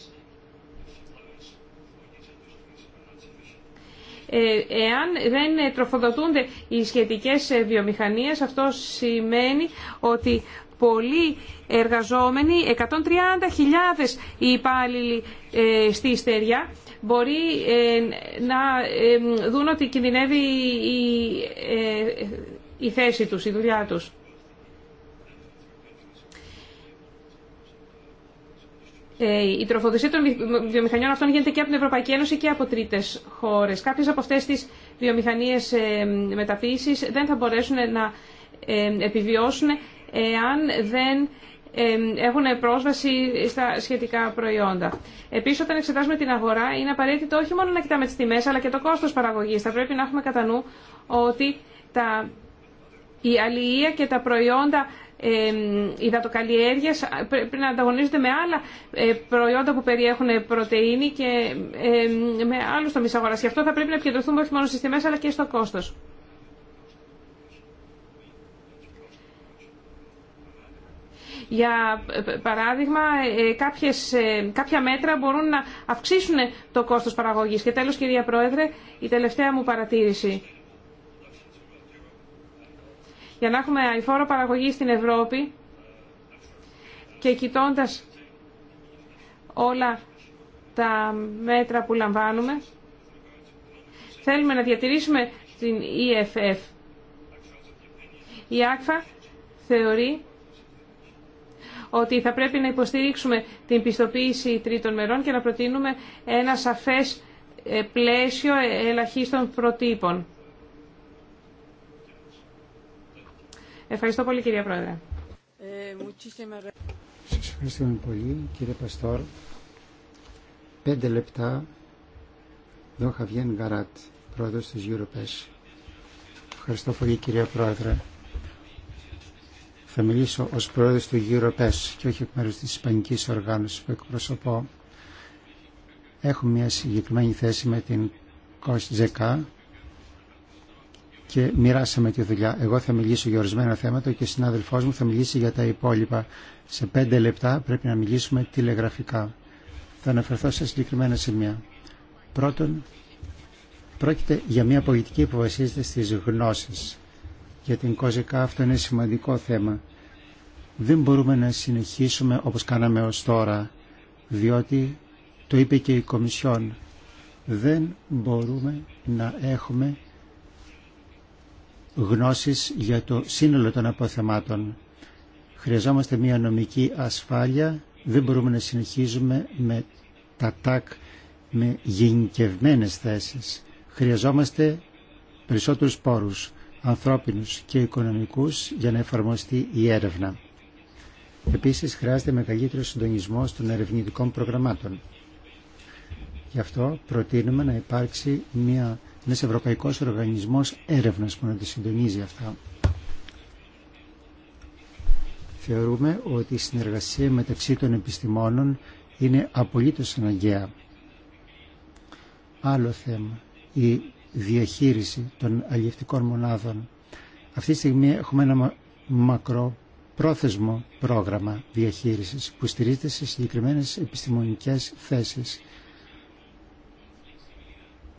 Εάν δεν τροφοδοτούνται οι σχετικές βιομηχανίες, αυτό σημαίνει ότι πολλοί εργαζόμενοι, 130.000 υπάλληλοι στη στεριά, μπορεί ε, να ε, δουν ότι κινδυνεύει ε, η θέση τους, η δουλειά τους. η τροφοδοσία των βιομηχανιών αυτών γίνεται και από την Ευρωπαϊκή Ένωση και από τρίτες χώρες. Κάποιες από αυτέ τι βιομηχανίε μεταποίησης δεν θα μπορέσουν να επιβιώσουν εάν δεν έχουν πρόσβαση στα σχετικά προϊόντα. Επίση, όταν εξετάζουμε την αγορά, είναι απαραίτητο όχι μόνο να κοιτάμε τι τιμέ, αλλά και το κόστο παραγωγή. Θα πρέπει να έχουμε κατά νου ότι τα, η αλληλεία και τα προϊόντα ε, υδατοκαλλιέργειας πρέπει να ανταγωνίζονται με άλλα ε, προϊόντα που περιέχουν πρωτεΐνη και με άλλου τομεί αγορά. Γι' αυτό θα πρέπει να επικεντρωθούμε όχι μόνο στι τιμέ, αλλά και στο κόστο. Για παράδειγμα, ε, κάποιες, ε, κάποια μέτρα μπορούν να αυξήσουν το κόστος παραγωγής. Και τέλος, κυρία Πρόεδρε, η τελευταία μου παρατήρηση. Για να έχουμε αηφόρο παραγωγή στην Ευρώπη και κοιτώντας όλα τα μέτρα που λαμβάνουμε, θέλουμε να διατηρήσουμε την EFF. Η ΑΚΦΑ θεωρεί ότι θα πρέπει να υποστηρίξουμε την πιστοποίηση τρίτων μερών και να προτείνουμε ένα σαφές ε, πλαίσιο ε, ελαχίστων προτύπων. Ευχαριστώ πολύ κυρία Πρόεδρε. Σα ευχαριστούμε πολύ κύριε Παστόρ. Πέντε λεπτά εδώ, Βιέν Γαράτ, πρόεδρος της Europes. Ευχαριστώ πολύ κυρία Πρόεδρε. Θα μιλήσω ως πρόεδρος του EuroPES και όχι εκ μέρους της Ισπανικής Οργάνωσης που εκπροσωπώ. Έχω μια συγκεκριμένη θέση με την ΚΟΣΤΖΕΚΑ και μοιράσαμε τη δουλειά. Εγώ θα μιλήσω για ορισμένα θέματα και ο συνάδελφός μου θα μιλήσει για τα υπόλοιπα. Σε πέντε λεπτά πρέπει να μιλήσουμε τηλεγραφικά. Θα αναφερθώ σε συγκεκριμένα σημεία. Πρώτον, πρόκειται για μια πολιτική που βασίζεται στις γνώσεις για την Κόζικα αυτό είναι σημαντικό θέμα. Δεν μπορούμε να συνεχίσουμε όπως κάναμε ως τώρα, διότι το είπε και η Κομισιόν. Δεν μπορούμε να έχουμε γνώσεις για το σύνολο των αποθεμάτων. Χρειαζόμαστε μια νομική ασφάλεια, δεν μπορούμε να συνεχίζουμε με τα τάκ, με γενικευμένες θέσεις. Χρειαζόμαστε περισσότερους πόρους ανθρώπινους και οικονομικούς για να εφαρμοστεί η έρευνα. Επίσης χρειάζεται μεγαλύτερο συντονισμό των ερευνητικών προγραμμάτων. Γι' αυτό προτείνουμε να υπάρξει μια, ένας ευρωπαϊκός οργανισμός έρευνας που να τη συντονίζει αυτά. Θεωρούμε ότι η συνεργασία μεταξύ των επιστημόνων είναι απολύτως αναγκαία. Άλλο θέμα, η διαχείριση των αλλιευτικών μονάδων. Αυτή τη στιγμή έχουμε ένα μακρό πρόθεσμο πρόγραμμα διαχείρισης που στηρίζεται σε συγκεκριμένες επιστημονικές θέσεις.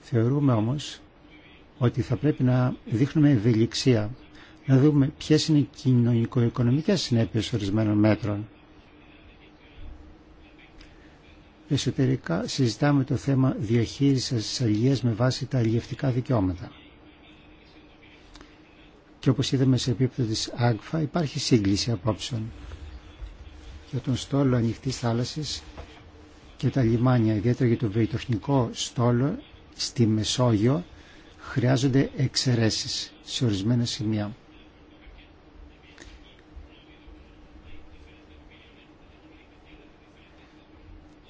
Θεωρούμε όμως ότι θα πρέπει να δείχνουμε ευελιξία, να δούμε ποιες είναι οι κοινωνικο-οικονομικές συνέπειες ορισμένων μέτρων εσωτερικά συζητάμε το θέμα διαχείρισης της αλληλείας με βάση τα αλληλευτικά δικαιώματα. Και όπως είδαμε σε επίπεδο της ΑΓΦΑ υπάρχει σύγκληση απόψεων για τον στόλο ανοιχτή θάλασσης και τα λιμάνια, ιδιαίτερα για τον βιοτεχνικό στόλο στη Μεσόγειο, χρειάζονται εξαιρέσεις σε ορισμένα σημεία.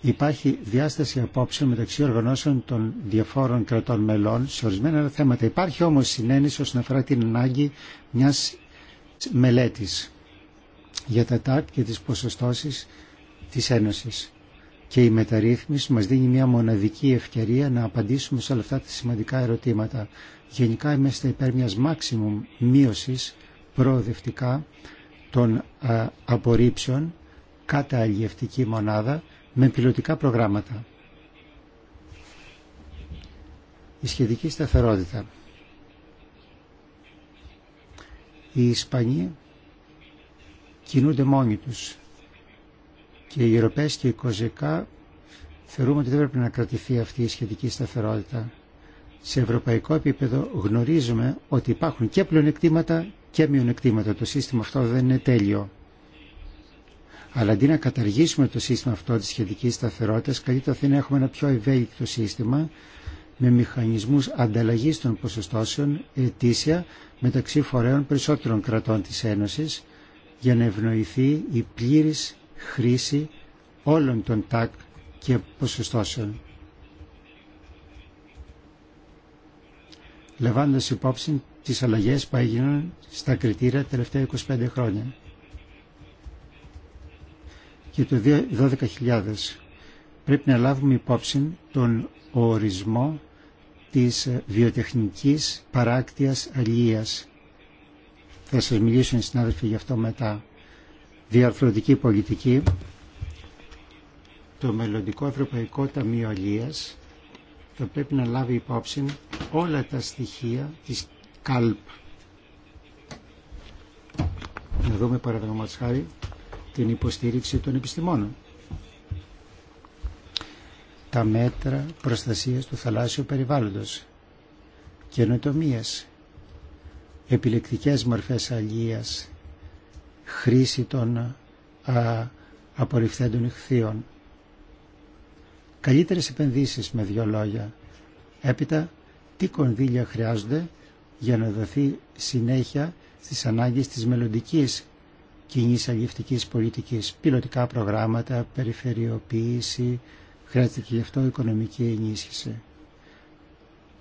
υπάρχει διάσταση απόψεων μεταξύ οργανώσεων των διαφόρων κρατών μελών σε ορισμένα θέματα. Υπάρχει όμως συνένεση όσον αφορά την ανάγκη μια μελέτης για τα ΤΑΚ και τις ποσοστώσει της Ένωσης. Και η μεταρρύθμιση μας δίνει μια μοναδική ευκαιρία να απαντήσουμε σε όλα αυτά τα σημαντικά ερωτήματα. Γενικά είμαστε υπέρ μια maximum μείωση προοδευτικά των απορρίψεων κατά αλλιευτική μονάδα με πιλωτικά προγράμματα. Η σχετική σταθερότητα. Οι Ισπανοί κινούνται μόνοι τους και οι Ευρωπαίες και οι Κοζεκά θεωρούμε ότι δεν πρέπει να κρατηθεί αυτή η σχετική σταθερότητα. Σε ευρωπαϊκό επίπεδο γνωρίζουμε ότι υπάρχουν και πλεονεκτήματα και μειονεκτήματα. Το σύστημα αυτό δεν είναι τέλειο. Αλλά αντί να καταργήσουμε το σύστημα αυτό της σχετικής σταθερότητας, καλύτερα θα είναι να έχουμε ένα πιο ευέλικτο σύστημα με μηχανισμούς ανταλλαγής των ποσοστώσεων ετήσια μεταξύ φορέων περισσότερων κρατών της Ένωσης για να ευνοηθεί η πλήρης χρήση όλων των τάκ και ποσοστώσεων. Λεβάνοντας υπόψη τις αλλαγές που έγιναν στα κριτήρια τελευταία 25 χρόνια. Και το 12.000. Πρέπει να λάβουμε υπόψη τον ορισμό της βιοτεχνικής παράκτιας αλίας. Θα σας μιλήσουν οι συνάδελφοι γι' αυτό μετά. Διαρθρωτική πολιτική, το μελλοντικό Ευρωπαϊκό Ταμείο Αλίας θα πρέπει να λάβει υπόψη όλα τα στοιχεία της ΚΑΛΠ. Να δούμε παραδείγματος την υποστήριξη των επιστημόνων. Τα μέτρα προστασίας του θαλάσσιου περιβάλλοντος, καινοτομίες, επιλεκτικές μορφές αλίας, χρήση των α, απορριφθέντων ηχθείων, καλύτερες επενδύσεις με δύο λόγια. Έπειτα, τι κονδύλια χρειάζονται για να δοθεί συνέχεια στις ανάγκες της μελλοντική κοινή αλληλευτικής πολιτικής, πιλωτικά προγράμματα, περιφερειοποίηση, χρειάζεται και γι' αυτό οικονομική ενίσχυση.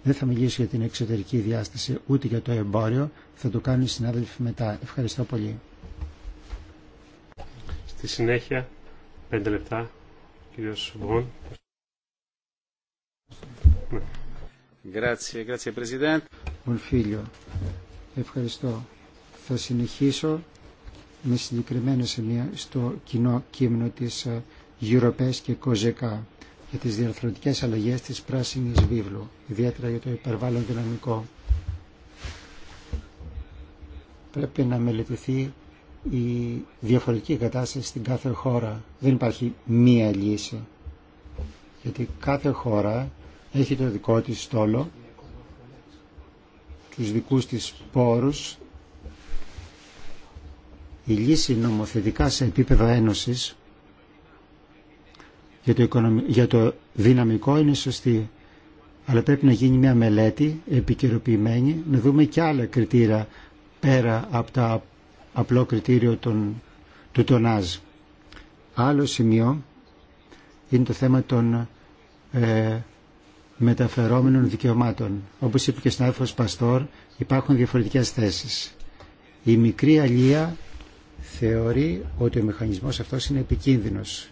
Δεν θα μιλήσω για την εξωτερική διάσταση ούτε για το εμπόριο, θα το κάνουν οι συνάδελφοι μετά. Ευχαριστώ πολύ. Στη συνέχεια, πέντε λεπτά, κύριος Μπρον. Grazie, grazie Presidente. Ευχαριστώ. Θα συνεχίσω με συγκεκριμένα σημεία στο κοινό κείμενο της Ευρωπαίας και Κοζεκά για τις διαρθρωτικές αλλαγές της πράσινης βίβλου, ιδιαίτερα για το υπερβάλλον δυναμικό. Πρέπει να μελετηθεί η διαφορετική κατάσταση στην κάθε χώρα. Δεν υπάρχει μία λύση. Γιατί κάθε χώρα έχει το δικό της στόλο, τους δικούς της πόρους η λύση νομοθετικά σε επίπεδο ένωσης για το, οικονομικό, το δυναμικό είναι σωστή. Αλλά πρέπει να γίνει μια μελέτη επικαιροποιημένη, να δούμε και άλλα κριτήρια πέρα από τα απλό κριτήριο των, του τονάζ. Άλλο σημείο είναι το θέμα των ε, μεταφερόμενων δικαιωμάτων. Όπως είπε και ο Σνάφος Παστόρ, υπάρχουν διαφορετικές θέσεις. Η μικρή αλία θεωρεί ότι ο μηχανισμός αυτός είναι επικίνδυνος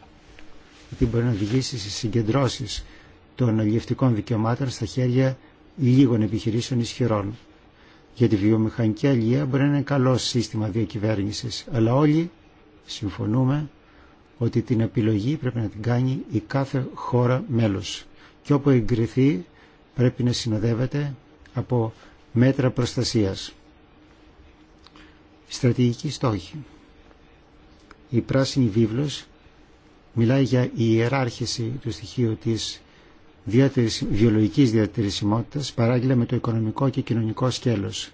ότι μπορεί να οδηγήσει σε συγκεντρώσεις των αλληλευτικών δικαιωμάτων στα χέρια λίγων επιχειρήσεων ισχυρών. Για τη βιομηχανική αλληλεία μπορεί να είναι καλό σύστημα διακυβέρνησης, αλλά όλοι συμφωνούμε ότι την επιλογή πρέπει να την κάνει η κάθε χώρα μέλος και όπου εγκριθεί πρέπει να συνοδεύεται από μέτρα προστασίας. Στρατηγική στόχη η πράσινη βίβλος μιλάει για η ιεράρχηση του στοιχείου της βιολογικής διατηρησιμότητας παράγγελα με το οικονομικό και κοινωνικό σκέλος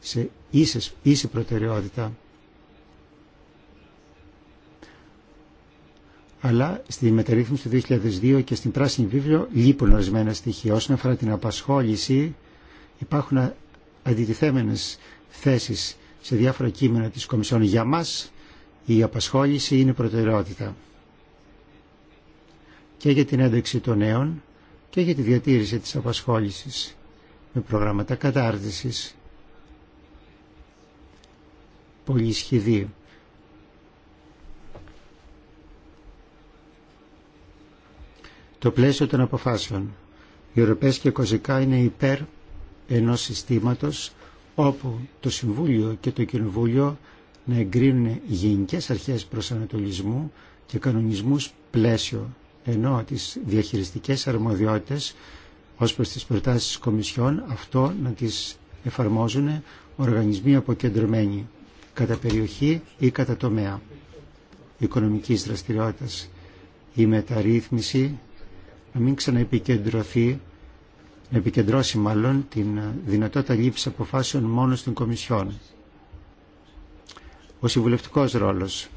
σε ίσες, ίση προτεραιότητα. Αλλά στη μεταρρύθμιση του 2002 και στην πράσινη βίβλιο λείπουν ορισμένα στοιχεία. Όσον αφορά την απασχόληση υπάρχουν αντιτιθέμενες θέσεις σε διάφορα κείμενα της Κομισιόν. Για μας η απασχόληση είναι προτεραιότητα και για την ένταξη των νέων και για τη διατήρηση της απασχόλησης με προγράμματα κατάρτισης σχεδί. Το πλαίσιο των αποφάσεων. Οι Ευρωπαίες και Κοζικά είναι υπέρ ενός συστήματος όπου το Συμβούλιο και το Κοινοβούλιο να εγκρίνουν γενικές αρχές προσανατολισμού και κανονισμούς πλαίσιο, ενώ τις διαχειριστικές αρμοδιότητες ως προς τις προτάσεις της Κομισιόν αυτό να τις εφαρμόζουν οργανισμοί αποκεντρωμένοι κατά περιοχή ή κατά τομέα οικονομικής δραστηριότητας. Η μεταρρύθμιση να μην ξαναεπικεντρωθεί να επικεντρώσει μάλλον την δυνατότητα λήψη αποφάσεων μόνο στην Κομισιόν ο συμβουλευτικό ρόλος.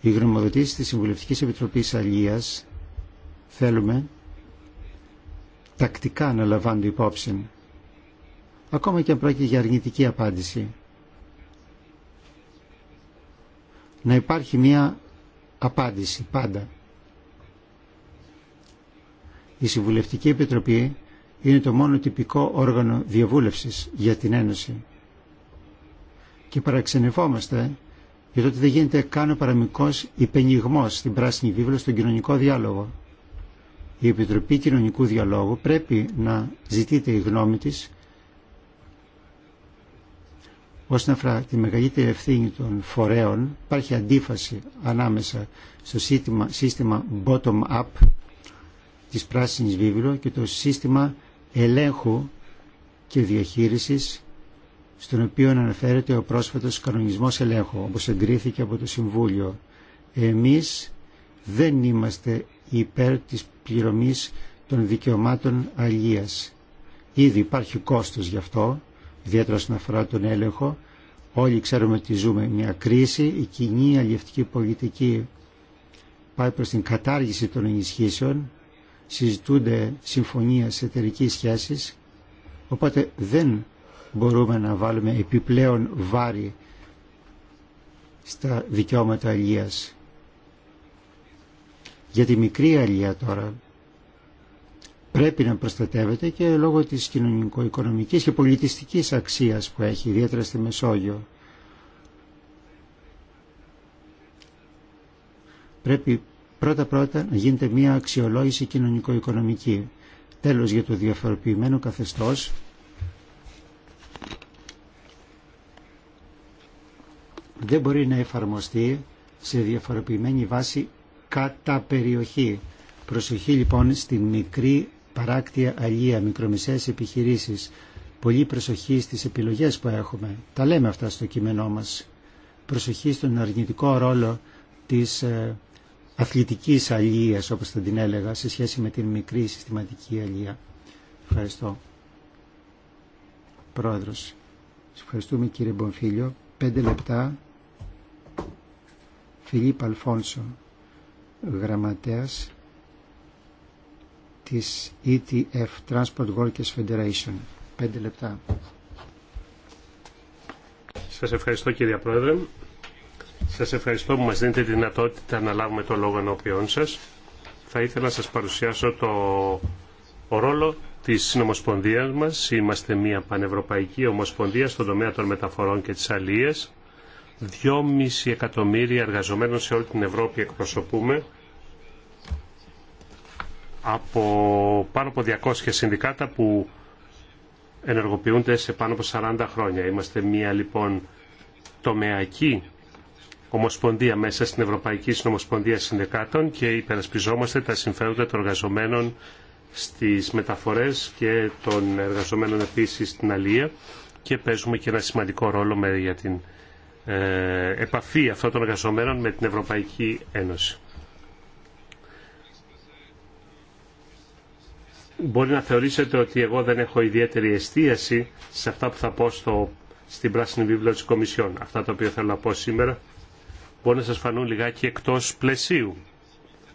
Οι γνωμοδοτήσεις της συμβουλευτική Επιτροπής Αλίας θέλουμε τακτικά να λαμβάνουν υπόψη, ακόμα και αν πρόκειται για αρνητική απάντηση. Να υπάρχει μία απάντηση πάντα. Η Συμβουλευτική Επιτροπή είναι το μόνο τυπικό όργανο διαβούλευσης για την Ένωση και παραξενευόμαστε για το ότι δεν γίνεται καν ο παραμικός υπενιγμός στην Πράσινη Βίβλο στον κοινωνικό διάλογο. Η Επιτροπή Κοινωνικού Διαλόγου πρέπει να ζητείται η γνώμη της όσον αφορά τη μεγαλύτερη ευθύνη των φορέων υπάρχει αντίφαση ανάμεσα στο σύστημα, σύστημα bottom-up της Πράσινης Βίβλου και το σύστημα ελέγχου και διαχείρισης στον οποίο αναφέρεται ο πρόσφατος κανονισμός ελέγχου, όπως εγκρίθηκε από το Συμβούλιο. Εμείς δεν είμαστε υπέρ της πληρωμής των δικαιωμάτων αλλίας. Ήδη υπάρχει κόστος γι' αυτό, ιδιαίτερα όσον αφορά τον έλεγχο. Όλοι ξέρουμε ότι ζούμε μια κρίση, η κοινή αλλιευτική πολιτική πάει προς την κατάργηση των ενισχύσεων, συζητούνται συμφωνίες εταιρικής σχέσης, οπότε δεν μπορούμε να βάλουμε επιπλέον βάρη στα δικαιώματα αλίας. Για τη μικρή αλία τώρα πρέπει να προστατεύεται και λόγω της κοινωνικο-οικονομικής και πολιτιστικής αξίας που έχει ιδιαίτερα στη Μεσόγειο. Πρέπει πρώτα-πρώτα να γίνεται μια αξιολόγηση κοινωνικο-οικονομική. Τέλος για το διαφοροποιημένο καθεστώς δεν μπορεί να εφαρμοστεί σε διαφοροποιημένη βάση κατά περιοχή. Προσοχή λοιπόν στην μικρή παράκτια αλία, μικρομεσαίες επιχειρήσεις. Πολύ προσοχή στις επιλογές που έχουμε. Τα λέμε αυτά στο κείμενό μας. Προσοχή στον αρνητικό ρόλο της ε, αθλητικής αλίας, όπως θα την έλεγα, σε σχέση με την μικρή συστηματική αλία. Ευχαριστώ. Πρόεδρος, ευχαριστούμε κύριε Μπομφίλιο. Πέντε λεπτά Φιλίπ Αλφόνσο, γραμματέας της ETF Transport Workers Federation. Πέντε λεπτά. Σας ευχαριστώ κύριε Πρόεδρε. Σας ευχαριστώ που μας δίνετε τη δυνατότητα να λάβουμε το λόγο ενώπιόν σας. Θα ήθελα να σας παρουσιάσω το ρόλο της συνομοσπονδίας μας. Είμαστε μια πανευρωπαϊκή ομοσπονδία στον τομέα των μεταφορών και της αλίας. 2,5 εκατομμύρια εργαζομένων σε όλη την Ευρώπη εκπροσωπούμε από πάνω από 200 συνδικάτα που ενεργοποιούνται σε πάνω από 40 χρόνια. Είμαστε μια λοιπόν τομεακή ομοσπονδία μέσα στην Ευρωπαϊκή Συνομοσπονδία Συνδεκάτων και υπερασπιζόμαστε τα συμφέροντα των εργαζομένων στις μεταφορές και των εργαζομένων επίσης στην αλία και παίζουμε και ένα σημαντικό ρόλο για την ε, επαφή αυτών των εργαζομένων με την Ευρωπαϊκή Ένωση. Μπορεί να θεωρήσετε ότι εγώ δεν έχω ιδιαίτερη εστίαση σε αυτά που θα πω στην πράσινη βίβλο της Κομισιόν. Αυτά τα οποία θέλω να πω σήμερα μπορεί να σας φανούν λιγάκι εκτός πλαισίου.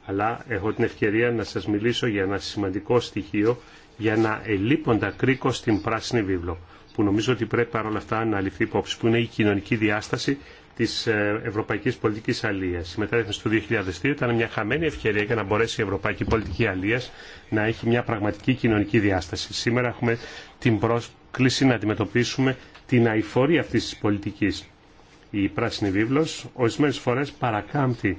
Αλλά έχω την ευκαιρία να σας μιλήσω για ένα σημαντικό στοιχείο, για να ελείποντα κρίκο στην πράσινη βίβλο που νομίζω ότι πρέπει παρόλα αυτά να ληφθεί υπόψη, που είναι η κοινωνική διάσταση τη ε, ευρωπαϊκή πολιτική αλλία. Η μεταρρύθμιση του 2002 ήταν μια χαμένη ευκαιρία για να μπορέσει η ευρωπαϊκή πολιτική αλλία να έχει μια πραγματική κοινωνική διάσταση. Σήμερα έχουμε την πρόσκληση να αντιμετωπίσουμε την αηφορία αυτή τη πολιτική. Η πράσινη βίβλο ορισμένε φορέ παρακάμπτει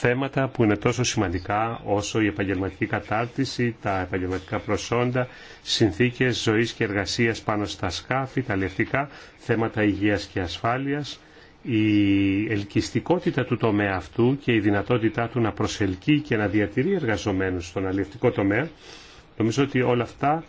θέματα που είναι τόσο σημαντικά όσο η επαγγελματική κατάρτιση, τα επαγγελματικά προσόντα, συνθήκες ζωής και εργασίας πάνω στα σκάφη, τα λευτικά, θέματα υγείας και ασφάλειας, η ελκυστικότητα του τομέα αυτού και η δυνατότητά του να προσελκύει και να διατηρεί εργαζομένους στον αλληλευτικό τομέα, νομίζω ότι όλα αυτά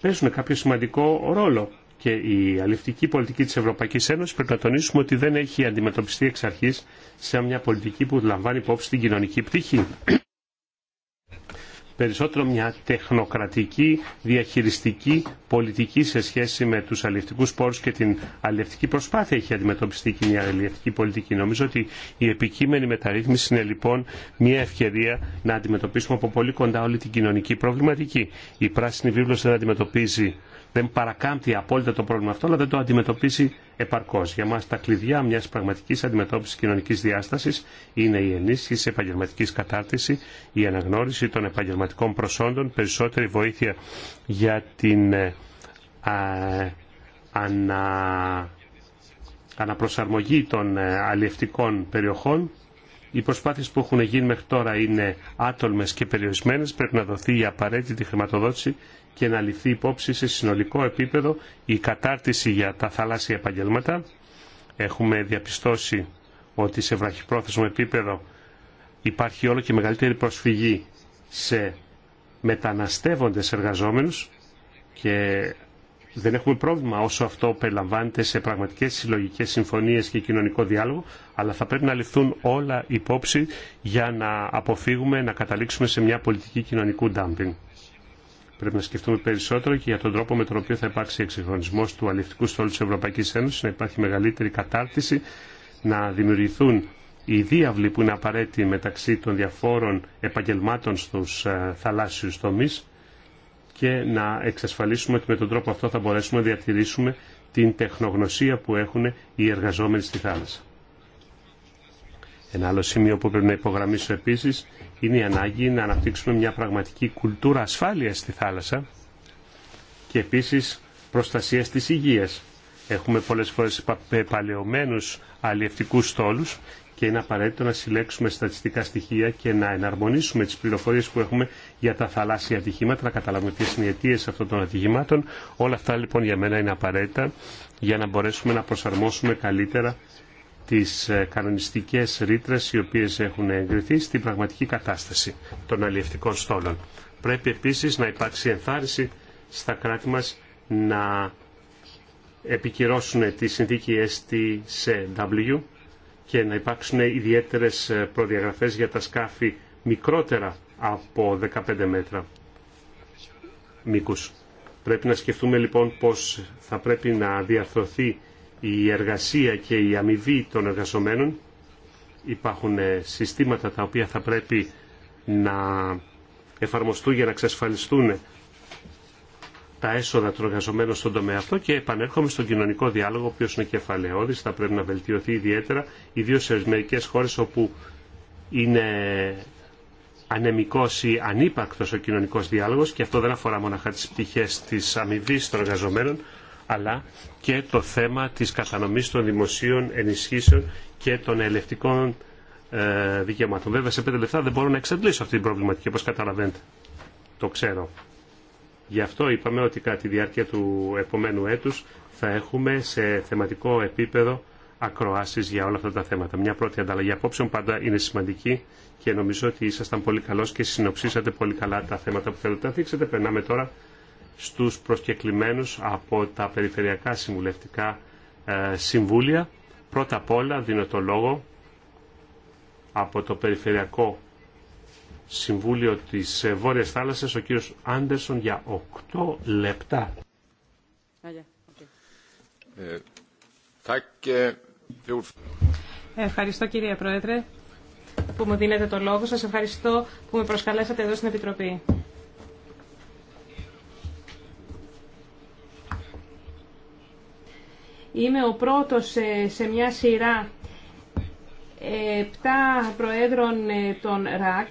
παίζουν κάποιο σημαντικό ρόλο και η αλληλευτική πολιτική της Ευρωπαϊκής Ένωσης πρέπει να τονίσουμε ότι δεν έχει αντιμετωπιστεί εξ αρχής σε μια πολιτική που λαμβάνει υπόψη την κοινωνική πτυχή. Περισσότερο μια τεχνοκρατική, διαχειριστική πολιτική σε σχέση με τους αλληλευτικούς πόρους και την αλληλευτική προσπάθεια έχει αντιμετωπιστεί και μια αλληλευτική πολιτική. Νομίζω ότι η επικείμενη μεταρρύθμιση είναι λοιπόν μια ευκαιρία να αντιμετωπίσουμε από πολύ κοντά όλη την κοινωνική προβληματική. Η πράσινη βίβλος δεν αντιμετωπίζει δεν παρακάμπτει απόλυτα το πρόβλημα αυτό, αλλά δεν το αντιμετωπίζει επαρκώ. Για μα τα κλειδιά μια πραγματική αντιμετώπιση κοινωνική διάσταση είναι η ενίσχυση τη επαγγελματική κατάρτιση, η αναγνώριση των επαγγελματικών προσόντων, περισσότερη βοήθεια για την ε, α, αναπροσαρμογή των ε, αλλιευτικών περιοχών. Οι προσπάθειε που έχουν γίνει μέχρι τώρα είναι άτολμες και περιορισμένες. Πρέπει να δοθεί η απαραίτητη χρηματοδότηση και να ληφθεί υπόψη σε συνολικό επίπεδο η κατάρτιση για τα θαλάσσια επαγγέλματα. Έχουμε διαπιστώσει ότι σε βραχυπρόθεσμο επίπεδο υπάρχει όλο και μεγαλύτερη προσφυγή σε μεταναστεύοντες εργαζόμενους και δεν έχουμε πρόβλημα όσο αυτό περιλαμβάνεται σε πραγματικές συλλογικέ συμφωνίες και κοινωνικό διάλογο, αλλά θα πρέπει να ληφθούν όλα υπόψη για να αποφύγουμε να καταλήξουμε σε μια πολιτική κοινωνικού ντάμπινγκ. Πρέπει να σκεφτούμε περισσότερο και για τον τρόπο με τον οποίο θα υπάρξει εξυγχρονισμό του αληφτικού στόλου τη Ευρωπαϊκή Ένωση, να υπάρχει μεγαλύτερη κατάρτιση, να δημιουργηθούν οι διάβλοι που είναι απαραίτητοι μεταξύ των διαφόρων επαγγελμάτων στου ε, θαλάσσιου τομεί και να εξασφαλίσουμε ότι με τον τρόπο αυτό θα μπορέσουμε να διατηρήσουμε την τεχνογνωσία που έχουν οι εργαζόμενοι στη θάλασσα. Ένα άλλο σημείο που πρέπει να υπογραμμίσω επίση είναι η ανάγκη να αναπτύξουμε μια πραγματική κουλτούρα ασφάλειας στη θάλασσα και επίσης προστασίας της υγείας. Έχουμε πολλέ φορέ πεπαλαιωμένους αλλιευτικού στόλου και είναι απαραίτητο να συλλέξουμε στατιστικά στοιχεία και να εναρμονίσουμε τις πληροφορίες που έχουμε για τα θαλάσσια ατυχήματα, να καταλάβουμε ποιε είναι οι αιτίε αυτών των ατυχημάτων. Όλα αυτά λοιπόν για μένα είναι απαραίτητα για να μπορέσουμε να προσαρμόσουμε καλύτερα τις ε, κανονιστικές ρήτρες οι οποίες έχουν εγκριθεί στην πραγματική κατάσταση των αλλιευτικών στόλων. Πρέπει επίσης να υπάρξει ενθάρρυνση στα κράτη μας να επικυρώσουν τη συνθήκη STCW και να υπάρξουν ιδιαίτερες ε, προδιαγραφές για τα σκάφη μικρότερα από 15 μέτρα μήκους. Πρέπει να σκεφτούμε λοιπόν πώς θα πρέπει να διαρθρωθεί η εργασία και η αμοιβή των εργαζομένων. Υπάρχουν ε, συστήματα τα οποία θα πρέπει να εφαρμοστούν για να εξασφαλιστούν τα έσοδα των εργαζομένων στον τομέα αυτό και επανέρχομαι στον κοινωνικό διάλογο, ο οποίο είναι κεφαλαιόδη, θα πρέπει να βελτιωθεί ιδιαίτερα, ιδίω σε μερικέ χώρε όπου είναι ανεμικός ή ανύπαρκτος ο κοινωνικός διάλογος και αυτό δεν αφορά μόνο τις πτυχές της αμοιβή των εργαζομένων αλλά και το θέμα της κατανομής των δημοσίων ενισχύσεων και των ελευτικών ε, δικαιωμάτων. Βέβαια σε πέντε λεπτά δεν μπορώ να εξαντλήσω αυτή την προβληματική όπως καταλαβαίνετε. Το ξέρω. Γι' αυτό είπαμε ότι κατά τη διάρκεια του επόμενου έτους θα έχουμε σε θεματικό επίπεδο ακροάσεις για όλα αυτά τα θέματα. Μια πρώτη ανταλλαγή απόψεων πάντα είναι σημαντική και νομίζω ότι ήσασταν πολύ καλός και συνοψίσατε πολύ καλά τα θέματα που θέλετε να δείξετε. Περνάμε τώρα στους προσκεκλημένους από τα περιφερειακά συμβουλευτικά ε, συμβούλια. Πρώτα απ' όλα δίνω το λόγο από το Περιφερειακό Συμβούλιο της ε, Βόρειας Θάλασσας ο κύριος Άντερσον για 8 λεπτά. Ε, ευχαριστώ κύριε Πρόεδρε που μου δίνετε το λόγο. Σας ευχαριστώ που με προσκαλέσατε εδώ στην Επιτροπή. Είμαι ο πρώτος ε, σε μια σειρά ε, πτά προέδρων ε, των ΡΑΚ.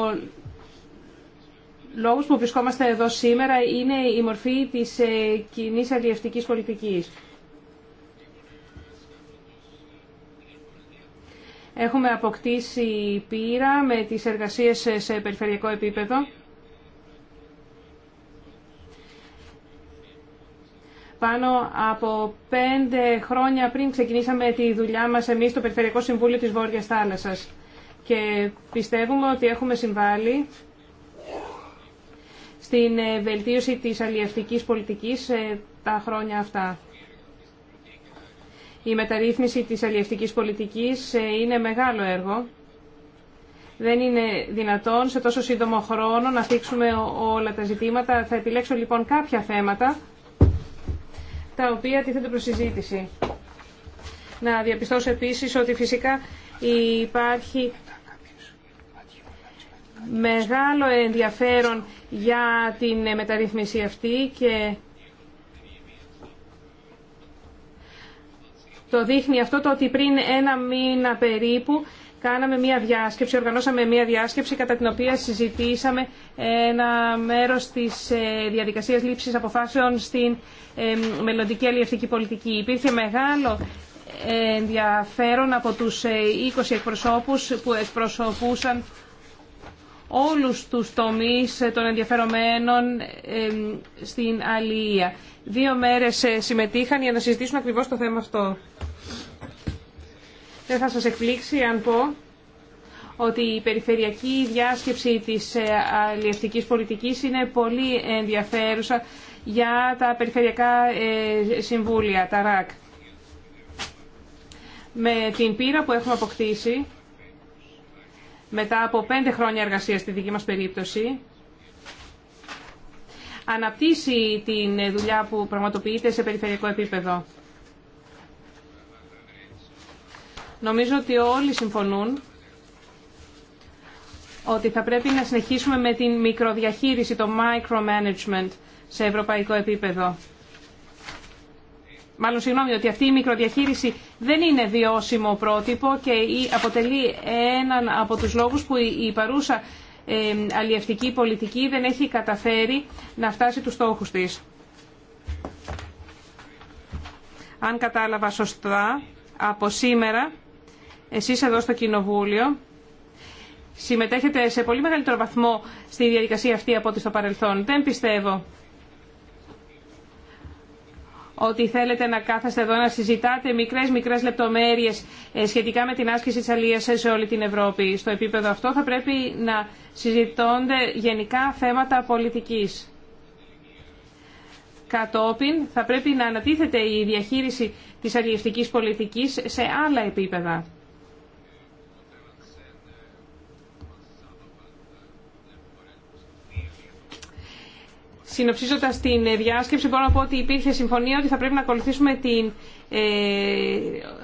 Ο λόγος που βρισκόμαστε εδώ σήμερα είναι η μορφή της κοινή αλλιευτικής πολιτικής. Έχουμε αποκτήσει πείρα με τις εργασίες σε περιφερειακό επίπεδο Πάνω από πέντε χρόνια πριν ξεκινήσαμε τη δουλειά μας εμείς στο Περιφερειακό Συμβούλιο της Βόρειας Θάλασσας. Και πιστεύουμε ότι έχουμε συμβάλει στην ε, βελτίωση της αλλιευτικής πολιτικής ε, τα χρόνια αυτά. Η μεταρρύθμιση της αλλιευτικής πολιτικής ε, είναι μεγάλο έργο. Δεν είναι δυνατόν σε τόσο σύντομο χρόνο να θίξουμε όλα τα ζητήματα. Θα επιλέξω λοιπόν κάποια θέματα τα οποία τίθενται προ συζήτηση. Να διαπιστώσω επίσης ότι φυσικά υπάρχει μεγάλο ενδιαφέρον για την μεταρρύθμιση αυτή και το δείχνει αυτό το ότι πριν ένα μήνα περίπου κάναμε μια διάσκεψη, οργανώσαμε μια διάσκεψη κατά την οποία συζητήσαμε ένα μέρος της ε, διαδικασίας λήψης αποφάσεων στην ε, μελλοντική αλληλευτική πολιτική. Υπήρχε μεγάλο ε, ενδιαφέρον από τους 20 εκπροσώπους που εκπροσωπούσαν όλους τους τομείς των ενδιαφερομένων στην αλληλεία. Δύο μέρες συμμετείχαν για να συζητήσουμε ακριβώς το θέμα αυτό. Δεν θα σας εκπλήξει αν πω ότι η περιφερειακή διάσκεψη της ε, αλληλευτικής πολιτικής είναι πολύ ενδιαφέρουσα για τα περιφερειακά ε, συμβούλια, τα ΡΑΚ. Με την πείρα που έχουμε αποκτήσει, μετά από πέντε χρόνια εργασία στη δική μας περίπτωση, αναπτύσσει την δουλειά που πραγματοποιείται σε περιφερειακό επίπεδο. Νομίζω ότι όλοι συμφωνούν ότι θα πρέπει να συνεχίσουμε με την μικροδιαχείριση, το micromanagement σε ευρωπαϊκό επίπεδο. Μάλλον συγγνώμη ότι αυτή η μικροδιαχείριση δεν είναι βιώσιμο πρότυπο και αποτελεί έναν από τους λόγους που η παρούσα αλλιευτική πολιτική δεν έχει καταφέρει να φτάσει τους στόχους της. Αν κατάλαβα σωστά, από σήμερα εσείς εδώ στο Κοινοβούλιο συμμετέχετε σε πολύ μεγαλύτερο βαθμό στη διαδικασία αυτή από ό,τι στο παρελθόν. Δεν πιστεύω ότι θέλετε να κάθεστε εδώ να συζητάτε μικρές μικρές λεπτομέρειες ε, σχετικά με την άσκηση της αλίας σε όλη την Ευρώπη. Στο επίπεδο αυτό θα πρέπει να συζητώνται γενικά θέματα πολιτικής. Κατόπιν θα πρέπει να ανατίθεται η διαχείριση της αλλιευτικής πολιτικής σε άλλα επίπεδα. Συνοψίζοντα την ε, διάσκεψη, μπορώ να πω ότι υπήρχε συμφωνία ότι θα πρέπει να ακολουθήσουμε την ε,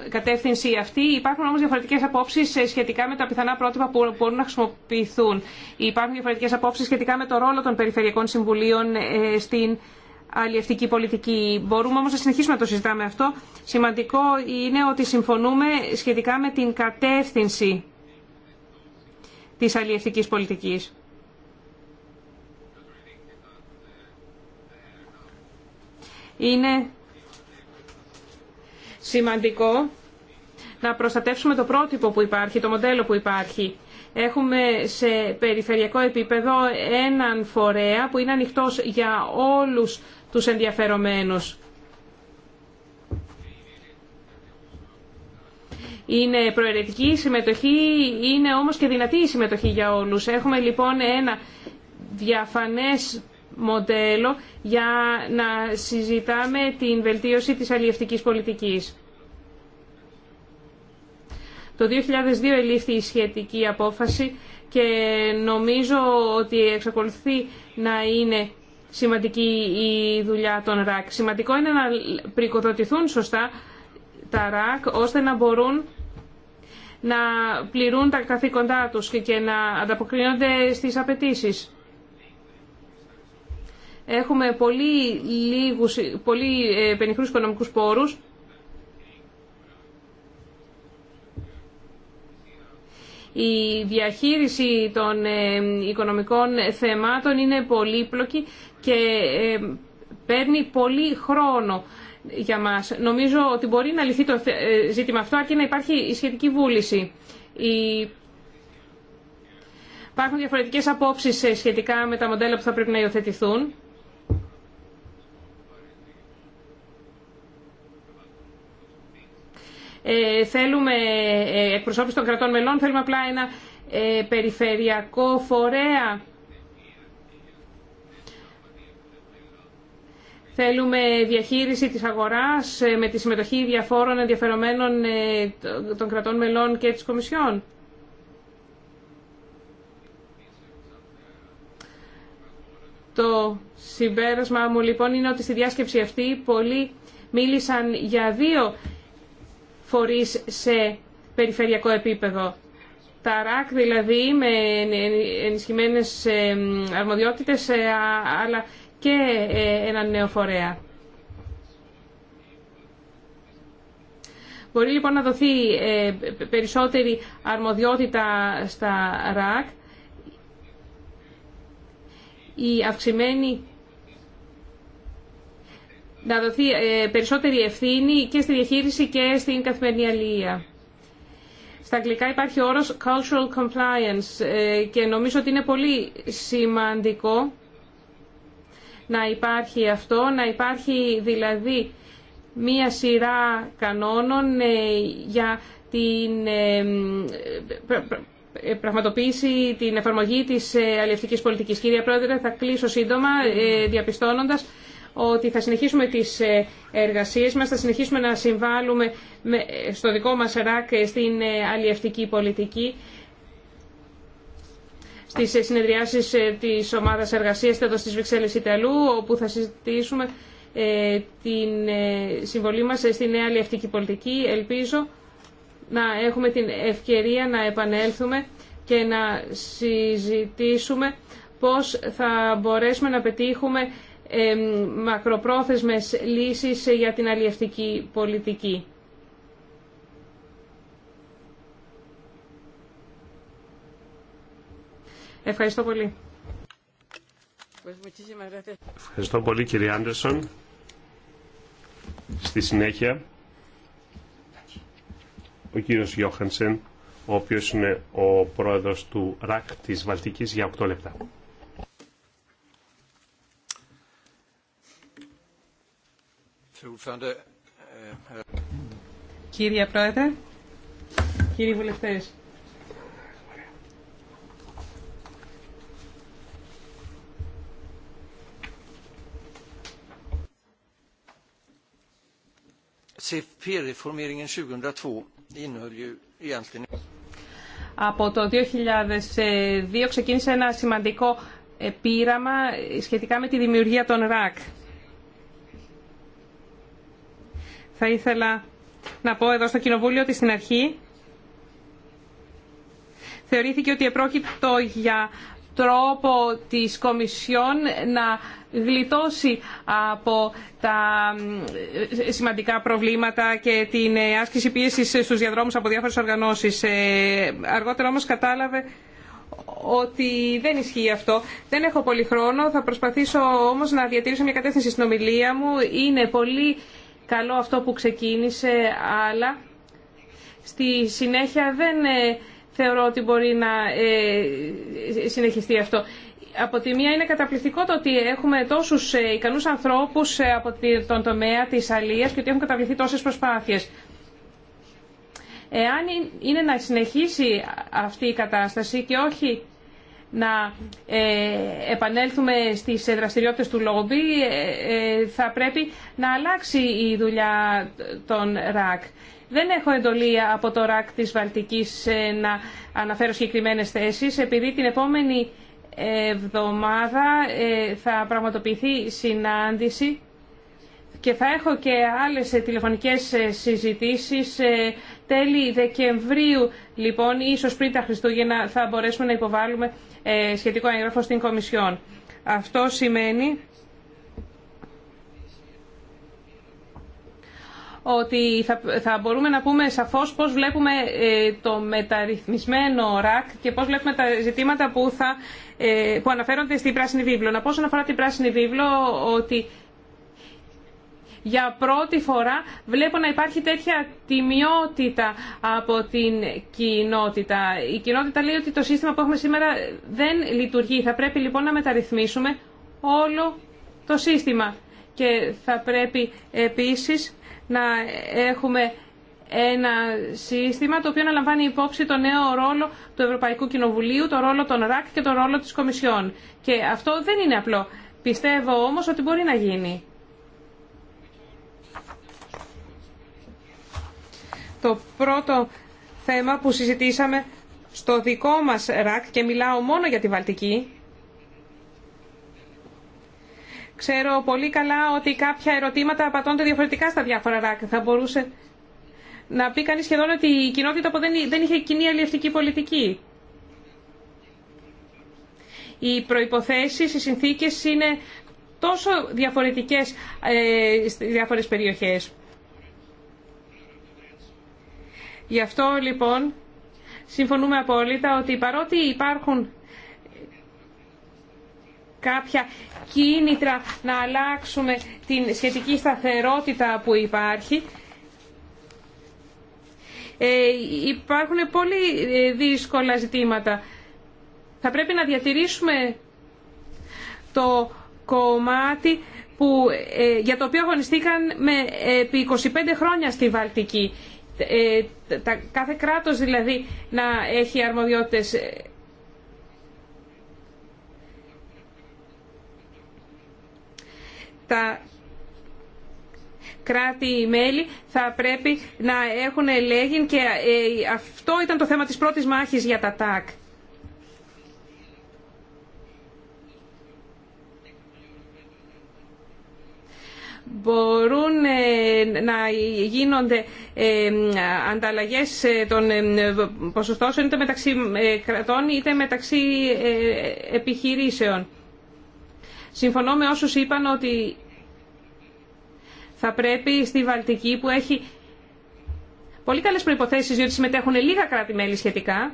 κατεύθυνση αυτή. Υπάρχουν όμω διαφορετικέ απόψει ε, σχετικά με τα πιθανά πρότυπα που μπορούν να χρησιμοποιηθούν. Υπάρχουν διαφορετικέ απόψει σχετικά με το ρόλο των περιφερειακών συμβουλίων ε, στην αλλιευτική πολιτική. Μπορούμε όμω να συνεχίσουμε να το συζητάμε αυτό. Σημαντικό είναι ότι συμφωνούμε σχετικά με την κατεύθυνση της αλλιευτικής πολιτικής. είναι σημαντικό να προστατεύσουμε το πρότυπο που υπάρχει, το μοντέλο που υπάρχει. Έχουμε σε περιφερειακό επίπεδο έναν φορέα που είναι ανοιχτός για όλους τους ενδιαφερομένους. Είναι προαιρετική η συμμετοχή, είναι όμως και δυνατή η συμμετοχή για όλους. Έχουμε λοιπόν ένα διαφανές μοντέλο για να συζητάμε την βελτίωση της αλλιευτικής πολιτικής. Το 2002 ελήφθη η σχετική απόφαση και νομίζω ότι εξακολουθεί να είναι σημαντική η δουλειά των ΡΑΚ. Σημαντικό είναι να πρικοδοτηθούν σωστά τα ΡΑΚ ώστε να μπορούν να πληρούν τα καθήκοντά τους και να ανταποκρίνονται στις απαιτήσεις. Έχουμε πολύ, λίγους, πολύ ε, πενιχρούς οικονομικούς πόρους. Η διαχείριση των ε, οικονομικών θεμάτων είναι πολύπλοκη και ε, παίρνει πολύ χρόνο για μας. Νομίζω ότι μπορεί να λυθεί το ζήτημα αυτό αρκεί να υπάρχει η σχετική βούληση. Υπάρχουν διαφορετικές απόψεις σχετικά με τα μοντέλα που θα πρέπει να υιοθετηθούν. Ε, θέλουμε ε, εκπροσώπηση των κρατών μελών, θέλουμε απλά ένα ε, περιφερειακό φορέα. Θέλουμε διαχείριση της αγοράς με τη συμμετοχή διαφόρων ενδιαφερομένων των κρατών μελών και της Κομισιόν. Το συμπέρασμα μου λοιπόν είναι ότι στη διάσκεψη αυτή πολλοί μίλησαν για δύο φορείς σε περιφερειακό επίπεδο. Τα ΡΑΚ δηλαδή με ενισχυμένες ε, αρμοδιότητες ε, αλλά και ε, έναν νέο φορέα. Μπορεί λοιπόν να δοθεί περισσότερη αρμοδιότητα στα ΡΑΚ. Η αυξημένη να δοθεί ε, περισσότερη ευθύνη και στη διαχείριση και στην καθημερινή αλληλεία. Στα αγγλικά υπάρχει ο όρος cultural compliance ε, και νομίζω ότι είναι πολύ σημαντικό να υπάρχει αυτό, να υπάρχει δηλαδή μία σειρά κανόνων ε, για την πραγματοποίηση, την εφαρμογή της αλληλευτικής πολιτικής. Κυρία Πρόεδρε, θα κλείσω σύντομα διαπιστώνοντας ότι θα συνεχίσουμε τις ε, εργασίες μας, θα συνεχίσουμε να συμβάλλουμε στο δικό μας ΡΑΚ ε, στην ε, αλλιευτική πολιτική. Στις συνεδριάσεις της ομάδας εργασίας εδώ στις Βρυξέλλες Ιταλού, όπου θα συζητήσουμε την συμβολή μας στην νέα αλλιευτική πολιτική. Ελπίζω να έχουμε την ευκαιρία να επανέλθουμε και να συζητήσουμε πώς θα μπορέσουμε να πετύχουμε μακροπρόθεσμες λύσεις για την αλλιευτική πολιτική. Ευχαριστώ πολύ. Ευχαριστώ πολύ κύριε Άντερσον. Στη συνέχεια, ο κύριος Γιώχανσεν, ο οποίος είναι ο πρόεδρος του ΡΑΚ της Βαλτικής για 8 λεπτά. Ε, ε, Κύριε Πρόεδρε, κύριοι Από το 2002 ξεκίνησε ένα σημαντικό ε, πείραμα σχετικά με τη δημιουργία των ΡΑΚ. Θα ήθελα να πω εδώ στο Κοινοβούλιο ότι στην αρχή θεωρήθηκε ότι επρόκειτο για τρόπο της Κομισιόν να γλιτώσει από τα ε, σημαντικά προβλήματα και την ε, άσκηση πίεσης στους διαδρόμους από διάφορες οργανώσεις. Ε, αργότερα όμως κατάλαβε ότι δεν ισχύει αυτό. Δεν έχω πολύ χρόνο, θα προσπαθήσω όμως να διατηρήσω μια κατεύθυνση στην ομιλία μου. Είναι πολύ καλό αυτό που ξεκίνησε, αλλά στη συνέχεια δεν ε, θεωρώ ότι μπορεί να ε, συνεχιστεί αυτό. Από τη μία είναι καταπληκτικό το ότι έχουμε τόσους ε, ικανούς ανθρώπους από τον τομέα της αλίας και ότι έχουν καταβληθεί τόσες προσπάθειες. Εάν είναι να συνεχίσει αυτή η κατάσταση και όχι να ε, επανέλθουμε στις δραστηριότητες του λόμπι, ε, ε, θα πρέπει να αλλάξει η δουλειά των ΡΑΚ. Δεν έχω εντολή από το ΡΑΚ της Βαλτικής να αναφέρω συγκεκριμένες θέσεις, επειδή την επόμενη εβδομάδα θα πραγματοποιηθεί συνάντηση και θα έχω και άλλες τηλεφωνικές συζητήσεις Τέλη Δεκεμβρίου, λοιπόν, ίσως πριν τα Χριστούγεννα, θα μπορέσουμε να υποβάλουμε ε, σχετικό έγγραφο στην Κομισιόν. Αυτό σημαίνει ότι θα, θα μπορούμε να πούμε σαφώς πώς βλέπουμε ε, το μεταρρυθμισμένο ΡΑΚ και πώς βλέπουμε τα ζητήματα που, θα, ε, που αναφέρονται στην Πράσινη Βίβλο. Να πω όσον αφορά την Πράσινη Βίβλο ότι για πρώτη φορά βλέπω να υπάρχει τέτοια τιμιότητα από την κοινότητα. Η κοινότητα λέει ότι το σύστημα που έχουμε σήμερα δεν λειτουργεί. Θα πρέπει λοιπόν να μεταρρυθμίσουμε όλο το σύστημα. Και θα πρέπει επίσης να έχουμε ένα σύστημα το οποίο να λαμβάνει υπόψη το νέο ρόλο του Ευρωπαϊκού Κοινοβουλίου, το ρόλο των ΡΑΚ και το ρόλο της Κομισιόν. Και αυτό δεν είναι απλό. Πιστεύω όμως ότι μπορεί να γίνει. το πρώτο θέμα που συζητήσαμε στο δικό μας ΡΑΚ και μιλάω μόνο για τη Βαλτική. Ξέρω πολύ καλά ότι κάποια ερωτήματα απατώνται διαφορετικά στα διάφορα ΡΑΚ. Θα μπορούσε να πει κανείς σχεδόν ότι η κοινότητα που δεν είχε κοινή αλληλευτική πολιτική. Οι προϋποθέσεις, οι συνθήκες είναι τόσο διαφορετικές ε, στις διάφορες περιοχές. Γι' αυτό λοιπόν συμφωνούμε απόλυτα ότι παρότι υπάρχουν κάποια κίνητρα να αλλάξουμε την σχετική σταθερότητα που υπάρχει, ε, υπάρχουν πολύ ε, δύσκολα ζητήματα. Θα πρέπει να διατηρήσουμε το κομμάτι που, ε, για το οποίο αγωνιστήκαν με, επί 25 χρόνια στη Βαλτική. Ε, τα, κάθε κράτος δηλαδή να έχει αρμοδιότητες. Ε, τα κράτη-μέλη θα πρέπει να έχουν ελέγγυν και ε, αυτό ήταν το θέμα της πρώτης μάχης για τα ΤΑΚ. μπορούν ε, να γίνονται ε, ανταλλαγές ε, των ποσοστώσεων είτε μεταξύ κρατών είτε μεταξύ επιχειρήσεων. Συμφωνώ με όσους είπαν ότι θα πρέπει στη Βαλτική που έχει πολύ καλές προϋποθέσεις διότι συμμετέχουν λίγα κράτη-μέλη σχετικά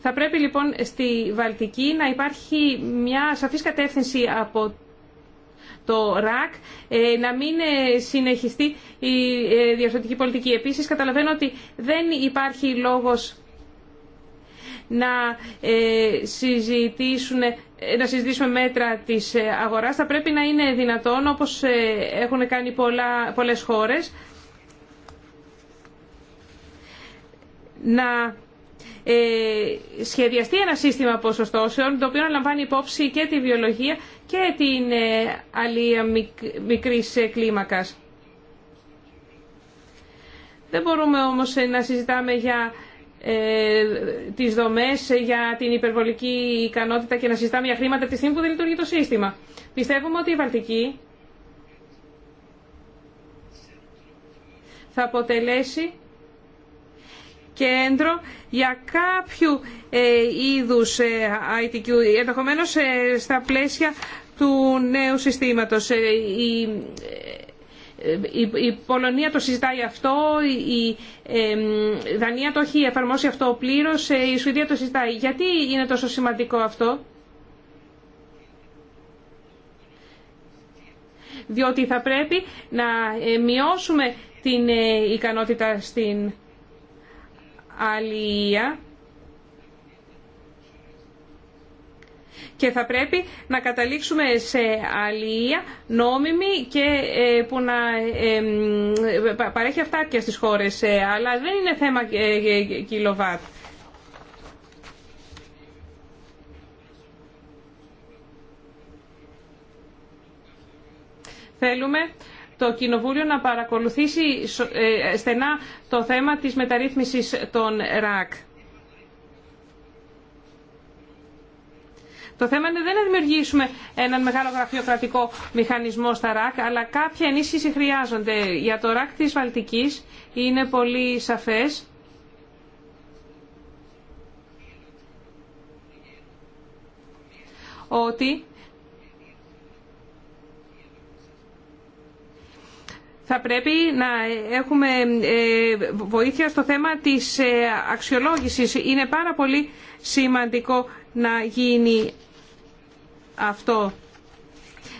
θα πρέπει λοιπόν στη Βαλτική να υπάρχει μια σαφής κατεύθυνση από το ΡΑΚ, ε, να μην ε, συνεχιστεί η ε, διαρθρωτική πολιτική. Επίσης καταλαβαίνω ότι δεν υπάρχει λόγος να συζητήσουν να συζητήσουμε μέτρα της αγοράς θα πρέπει να είναι δυνατόν όπως έχουν κάνει πολλά, πολλές χώρες να ε, σχεδιαστεί ένα σύστημα ποσοστώσεων το οποίο λαμβάνει υπόψη και τη βιολογία και την ε, αλία μικρής ε, κλίμακας. Δεν μπορούμε όμως να συζητάμε για ε, τις δομές, για την υπερβολική ικανότητα και να συζητάμε για χρήματα τη στιγμή που δεν λειτουργεί το σύστημα. Πιστεύουμε ότι η Βαλτική θα αποτελέσει κέντρο για κάποιου ε, είδους ε, ITQ, ενδεχομένως ε, στα πλαίσια του νέου συστήματος. Η, η, Πολωνία το συζητάει αυτό, η Δανία το έχει εφαρμόσει αυτό πλήρως, η Σουηδία το συζητάει. Γιατί είναι τόσο σημαντικό αυτό. Διότι θα πρέπει να μειώσουμε την ικανότητα στην αλληλεία και θα πρέπει να καταλήξουμε σε αλληλεία νόμιμη και ε, που να ε, παρέχει αυτάρκεια στις χώρες. Ε, αλλά δεν είναι θέμα κιλοβάτ. Θέλουμε το Κοινοβούλιο να παρακολουθήσει ε, στενά το θέμα της μεταρρύθμισης των ΡΑΚ. Το θέμα είναι δεν να δημιουργήσουμε έναν μεγάλο γραφειοκρατικό μηχανισμό στα ΡΑΚ, αλλά κάποια ενίσχυση χρειάζονται. Για το ΡΑΚ της Βαλτικής είναι πολύ σαφές. ότι θα πρέπει να έχουμε ε, βοήθεια στο θέμα της ε, αξιολόγησης. Είναι πάρα πολύ σημαντικό να γίνει αυτό.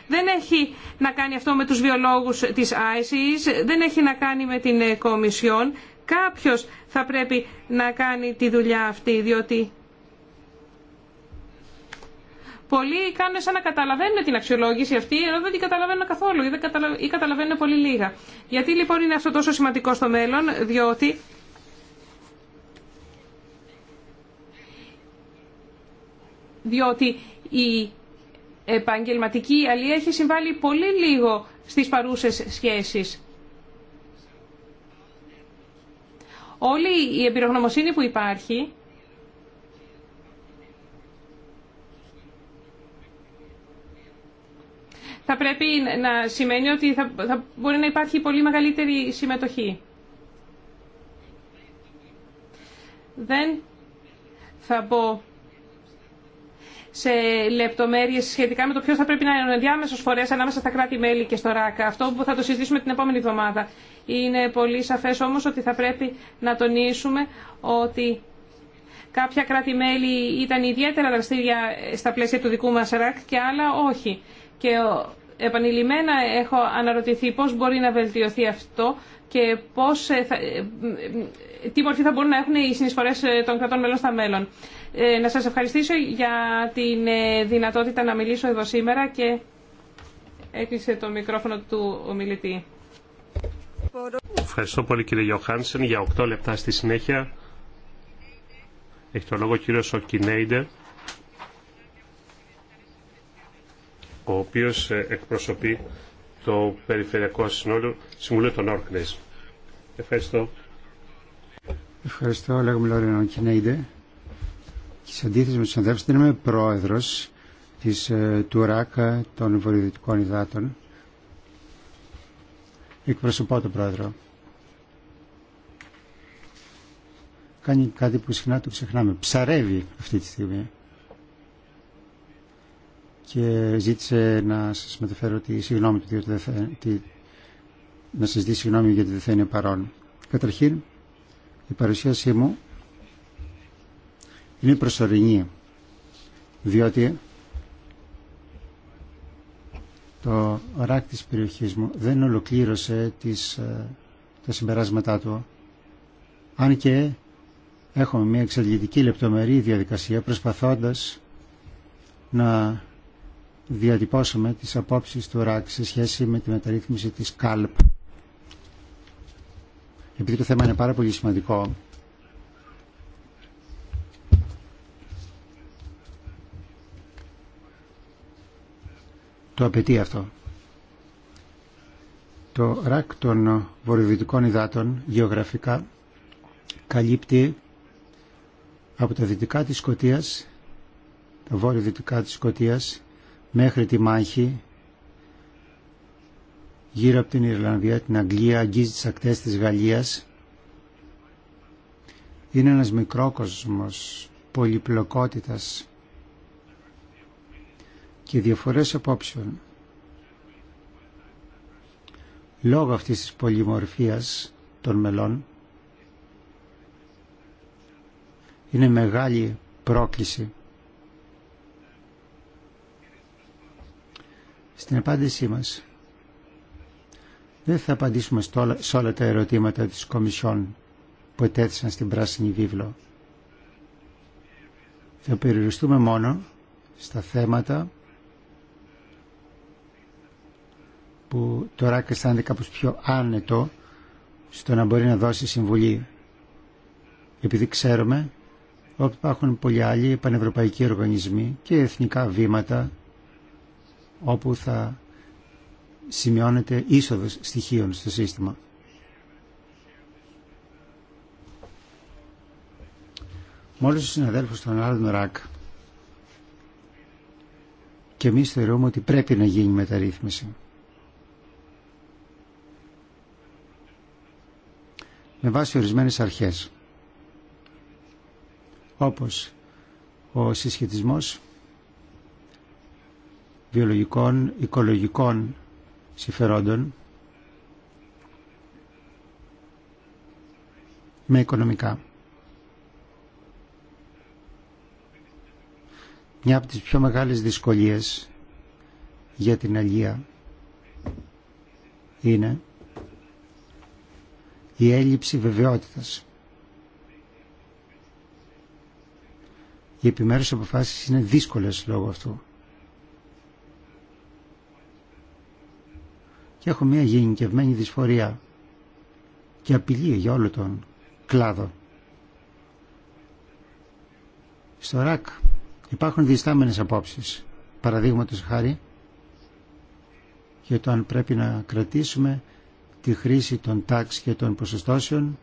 Δεν έχει να κάνει αυτό με τους βιολόγους της ICES, δεν έχει να κάνει με την ε, Κομισιόν. Κάποιος θα πρέπει να κάνει τη δουλειά αυτή, διότι Πολλοί κάνουν σαν να καταλαβαίνουν την αξιολόγηση αυτή, αλλά δεν την καταλαβαίνουν καθόλου ή, δεν καταλα... ή καταλαβαίνουν πολύ λίγα. Γιατί λοιπόν είναι αυτό τόσο σημαντικό στο μέλλον, διότι διότι η επαγγελματική αλία έχει συμβάλει πολύ λίγο στις παρούσες σχέσεις. Όλη η εμπειρογνωμοσύνη που υπάρχει θα πρέπει να σημαίνει ότι θα, θα μπορεί να υπάρχει πολύ μεγαλύτερη συμμετοχή. Δεν θα πω σε λεπτομέρειε σχετικά με το ποιο θα πρέπει να είναι ο ενδιάμεσο φορέα ανάμεσα στα κράτη-μέλη και στο ΡΑΚΑ. Αυτό που θα το συζητήσουμε την επόμενη εβδομάδα. Είναι πολύ σαφέ όμω ότι θα πρέπει να τονίσουμε ότι κάποια κράτη-μέλη ήταν ιδιαίτερα δραστήρια στα πλαίσια του δικού μα ΡΑΚ και άλλα όχι και επανειλημμένα έχω αναρωτηθεί πώς μπορεί να βελτιωθεί αυτό και πώς, ε, ε, ε, τι μορφή θα μπορούν να έχουν οι συνεισφορές των κρατών μέλων στα μέλλον. να σας ευχαριστήσω για την δυνατότητα να μιλήσω εδώ σήμερα και έκλεισε το μικρόφωνο του ομιλητή. Ευχαριστώ πολύ κύριε Γιωχάνσεν για 8 λεπτά στη συνέχεια. Έχει το λόγο ο κύριος ο οποίος ε, εκπροσωπεί το Περιφερειακό Συνόλιο Συμβουλίου των Όρκνες. Ευχαριστώ. Ευχαριστώ. Λέγομαι Λόρινο Κινέιντε. Και σε αντίθεση με τους συνδεύσεις είμαι πρόεδρος της, ε, Τουράκα ε, των Βορειοδυτικών Υδάτων. Εκπροσωπώ τον πρόεδρο. Κάνει κάτι που συχνά το ξεχνάμε. Ψαρεύει αυτή τη στιγμή και ζήτησε να σα μεταφέρω τη συγγνώμη του, διότι τη, να σα δει συγγνώμη γιατί δεν θα είναι παρόν. Καταρχήν, η παρουσίασή μου είναι προσωρινή, διότι το ράκ της περιοχής μου δεν ολοκλήρωσε τις, ε, τα συμπεράσματά του, αν και έχουμε μια εξαντλητική λεπτομερή διαδικασία προσπαθώντας να διατυπώσαμε τις απόψεις του ΡΑΚ σε σχέση με τη μεταρρύθμιση της ΚΑΛΠ. Επειδή το θέμα είναι πάρα πολύ σημαντικό, το απαιτεί αυτό. Το ΡΑΚ των βορειοδυτικών υδάτων γεωγραφικά καλύπτει από τα δυτικά της Σκωτίας τα βόρειο-δυτικά της Σκωτίας μέχρι τη μάχη γύρω από την Ιρλανδία, την Αγγλία, αγγίζει τις ακτές της Γαλλίας. Είναι ένας μικρόκοσμος πολυπλοκότητας και διαφορές απόψεων. Λόγω αυτής της πολυμορφίας των μελών είναι μεγάλη πρόκληση στην απάντησή μας. Δεν θα απαντήσουμε σε όλα τα ερωτήματα της Κομισιόν που ετέθησαν στην Πράσινη Βίβλο. Θα περιοριστούμε μόνο στα θέματα που τώρα αισθάνεται κάπως πιο άνετο στο να μπορεί να δώσει συμβουλή. Επειδή ξέρουμε ότι υπάρχουν πολλοί άλλοι πανευρωπαϊκοί οργανισμοί και εθνικά βήματα όπου θα σημειώνεται είσοδος στοιχείων στο σύστημα. Μόλις ο συναδέλφος των άλλων ΡΑΚ και εμείς θεωρούμε ότι πρέπει να γίνει μεταρρύθμιση. Με βάση ορισμένες αρχές όπως ο συσχετισμός βιολογικών, οικολογικών συμφερόντων με οικονομικά. Μια από τις πιο μεγάλες δυσκολίες για την Αγία είναι η έλλειψη βεβαιότητας. Οι επιμέρους αποφάσεις είναι δύσκολες λόγω αυτού. και έχω μια γενικευμένη δυσφορία και απειλή για όλο τον κλάδο. Στο ΡΑΚ υπάρχουν διστάμενες απόψεις, παραδείγματος χάρη, για το αν πρέπει να κρατήσουμε τη χρήση των τάξ και των ποσοστώσεων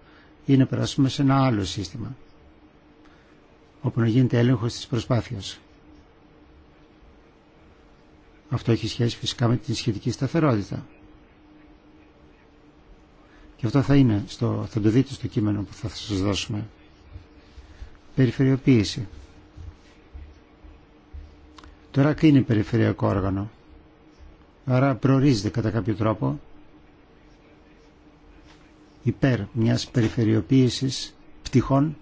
ή να περάσουμε σε ένα άλλο σύστημα, όπου να γίνεται έλεγχος της προσπάθειας. Αυτό έχει σχέση φυσικά με την σχετική σταθερότητα. Και αυτό θα είναι, στο, θα το δείτε στο κείμενο που θα σας δώσουμε. Περιφερειοποίηση. Το ΡΑΚ είναι περιφερειακό όργανο. Άρα προορίζεται κατά κάποιο τρόπο υπέρ μιας περιφερειοποίησης πτυχών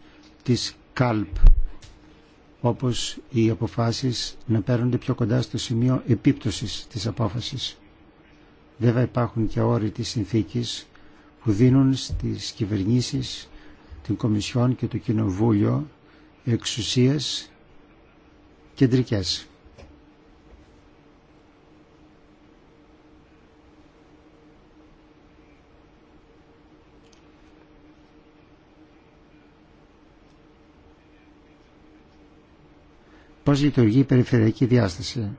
της ΚΑΛΠ όπως οι αποφάσεις να παίρνονται πιο κοντά στο σημείο επίπτωσης της απόφασης. Βέβαια υπάρχουν και όροι της συνθήκης που δίνουν στις κυβερνήσεις, την Κομισιόν και το Κοινοβούλιο εξουσίες κεντρικές. Πώς λειτουργεί η περιφερειακή διάσταση.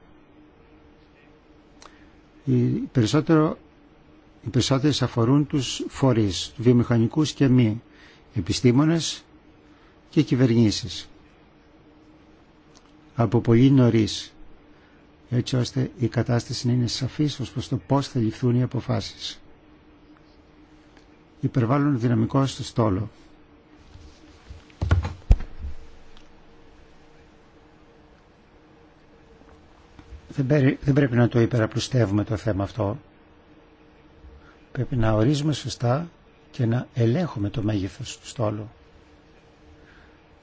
Η περισσότερο οι περισσότερε αφορούν τους φορεί βιομηχανικού και μη, επιστήμονες και κυβερνήσεις. Από πολύ νωρί, έτσι ώστε η κατάσταση να είναι σαφής ως προς το πώ θα ληφθούν οι αποφάσεις. Υπερβάλλουν δυναμικό στο στόλο. Δεν πρέπει να το υπεραπλουστεύουμε το θέμα αυτό. Πρέπει να ορίζουμε σωστά και να ελέγχουμε το μέγεθος του στόλου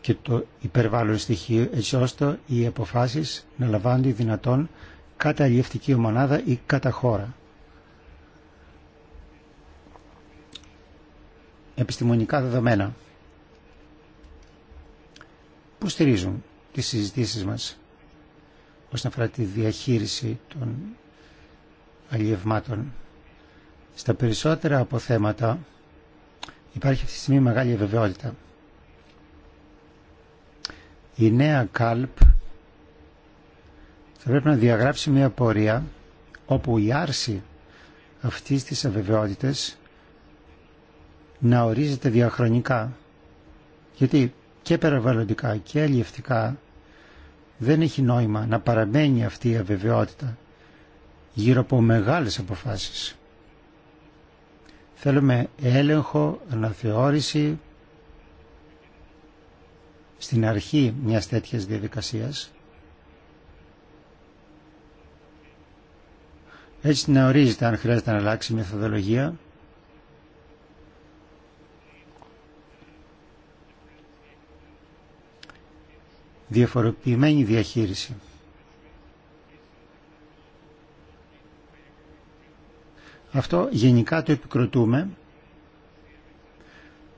και το υπερβάλλον στοιχείο έτσι ώστε οι αποφάσεις να λαμβάνονται δυνατόν κατά αλλιευτική μονάδα ή κατά χώρα. Επιστημονικά δεδομένα που στηρίζουν τις συζητήσεις μας όσον αφορά τη διαχείριση των αλλιευμάτων στα περισσότερα θέματα υπάρχει αυτή τη στιγμή μεγάλη αβεβαιότητα. Η νέα ΚΑΛΠ θα πρέπει να διαγράψει μια πορεία όπου η άρση αυτής της αβεβαιότητας να ορίζεται διαχρονικά. Γιατί και περιβαλλοντικά και αλλιευτικά δεν έχει νόημα να παραμένει αυτή η αβεβαιότητα γύρω από μεγάλες αποφάσεις. Θέλουμε έλεγχο, αναθεώρηση στην αρχή μιας τέτοιας διαδικασίας έτσι να ορίζεται αν χρειάζεται να αλλάξει η μεθοδολογία διαφοροποιημένη διαχείριση. Αυτό γενικά το επικροτούμε,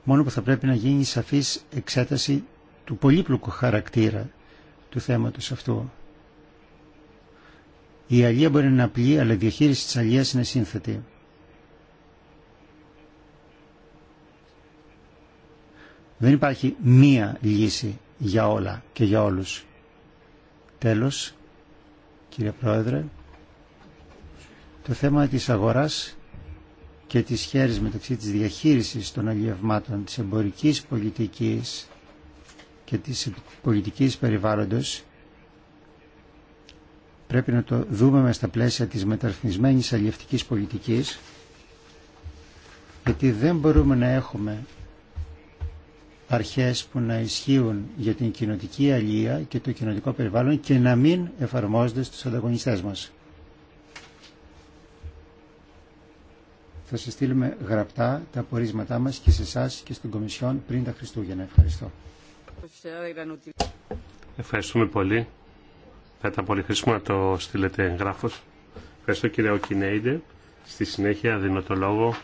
μόνο που θα πρέπει να γίνει σαφής εξέταση του πολύπλοκου χαρακτήρα του θέματος αυτού. Η αλία μπορεί να είναι απλή, αλλά η διαχείριση της αλίας είναι σύνθετη. Δεν υπάρχει μία λύση για όλα και για όλους. Τέλος, κύριε Πρόεδρε, το θέμα της αγοράς και της χέρις μεταξύ της διαχείρισης των αλλιευμάτων, της εμπορικής πολιτικής και της πολιτικής περιβάλλοντος πρέπει να το δούμε μες στα πλαίσια της μεταρρυθμισμένης αλλιευτικής πολιτικής γιατί δεν μπορούμε να έχουμε αρχές που να ισχύουν για την κοινοτική αλληλεία και το κοινοτικό περιβάλλον και να μην εφαρμόζονται στους ανταγωνιστές μας. Θα σας στείλουμε γραπτά τα απορίσματά μας και σε εσά και στην Κομισιόν πριν τα Χριστούγεννα. Ευχαριστώ. Ευχαριστούμε πολύ. Θα ήταν πολύ χρήσιμο να το στείλετε εγγράφος. Ευχαριστώ κύριε Οκινέιντε. Στη συνέχεια δίνω το λόγο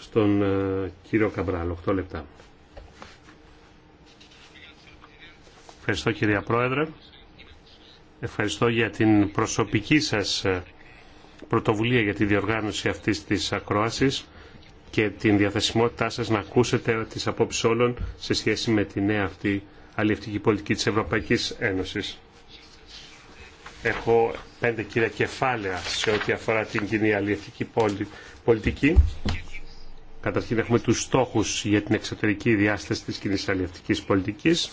στον ε, κύριο Καμπράλ. 8 λεπτά. Ευχαριστώ κύριε Πρόεδρε. Ευχαριστώ για την προσωπική σας ε, πρωτοβουλία για τη διοργάνωση αυτής της ακρόασης και την διαθεσιμότητά σας να ακούσετε τις απόψεις όλων σε σχέση με τη νέα αυτή αλληλευτική πολιτική της Ευρωπαϊκής Ένωσης. Έχω πέντε κύρια κεφάλαια σε ό,τι αφορά την κοινή αλληλευτική πολιτική. Καταρχήν έχουμε τους στόχους για την εξωτερική διάσταση της κοινή αλληλευτικής πολιτικής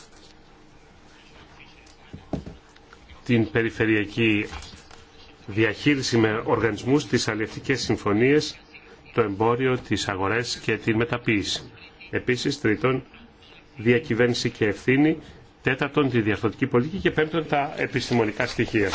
την περιφερειακή διαχείριση με οργανισμούς, τις αλληλευτικές συμφωνίες, το εμπόριο, τις αγορές και την μεταποίηση. Επίσης, τρίτον, διακυβέρνηση και ευθύνη, τέταρτον, τη διαρθρωτική πολιτική και πέμπτον, τα επιστημονικά στοιχεία.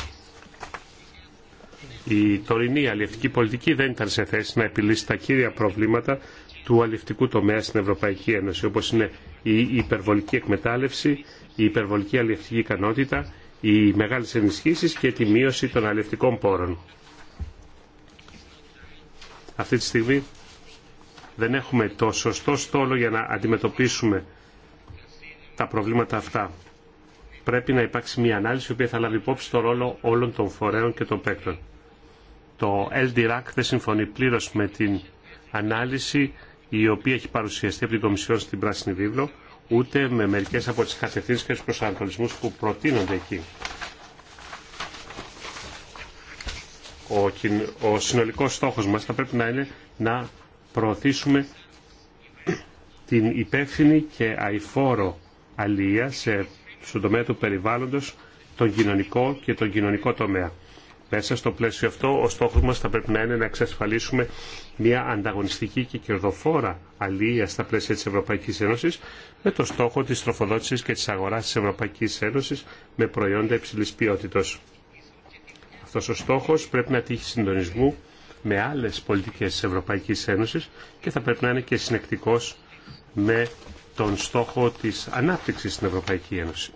Η τωρινή αλληλευτική πολιτική δεν ήταν σε θέση να επιλύσει τα κύρια προβλήματα του αλληλευτικού τομέα στην Ευρωπαϊκή Ένωση, όπως είναι η υπερβολική εκμετάλλευση, η υπερβολική αλληλευτική ικανότητα, οι μεγάλες ενισχύσεις και τη μείωση των αλληλευτικών πόρων. Αυτή τη στιγμή δεν έχουμε το σωστό στόλο για να αντιμετωπίσουμε τα προβλήματα αυτά. Πρέπει να υπάρξει μια ανάλυση η οποία θα λάβει υπόψη το ρόλο όλων των φορέων και των παίκτων. Το LDRAC δεν συμφωνεί πλήρως με την ανάλυση η οποία έχει παρουσιαστεί από την Κομισιόν στην Πράσινη Βίβλο ούτε με μερικές από τις κατευθύνσεις και τους προσανατολισμούς που προτείνονται εκεί. Ο, ο συνολικός στόχος μας θα πρέπει να είναι να προωθήσουμε την υπεύθυνη και αηφόρο αλληλεία στον τομέα του περιβάλλοντος, τον κοινωνικό και τον κοινωνικό τομέα. Μέσα στο πλαίσιο αυτό, ο στόχος μας θα πρέπει να είναι να εξασφαλίσουμε μια ανταγωνιστική και κερδοφόρα αλληλεία στα πλαίσια της Ευρωπαϊκής Ένωσης με το στόχο της τροφοδότησης και της αγοράς της Ευρωπαϊκής Ένωσης με προϊόντα υψηλής ποιότητας. Αυτός ο στόχος πρέπει να τύχει συντονισμού με άλλες πολιτικές της Ευρωπαϊκής Ένωσης και θα πρέπει να είναι και συνεκτικός με τον στόχο της ανάπτυξης στην Ευρωπαϊκή Ένωση.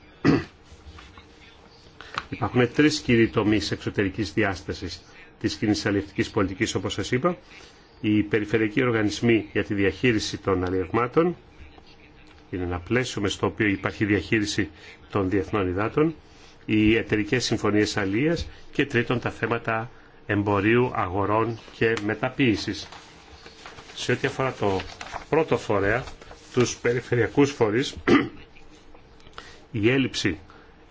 Υπάρχουν τρεις κύριοι τομείς εξωτερικής διάστασης της κοινή πολιτικής, όπως σας είπα. Οι περιφερειακοί οργανισμοί για τη διαχείριση των αλληλεγμάτων. είναι ένα πλαίσιο με στο οποίο υπάρχει διαχείριση των διεθνών υδάτων, οι εταιρικέ συμφωνίε αλίας και τρίτον τα θέματα εμπορίου, αγορών και μεταποίηση. Σε ό,τι αφορά το πρώτο φορέα, του περιφερειακού φορεί, η έλλειψη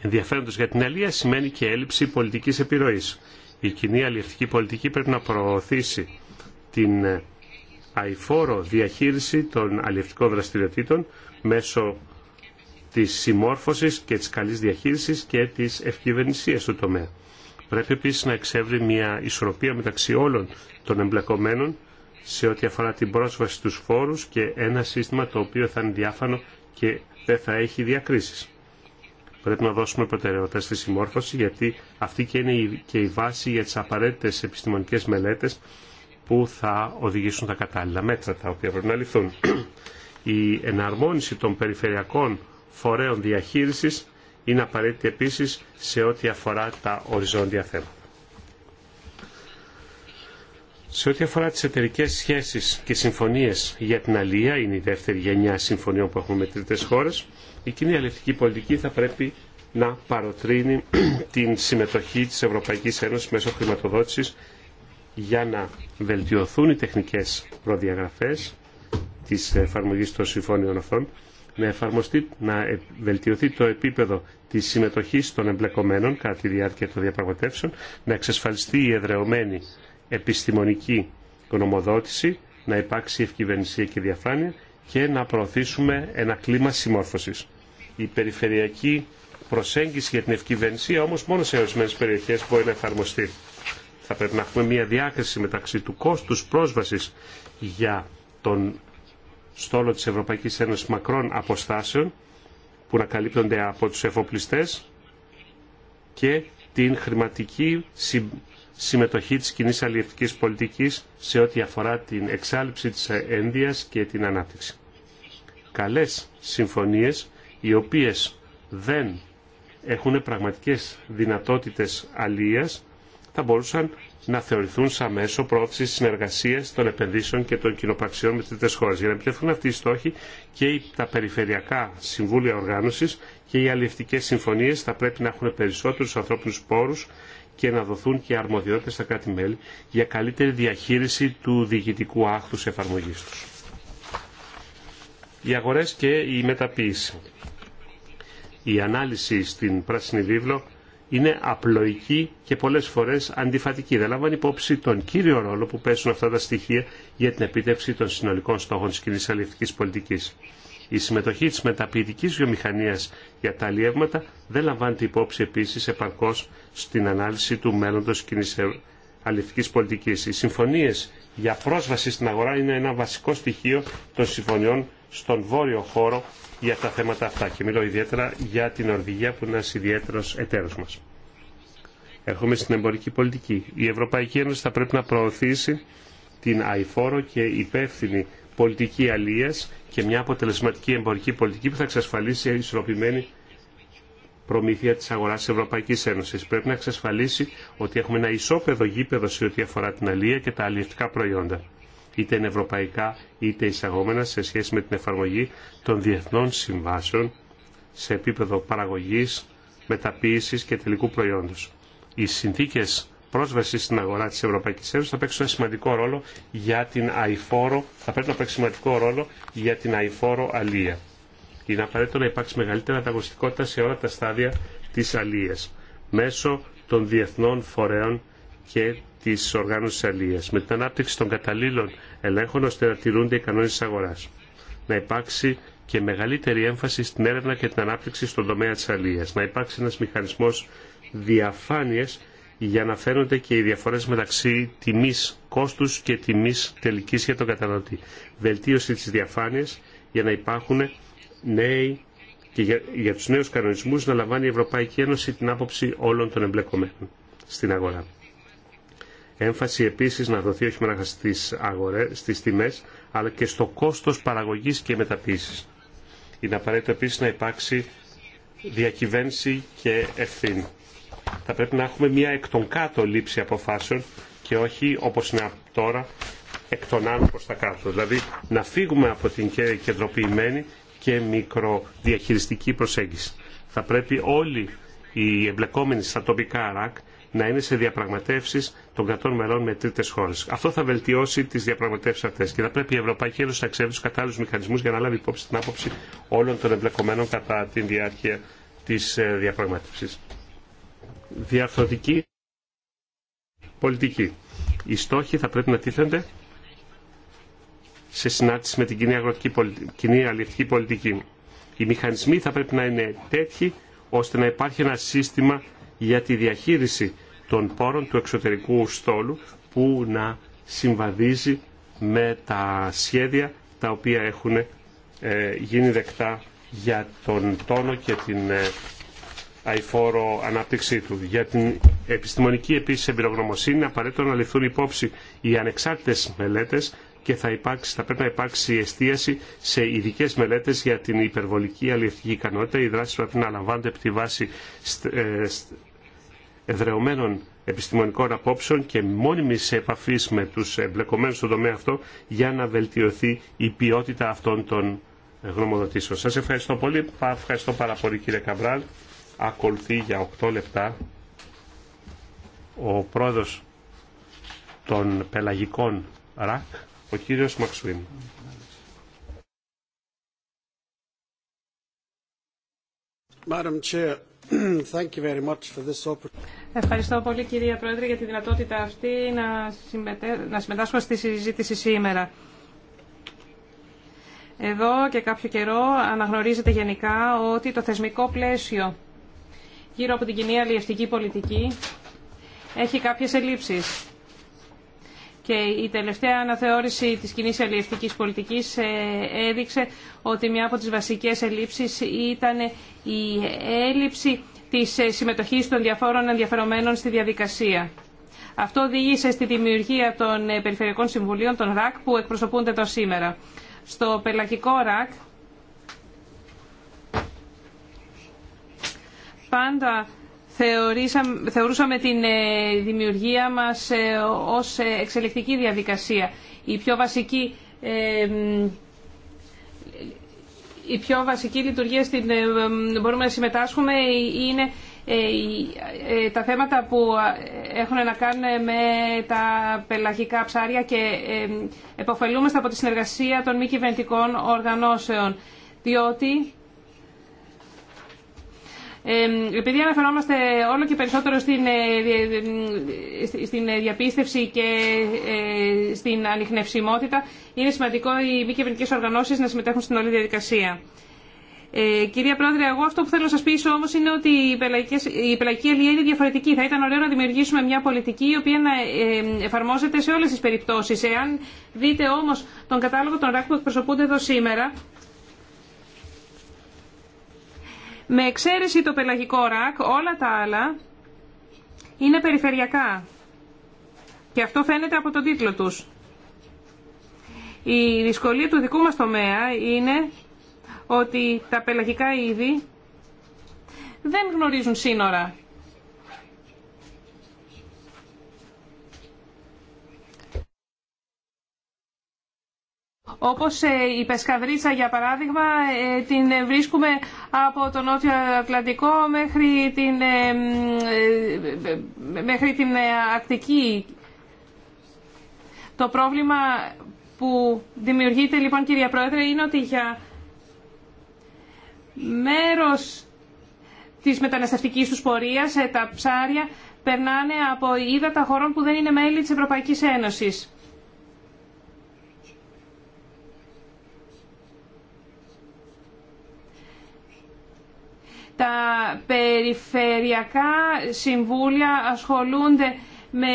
ενδιαφέροντος για την αλία σημαίνει και έλλειψη πολιτικής επιρροής. Η κοινή αλληλευτική πολιτική πρέπει να προωθήσει την ε, αηφόρο διαχείριση των αλληλευτικών δραστηριοτήτων μέσω της συμμόρφωσης και της καλής διαχείρισης και της ευκυβερνησίας του τομέα. Πρέπει επίσης να εξεύρει μια ισορροπία μεταξύ όλων των εμπλεκομένων σε ό,τι αφορά την πρόσβαση στους φόρους και ένα σύστημα το οποίο θα είναι διάφανο και δεν θα έχει διακρίσεις. Πρέπει να δώσουμε προτεραιότητα στη συμμόρφωση γιατί αυτή και είναι και η βάση για τις απαραίτητες επιστημονικές μελέτες που θα οδηγήσουν τα κατάλληλα μέτρα τα οποία πρέπει να ληφθούν. Η εναρμόνιση των περιφερειακών φορέων διαχείρισης είναι απαραίτητη επίσης σε ό,τι αφορά τα οριζόντια θέματα. Σε ό,τι αφορά τις εταιρικέ σχέσεις και συμφωνίες για την αλία, είναι η δεύτερη γενιά συμφωνιών που έχουμε με τρίτες χώρες, η κοινή αλληλευτική πολιτική θα πρέπει να παροτρύνει την συμμετοχή της Ευρωπαϊκής Ένωσης μέσω χρηματοδότησης για να βελτιωθούν οι τεχνικές προδιαγραφές της εφαρμογής των συμφώνιων αυτών, να, να βελτιωθεί το επίπεδο της συμμετοχής των εμπλεκομένων κατά τη διάρκεια των διαπραγματεύσεων, να εξασφαλιστεί η εδρεωμένη επιστημονική γνωμοδότηση, να υπάρξει ευκυβερνησία και διαφάνεια και να προωθήσουμε ένα κλίμα συμμόρφωσης. Η περιφερειακή προσέγγιση για την ευκυβερνησία όμως μόνο σε ορισμένες περιοχές μπορεί να εφαρμοστεί. Θα πρέπει να έχουμε μια διάκριση μεταξύ του κόστους πρόσβασης για τον στόλο της Ευρωπαϊκής Ένωσης μακρών αποστάσεων που να καλύπτονται από τους εφοπλιστές και την χρηματική συμμετοχή της κοινή αλληλευτικής πολιτικής σε ό,τι αφορά την εξάλληψη της ένδυας και την ανάπτυξη. Καλές συμφωνίες οι οποίες δεν έχουν πραγματικές δυνατότητες αλίας θα μπορούσαν να θεωρηθούν σαν μέσο πρόθεση συνεργασία των επενδύσεων και των κοινοπαξίων με τρίτε χώρε. Για να επιτευχθούν αυτοί οι στόχοι και τα περιφερειακά συμβούλια οργάνωση και οι αλληλευτικέ συμφωνίε θα πρέπει να έχουν περισσότερου ανθρώπινου πόρου και να δοθούν και αρμοδιότητες στα κράτη-μέλη για καλύτερη διαχείριση του διοικητικού άχθους εφαρμογής τους. Οι αγορές και η μεταποίηση. Η ανάλυση στην Πράσινη Βίβλο είναι απλοϊκή και πολλές φορές αντιφατική. Δεν λάμβανε υπόψη τον κύριο ρόλο που πέσουν αυτά τα στοιχεία για την επίτευξη των συνολικών στόχων της κοινής αλληλευτικής πολιτικής. Η συμμετοχή της μεταποιητικής βιομηχανίας για τα αλλιεύματα δεν λαμβάνεται υπόψη επίσης επαρκώς στην ανάλυση του μέλλοντος κοινής ε, αλληλευτικής πολιτικής. Οι συμφωνίες για πρόσβαση στην αγορά είναι ένα βασικό στοιχείο των συμφωνιών στον βόρειο χώρο για τα θέματα αυτά και μιλώ ιδιαίτερα για την Ορβηγία που είναι ένας ιδιαίτερος εταίρος μας. Έρχομαι στην εμπορική πολιτική. Η Ευρωπαϊκή Ένωση θα πρέπει να προωθήσει την αηφόρο και υπεύθυνη πολιτική αλίας και μια αποτελεσματική εμπορική πολιτική που θα εξασφαλίσει η ισορροπημένη προμήθεια της αγοράς της Ευρωπαϊκή Ένωση. Πρέπει να εξασφαλίσει ότι έχουμε ένα ισόπεδο γήπεδο σε ό,τι αφορά την αλία και τα αλληλευτικά προϊόντα είτε είναι ευρωπαϊκά είτε εισαγόμενα σε σχέση με την εφαρμογή των διεθνών συμβάσεων σε επίπεδο παραγωγής, μεταποίησης και τελικού προϊόντος. Οι συνθήκες πρόσβαση στην αγορά της Ευρωπαϊκής Ένωσης θα παίξει ένα σημαντικό ρόλο για την αηφόρο, θα πρέπει να παίξει σημαντικό ρόλο για την αηφόρο αλία. Είναι απαραίτητο να υπάρξει μεγαλύτερη ανταγωνιστικότητα σε όλα τα στάδια της αλίας μέσω των διεθνών φορέων και της οργάνωσης αλίας με την ανάπτυξη των καταλήλων ελέγχων ώστε να τηρούνται οι κανόνες της αγοράς. Να υπάρξει και μεγαλύτερη έμφαση στην έρευνα και την ανάπτυξη στον τομέα της αλίας. Να υπάρξει ένας μηχανισμός διαφάνειας για να φαίνονται και οι διαφορές μεταξύ τιμής κόστους και τιμής τελικής για τον καταναλωτή. Βελτίωση της διαφάνειας για να υπάρχουν νέοι και για, για τους νέους κανονισμούς να λαμβάνει η Ευρωπαϊκή Ένωση την άποψη όλων των εμπλεκομένων στην αγορά. Έμφαση επίσης να δοθεί όχι μόνο στις, αγορές, στις τιμές, αλλά και στο κόστος παραγωγής και μεταποίησης. Είναι απαραίτητο επίσης να υπάρξει διακυβέρνηση και ευθύνη. Θα πρέπει να έχουμε μια εκ των κάτω λήψη αποφάσεων και όχι όπως είναι τώρα εκ των άνω προς τα κάτω. Δηλαδή να φύγουμε από την κεντροποιημένη και μικροδιαχειριστική προσέγγιση. Θα πρέπει όλοι οι εμπλεκόμενοι στα τοπικά ΡΑΚ να είναι σε διαπραγματεύσεις των κρατών μελών με τρίτες χώρες. Αυτό θα βελτιώσει τις διαπραγματεύσεις αυτές και θα πρέπει η Ευρωπαϊκή Ένωση να ξέρει τους κατάλληλους μηχανισμούς για να λάβει υπόψη την άποψη όλων των εμπλεκομένων κατά τη διάρκεια της ε, διαπραγματεύσης διαρθρωτική πολιτική. Οι στόχοι θα πρέπει να τίθενται σε συνάρτηση με την κοινή, αγροτική πολιτική, κοινή αλληλευτική πολιτική. Οι μηχανισμοί θα πρέπει να είναι τέτοιοι ώστε να υπάρχει ένα σύστημα για τη διαχείριση των πόρων του εξωτερικού στόλου που να συμβαδίζει με τα σχέδια τα οποία έχουν ε, γίνει δεκτά για τον τόνο και την ε, αηφόρο ανάπτυξή του. Για την επιστημονική επίση εμπειρογνωμοσύνη είναι απαραίτητο να ληφθούν υπόψη οι ανεξάρτητε μελέτε και θα, υπάρξει, θα πρέπει να υπάρξει εστίαση σε ειδικέ μελέτε για την υπερβολική αλληλευτική ικανότητα. Οι δράσει πρέπει να λαμβάνονται από τη βάση ε, εδρεωμένων επιστημονικών απόψεων και μόνιμη επαφή με του εμπλεκομένου στον τομέα αυτό για να βελτιωθεί η ποιότητα αυτών των γνωμοδοτήσεων. ευχαριστώ πολύ. Ευχαριστώ πάρα πολύ κύριε Καβράλ ακολουθεί για 8 λεπτά ο πρόεδρος των πελαγικών ΡΑΚ, ο κύριος Μαξουίν. Ευχαριστώ πολύ κυρία Πρόεδρε για τη δυνατότητα αυτή να, συμμετέ... να συμμετάσχω στη συζήτηση σήμερα. Εδώ και κάποιο καιρό αναγνωρίζεται γενικά ότι το θεσμικό πλαίσιο γύρω από την κοινή αλλιευτική πολιτική έχει κάποιες ελλείψεις. Και η τελευταία αναθεώρηση της κοινή αλλιευτικής πολιτικής ε, έδειξε ότι μια από τις βασικές ελλείψεις ήταν η έλλειψη της ε, συμμετοχής των διαφόρων ενδιαφερομένων στη διαδικασία. Αυτό οδήγησε στη δημιουργία των ε, Περιφερειακών Συμβουλίων, των ΡΑΚ, που εκπροσωπούνται εδώ σήμερα. Στο πελαγικό ΡΑΚ πάντα θεωρούσαμε την ε, δημιουργία μας ε, ως ε, εξελικτική διαδικασία. Η πιο βασική η πιο βασική λειτουργία στην μπορούμε να συμμετάσχουμε είναι τα θέματα που έχουν να κάνουν με τα πελαγικά ψάρια και εποφελούμαστε από τη συνεργασία των μη κυβερνητικών οργανώσεων, διότι επειδή αναφερόμαστε όλο και περισσότερο στην, ε, ε, ε, στην διαπίστευση και στην ανιχνευσιμότητα, είναι σημαντικό οι μη κυβερνητικέ οργανώσει να συμμετέχουν στην όλη διαδικασία. Ε, κυρία Πρόεδρε, εγώ αυτό που θέλω να σα πείσω όμω είναι ότι η, πελαϊκή αλληλεία είναι διαφορετική. Θα ήταν ωραίο να δημιουργήσουμε μια πολιτική η οποία να εφαρμόζεται σε όλε τι περιπτώσει. Εάν δείτε όμω τον κατάλογο των ράκ που εκπροσωπούνται εδώ σήμερα, με εξαίρεση το πελαγικό ρακ, όλα τα άλλα είναι περιφερειακά. Και αυτό φαίνεται από τον τίτλο τους. Η δυσκολία του δικού μας τομέα είναι ότι τα πελαγικά είδη δεν γνωρίζουν σύνορα. Όπως ε, η Πεσκαδρίτσα για παράδειγμα ε, την βρίσκουμε από τον Νότιο Ατλαντικό μέχρι την, ε, μέχρι την ακτική Το πρόβλημα που δημιουργείται λοιπόν κυρία Πρόεδρε είναι ότι για μέρος της μεταναστευτικής τους πορείας τα ψάρια περνάνε από ύδατα χωρών που δεν είναι μέλη της Ευρωπαϊκής Ένωσης. Τα περιφερειακά συμβούλια ασχολούνται με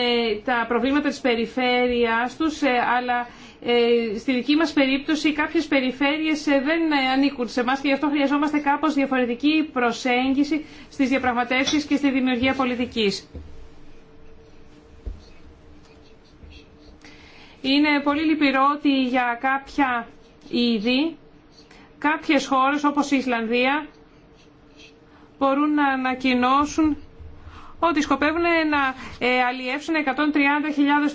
τα προβλήματα της περιφέρειάς τους, ε, αλλά ε, στη δική μας περίπτωση κάποιες περιφέρειες ε, δεν ανήκουν σε εμάς και γι' αυτό χρειαζόμαστε κάπως διαφορετική προσέγγιση στις διαπραγματεύσεις και στη δημιουργία πολιτικής. Είναι πολύ λυπηρό ότι για κάποια είδη, κάποιες χώρες όπως η Ισλανδία, μπορούν να ανακοινώσουν ότι σκοπεύουν να ε, αλλιεύσουν 130.000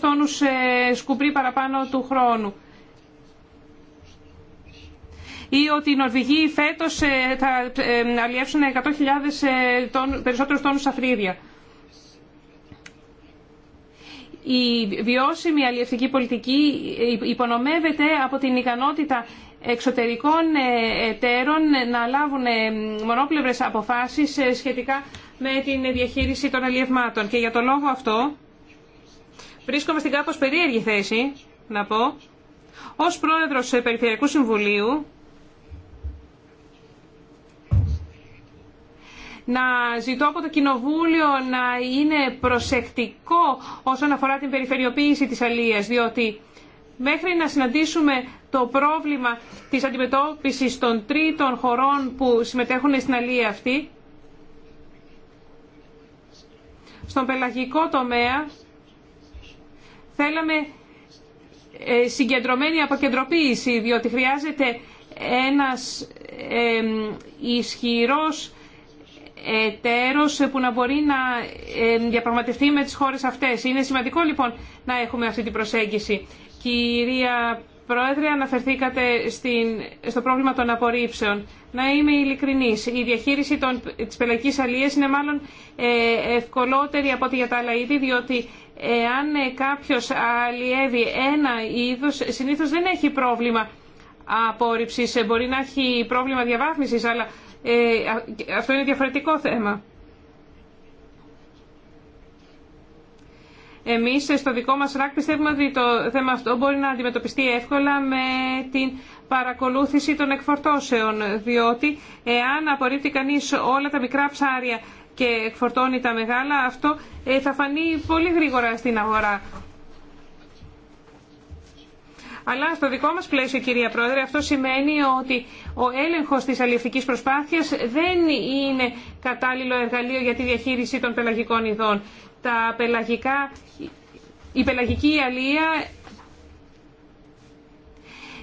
τόνους ε, σκουπρί παραπάνω του χρόνου. Ή ότι οι Νορβηγοί φέτος ε, θα αλλιεύσουν 100.000 περισσότερους τόνους αφρίδια. Η βιώσιμη αλλιευτική πολιτική υπονομεύεται από την ικανότητα εξωτερικών ε, εταίρων να λάβουν ε, μονοπλευρές αποφάσεις ε, σχετικά με την διαχείριση των αλλιευμάτων. Και για τον λόγο αυτό βρίσκομαι στην κάπως περίεργη θέση, να πω, ως πρόεδρος Περιφερειακού Συμβουλίου να ζητώ από το Κοινοβούλιο να είναι προσεκτικό όσον αφορά την περιφερειοποίηση της αλίας, διότι μέχρι να συναντήσουμε το πρόβλημα της αντιμετώπισης των τρίτων χωρών που συμμετέχουν στην αλία αυτή, στον πελαγικό τομέα θέλαμε ε, συγκεντρωμένη αποκεντροποίηση, διότι χρειάζεται ένας ισχυρός εταίρος που να μπορεί να διαπραγματευτεί με τις χώρες αυτές. Είναι σημαντικό λοιπόν να έχουμε αυτή την προσέγγιση. Κυρία Πρόεδρε, αναφερθήκατε στην, στο πρόβλημα των απορρίψεων. Να είμαι ειλικρινή. η διαχείριση των, της πελακής είναι μάλλον ε, ευκολότερη από ό,τι για τα άλλα είδη, διότι αν ε, κάποιος αλλιεύει ένα είδος, συνήθως δεν έχει πρόβλημα απόρριψης. Ε, μπορεί να έχει πρόβλημα διαβάθμισης, αλλά αυτό είναι διαφορετικό θέμα. Εμείς στο δικό μας ΡΑΚ πιστεύουμε ότι το θέμα αυτό μπορεί να αντιμετωπιστεί εύκολα με την παρακολούθηση των εκφορτώσεων, διότι εάν απορρίπτει κανείς όλα τα μικρά ψάρια και εκφορτώνει τα μεγάλα, αυτό ε, θα φανεί πολύ γρήγορα στην αγορά. Αλλά στο δικό μας πλαίσιο, κυρία Πρόεδρε, αυτό σημαίνει ότι ο έλεγχος της αλληλευτικής προσπάθειας δεν είναι κατάλληλο εργαλείο για τη διαχείριση των πελαγικών ειδών τα πελαγικά, η πελαγική αλία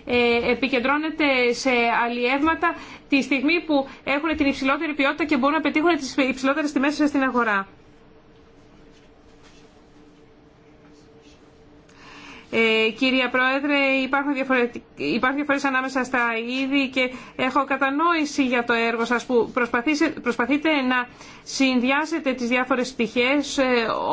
ε, επικεντρώνεται σε αλλιεύματα τη στιγμή που έχουν την υψηλότερη ποιότητα και μπορούν να πετύχουν τις υψηλότερες τιμές στην αγορά. Ε, κυρία Πρόεδρε, υπάρχουν, διαφορέ διαφορές ανάμεσα στα είδη και έχω κατανόηση για το έργο σας που προσπαθείτε να συνδυάσετε τις διάφορες πτυχές ε,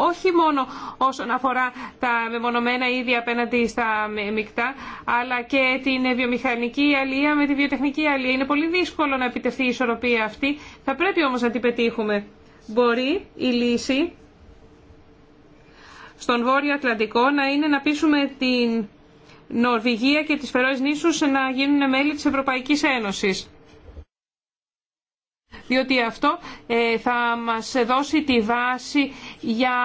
όχι μόνο όσον αφορά τα μεμονωμένα είδη απέναντι στα μεικτά αλλά και την βιομηχανική αλία με τη βιοτεχνική αλία. Είναι πολύ δύσκολο να επιτευχθεί η ισορροπία αυτή. Θα πρέπει όμως να την πετύχουμε. Μπορεί η λύση στον Βόρειο Ατλαντικό να είναι να πείσουμε την Νορβηγία και τις Φερόες νήσους να γίνουν μέλη της Ευρωπαϊκής Ένωσης. Διότι αυτό ε, θα μας δώσει τη βάση για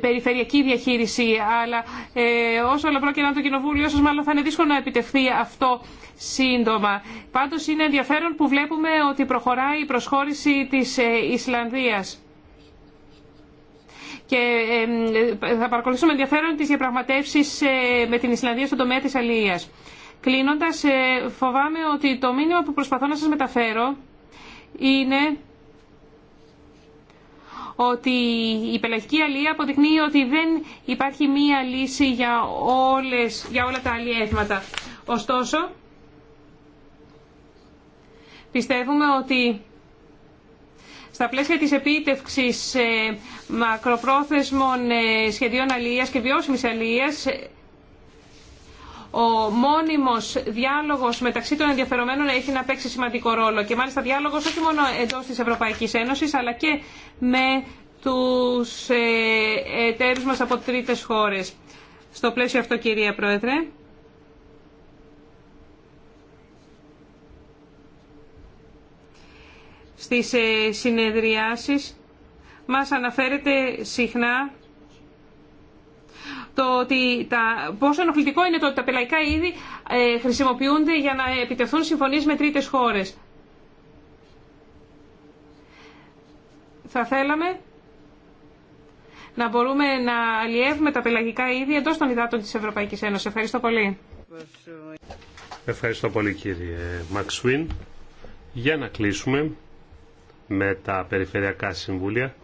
περιφερειακή διαχείριση. Αλλά ε, όσο όλα πρόκειται το κοινοβούλιο σας μάλλον θα είναι δύσκολο να επιτευχθεί αυτό σύντομα. Πάντως είναι ενδιαφέρον που βλέπουμε ότι προχωράει η προσχώρηση της ε, Ισλανδίας και θα παρακολουθήσουμε ενδιαφέρον τις διαπραγματεύσεις ε, με την Ισλανδία στον τομέα της αλληλείας. Κλείνοντας, ε, φοβάμαι ότι το μήνυμα που προσπαθώ να σας μεταφέρω είναι ότι η πελαγική αλληλεία αποδεικνύει ότι δεν υπάρχει μία λύση για, όλες, για όλα τα αλληλεύματα. Ωστόσο, πιστεύουμε ότι στα πλαίσια της επίτευξης ε, μακροπρόθεσμων ε, σχεδίων αλληλείας και βιώσιμης αλληλείας, ε, ο μόνιμος διάλογος μεταξύ των ενδιαφερομένων έχει να παίξει σημαντικό ρόλο και μάλιστα διάλογος όχι μόνο εντός της Ευρωπαϊκής Ένωσης αλλά και με τους εταίρους μας από τρίτες χώρες. Στο πλαίσιο αυτό κυρία Πρόεδρε, στις ε, συνεδριάσεις μας αναφέρεται συχνά το ότι τα, πόσο ενοχλητικό είναι το ότι τα πελαϊκά είδη ε, χρησιμοποιούνται για να επιτευχθούν συμφωνίες με τρίτες χώρες. Θα θέλαμε να μπορούμε να αλλιεύουμε τα πελαγικά είδη εντός των υδάτων της Ευρωπαϊκής Ένωσης. Ευχαριστώ πολύ. Ευχαριστώ πολύ κύριε Μαξουίν. Για να κλείσουμε με τα περιφερειακά συμβούλια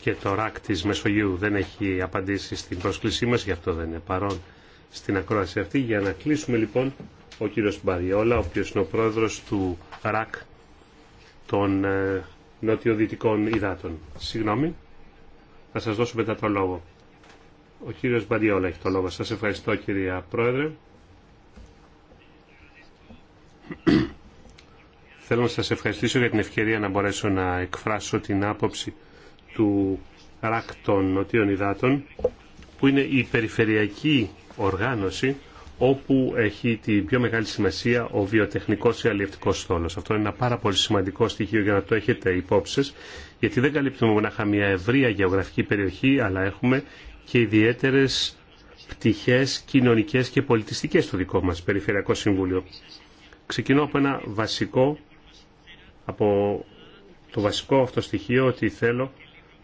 και το ΡΑΚ της Μεσογείου δεν έχει απαντήσει στην πρόσκλησή μας, γι' αυτό δεν είναι παρόν στην ακρόαση αυτή. Για να κλείσουμε λοιπόν ο κύριος Μπαριόλα, ο οποίος είναι ο πρόεδρος του ΡΑΚ των ε, νοτιοδυτικών υδάτων. Συγγνώμη, θα σας δώσω μετά το λόγο. Ο κύριος Μπαριόλα έχει το λόγο. Σας ευχαριστώ κυρία Πρόεδρε. Θέλω να σας ευχαριστήσω για την ευκαιρία να μπορέσω να εκφράσω την άποψη του ΡΑΚ των Νοτίων Ιδάτων, που είναι η περιφερειακή οργάνωση όπου έχει την πιο μεγάλη σημασία ο βιοτεχνικός ή αλλιευτικός στόλος. Αυτό είναι ένα πάρα πολύ σημαντικό στοιχείο για να το έχετε υπόψη γιατί δεν καλύπτουμε μονάχα μια ευρεία γεωγραφική περιοχή, αλλά έχουμε και ιδιαίτερες πτυχές κοινωνικές και πολιτιστικές στο δικό μας Περιφερειακό Συμβούλιο. Ξεκινώ από ένα βασικό από το βασικό αυτό στοιχείο ότι θέλω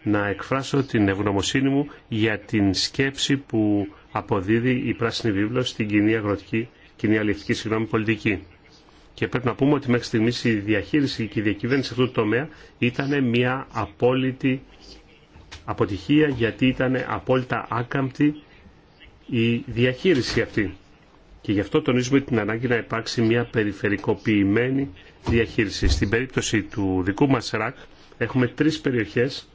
να εκφράσω την ευγνωμοσύνη μου για την σκέψη που αποδίδει η Πράσινη Βίβλος στην κοινή αγροτική, κοινή αλληλευτική συγγνώμη, πολιτική. Και πρέπει να πούμε ότι μέχρι στιγμή η διαχείριση και η διακυβέρνηση αυτού του τομέα ήταν μια απόλυτη αποτυχία γιατί ήταν απόλυτα άκαμπτη η διαχείριση αυτή. Και γι' αυτό τονίζουμε την ανάγκη να υπάρξει μια περιφερικοποιημένη διαχείριση. Στην περίπτωση του δικού μας ΡΑΚ έχουμε τρεις περιοχές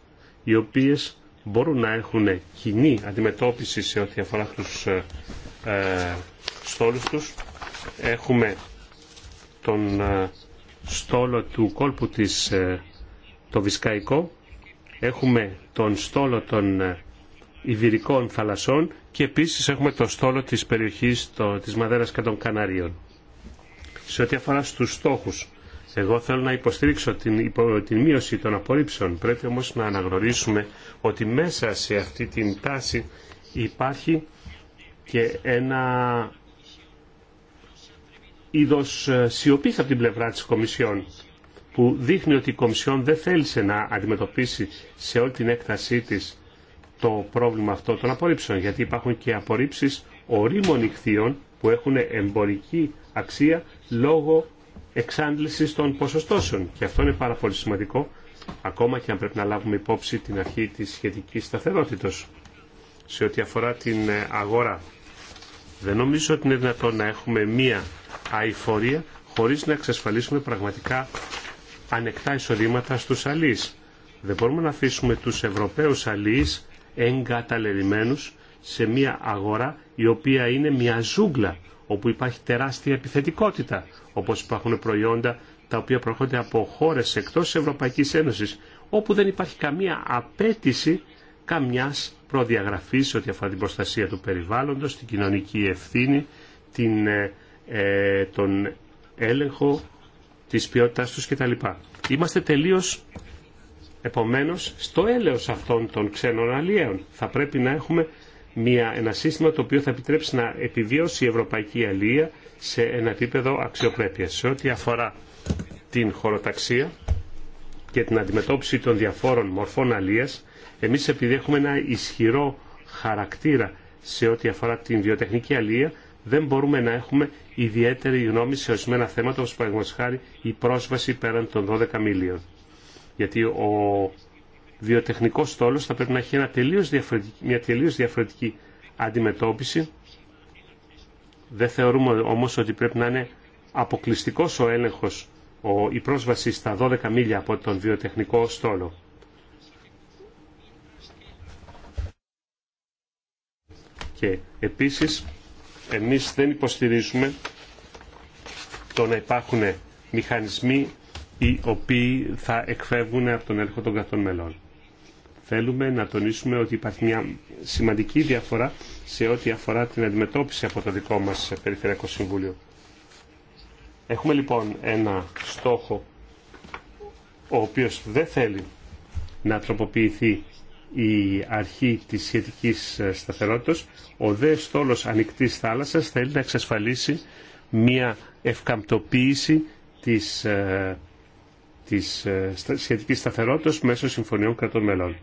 οι οποίες μπορούν να έχουν κοινή αντιμετώπιση σε ό,τι αφορά τους ε, ε στόλους τους. Έχουμε τον ε, στόλο του κόλπου της, ε, το Βισκαϊκό, έχουμε τον στόλο των Ιβυρικών θαλασσών και επίσης έχουμε τον στόλο της περιοχής το, της Μαδέρας και των Καναρίων. Σε ό,τι αφορά στους στόχους, εγώ θέλω να υποστηρίξω την, υπο, την μείωση των απορρίψεων. Πρέπει όμως να αναγνωρίσουμε ότι μέσα σε αυτή την τάση υπάρχει και ένα είδος ε, σιωπής από την πλευρά της Κομισιόν που δείχνει ότι η Κομισιόν δεν θέλησε να αντιμετωπίσει σε όλη την έκτασή της το πρόβλημα αυτό των απορρίψεων γιατί υπάρχουν και απορρίψεις ορίμων ηχθείων που έχουν εμπορική αξία λόγω εξάντλησης των ποσοστώσεων. Και αυτό είναι πάρα πολύ σημαντικό, ακόμα και αν πρέπει να λάβουμε υπόψη την αρχή της σχετικής σταθερότητος σε ό,τι αφορά την ε, αγορά. Δεν νομίζω ότι είναι δυνατόν να έχουμε μία αηφορία χωρίς να εξασφαλίσουμε πραγματικά ανεκτά εισοδήματα στους αλείς. Δεν μπορούμε να αφήσουμε τους Ευρωπαίους αλείς εγκαταλελειμμένους σε μία αγορά η οποία είναι μια ζούγκλα όπου υπάρχει τεράστια επιθετικότητα, όπως υπάρχουν προϊόντα τα οποία προέρχονται από χώρες εκτός Ευρωπαϊκής Ένωσης, όπου δεν υπάρχει καμία απέτηση καμιάς προδιαγραφής ό,τι αφορά την προστασία του περιβάλλοντος, την κοινωνική ευθύνη, την, ε, ε, τον έλεγχο της ποιότητάς τους κτλ. Είμαστε τελείως επομένως στο έλεος αυτών των ξένων αλλιέων. Θα πρέπει να έχουμε μια, ένα σύστημα το οποίο θα επιτρέψει να επιβιώσει η ευρωπαϊκή αλληλεία σε ένα επίπεδο αξιοπρέπεια. Σε ό,τι αφορά την χωροταξία και την αντιμετώπιση των διαφόρων μορφών αλίας, εμείς επειδή έχουμε ένα ισχυρό χαρακτήρα σε ό,τι αφορά την βιοτεχνική αλία, δεν μπορούμε να έχουμε ιδιαίτερη γνώμη σε ορισμένα θέματα, όπω παραδείγματο χάρη η πρόσβαση πέραν των 12 μιλίων. Γιατί ο Βιοτεχνικό στόλο θα πρέπει να έχει μια τελείω διαφορετική αντιμετώπιση. Δεν θεωρούμε όμως ότι πρέπει να είναι αποκλειστικό ο έλεγχος η πρόσβαση στα 12 μίλια από τον βιοτεχνικό στόλο. Και επίσης εμείς δεν υποστηρίζουμε το να υπάρχουν μηχανισμοί οι οποίοι θα εκφεύγουν από τον έλεγχο των κρατών μελών θέλουμε να τονίσουμε ότι υπάρχει μια σημαντική διαφορά σε ό,τι αφορά την αντιμετώπιση από το δικό μας Περιφερειακό Συμβούλιο. Έχουμε λοιπόν ένα στόχο ο οποίος δεν θέλει να τροποποιηθεί η αρχή της σχετικής ε, σταθερότητας, ο δε στόλος ανοιχτής θάλασσας θέλει να εξασφαλίσει μια ευκαμπτοποίηση της, ε, της ε, σχετικής σταθερότητας μέσω συμφωνιών κρατών μελών.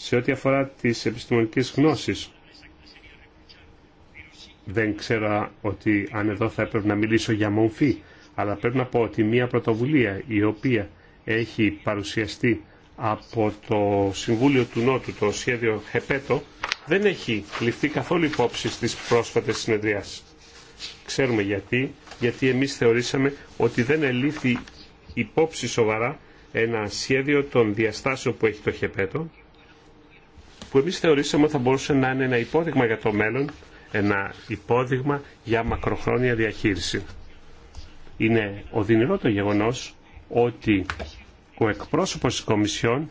Σε ό,τι αφορά τις επιστημονικές γνώσεις, δεν ξέρω ότι αν εδώ θα έπρεπε να μιλήσω για μομφή, αλλά πρέπει να πω ότι μια πρωτοβουλία η οποία έχει παρουσιαστεί από το Συμβούλιο του Νότου, το σχέδιο ΧΕΠΕΤΟ, δεν έχει ληφθεί καθόλου υπόψη στις πρόσφατες συνεδριάσεις. Ξέρουμε γιατί, γιατί εμείς θεωρήσαμε ότι δεν ελήφθη υπόψη σοβαρά ένα σχέδιο των διαστάσεων που έχει το ΧΕΠΕΤΟ που εμείς θεωρήσαμε ότι θα μπορούσε να είναι ένα υπόδειγμα για το μέλλον, ένα υπόδειγμα για μακροχρόνια διαχείριση. Είναι οδυνηρό το γεγονός ότι ο εκπρόσωπος της Κομισιόν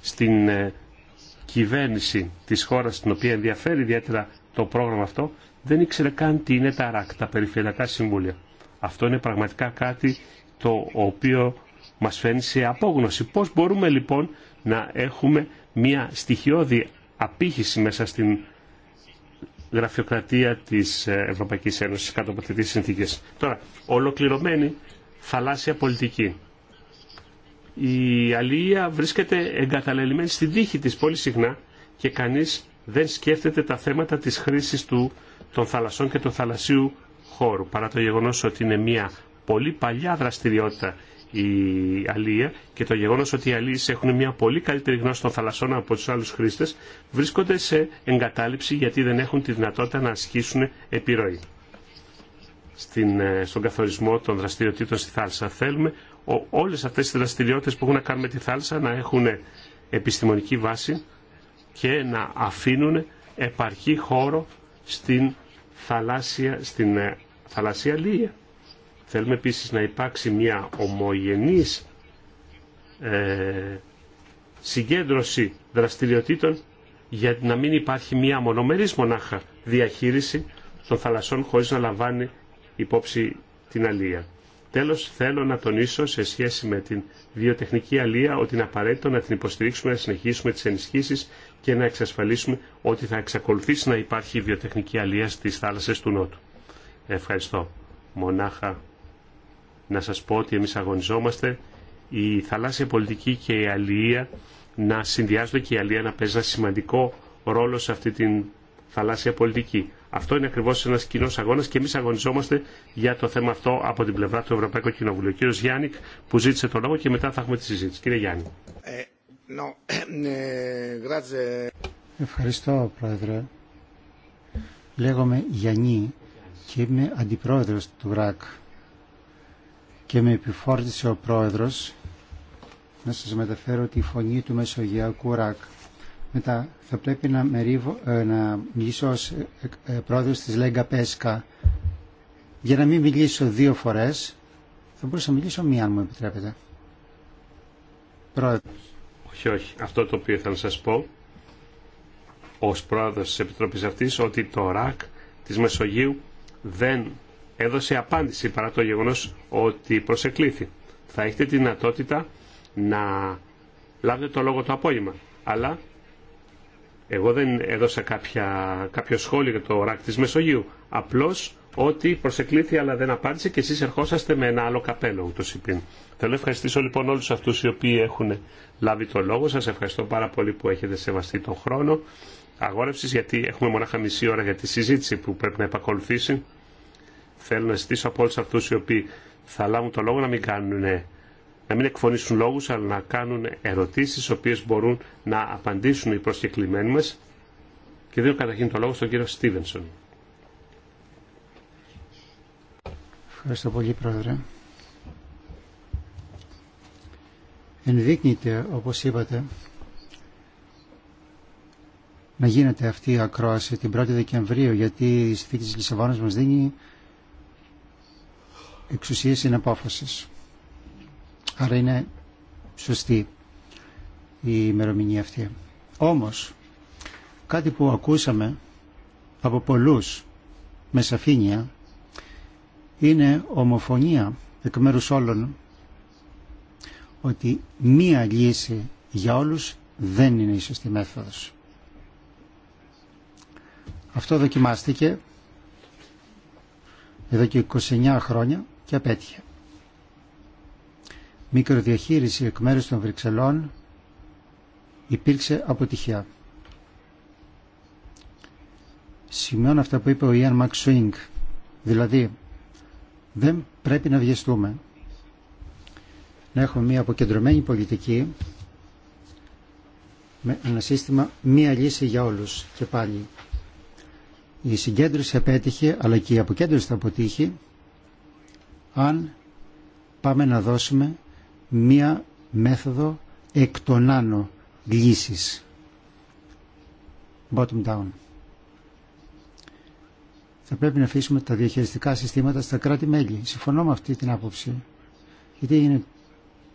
στην ε, κυβέρνηση της χώρας την οποία ενδιαφέρει ιδιαίτερα το πρόγραμμα αυτό δεν ήξερε καν τι είναι τα ΡΑΚ, τα Περιφερειακά Συμβούλια. Αυτό είναι πραγματικά κάτι το οποίο μας φαίνει σε απόγνωση. Πώς μπορούμε λοιπόν να έχουμε μια στοιχειώδη απήχηση μέσα στην γραφειοκρατία της ε, Ευρωπαϊκής Ένωσης κάτω από τέτοιες συνθήκες. Τώρα, ολοκληρωμένη θαλάσσια πολιτική. Η αλληλεία βρίσκεται εγκαταλελειμμένη στη δίχη της πολύ συχνά και κανείς δεν σκέφτεται τα θέματα της χρήσης του, των θαλασσών και του θαλασσίου χώρου, παρά το γεγονός ότι είναι μια πολύ παλιά δραστηριότητα η αλία και το γεγονό ότι οι αλίε έχουν μια πολύ καλύτερη γνώση των θαλασσών από του άλλου χρήστε βρίσκονται σε εγκατάλειψη γιατί δεν έχουν τη δυνατότητα να ασκήσουν επιρροή. Στην, ε, στον καθορισμό των δραστηριοτήτων στη θάλασσα θέλουμε όλε αυτέ τι δραστηριότητε που έχουν να κάνουν με τη θάλασσα να έχουν επιστημονική βάση και να αφήνουν επαρκή χώρο στην θαλάσσια, στην ε, θαλασσία Θέλουμε επίσης να υπάρξει μια ομογενής ε, συγκέντρωση δραστηριοτήτων για να μην υπάρχει μια μονομερής μονάχα διαχείριση των θαλασσών χωρίς να λαμβάνει υπόψη την αλία. Τέλος, θέλω να τονίσω σε σχέση με την βιοτεχνική αλία ότι είναι απαραίτητο να την υποστηρίξουμε, να συνεχίσουμε τις ενισχύσεις και να εξασφαλίσουμε ότι θα εξακολουθήσει να υπάρχει βιοτεχνική αλία στις θάλασσες του Νότου. Ευχαριστώ. Μονάχα να σας πω ότι εμείς αγωνιζόμαστε η θαλάσσια πολιτική και η αλληλεία να συνδυάζονται και η αλληλεία να παίζει ένα σημαντικό ρόλο σε αυτή την θαλάσσια πολιτική. Αυτό είναι ακριβώ ένα κοινό αγώνα και εμεί αγωνιζόμαστε για το θέμα αυτό από την πλευρά του Ευρωπαϊκού Κοινοβουλίου. Κύριο Γιάννη, που ζήτησε τον λόγο και μετά θα έχουμε τη συζήτηση. Κύριε Γιάννη. Ε, no. Ευχαριστώ, Πρόεδρε. Λέγομαι Γιάννη και είμαι αντιπρόεδρος του ΡΑΚ και με επιφόρτησε ο πρόεδρος να σας μεταφέρω τη φωνή του Μεσογειακού ΡΑΚ. Μετά θα πρέπει να, ε, να μιλήσω ως ε, ε, πρόεδρος της Λέγκα Πέσκα. Για να μην μιλήσω δύο φορές, θα μπορούσα να μιλήσω μία αν μου επιτρέπετε. Πρόεδρος. Όχι, όχι. Αυτό το οποίο θα σας πω ως πρόεδρος της Επιτροπής αυτής, ότι το ΡΑΚ της Μεσογείου δεν έδωσε απάντηση παρά το γεγονός ότι προσεκλήθη. Θα έχετε τη δυνατότητα να λάβετε το λόγο το απόγευμα. Αλλά εγώ δεν έδωσα κάποια, κάποιο σχόλιο για το ράκ της Μεσογείου. Απλώς ότι προσεκλήθη αλλά δεν απάντησε και εσείς ερχόσαστε με ένα άλλο καπέλο ούτως υπήν. Θέλω να ευχαριστήσω λοιπόν όλους αυτούς οι οποίοι έχουν λάβει το λόγο. Σας ευχαριστώ πάρα πολύ που έχετε σεβαστεί τον χρόνο αγόρευσης γιατί έχουμε μονάχα μισή ώρα για τη συζήτηση που πρέπει να επακολουθήσει θέλω να ζητήσω από όλου αυτού οι οποίοι θα λάβουν το λόγο να μην κάνουν να μην εκφωνήσουν λόγους, αλλά να κάνουν ερωτήσεις, οι οποίες μπορούν να απαντήσουν οι προσκεκλημένοι μας. Και δίνω καταρχήν το λόγο στον κύριο Στίβενσον. Ευχαριστώ πολύ, Πρόεδρε. Ενδείκνυται, όπως είπατε, να γίνεται αυτή η ακρόαση την 1η Δεκεμβρίου, γιατί η συνθήκη της Λισαβόνας μας δίνει εξουσίες απόφαση. Άρα είναι σωστή η ημερομηνία αυτή. Όμως, κάτι που ακούσαμε από πολλούς με σαφήνεια είναι ομοφωνία εκ μέρους όλων ότι μία λύση για όλους δεν είναι η σωστή μέθοδος. Αυτό δοκιμάστηκε εδώ και 29 χρόνια και απέτυχε. Μικροδιαχείριση εκ μέρους των Βρυξελών υπήρξε αποτυχία. Σημειώνω αυτά που είπε ο Ιαν Σουίνγκ. Δηλαδή, δεν πρέπει να βιαστούμε. Να έχουμε μια αποκεντρωμένη πολιτική με ένα σύστημα μία λύση για όλους και πάλι. Η συγκέντρωση απέτυχε αλλά και η αποκέντρωση θα αποτύχει αν πάμε να δώσουμε μία μέθοδο εκ των άνω λύσης. Bottom down. Θα πρέπει να αφήσουμε τα διαχειριστικά συστήματα στα κράτη-μέλη. Συμφωνώ με αυτή την άποψη. Γιατί είναι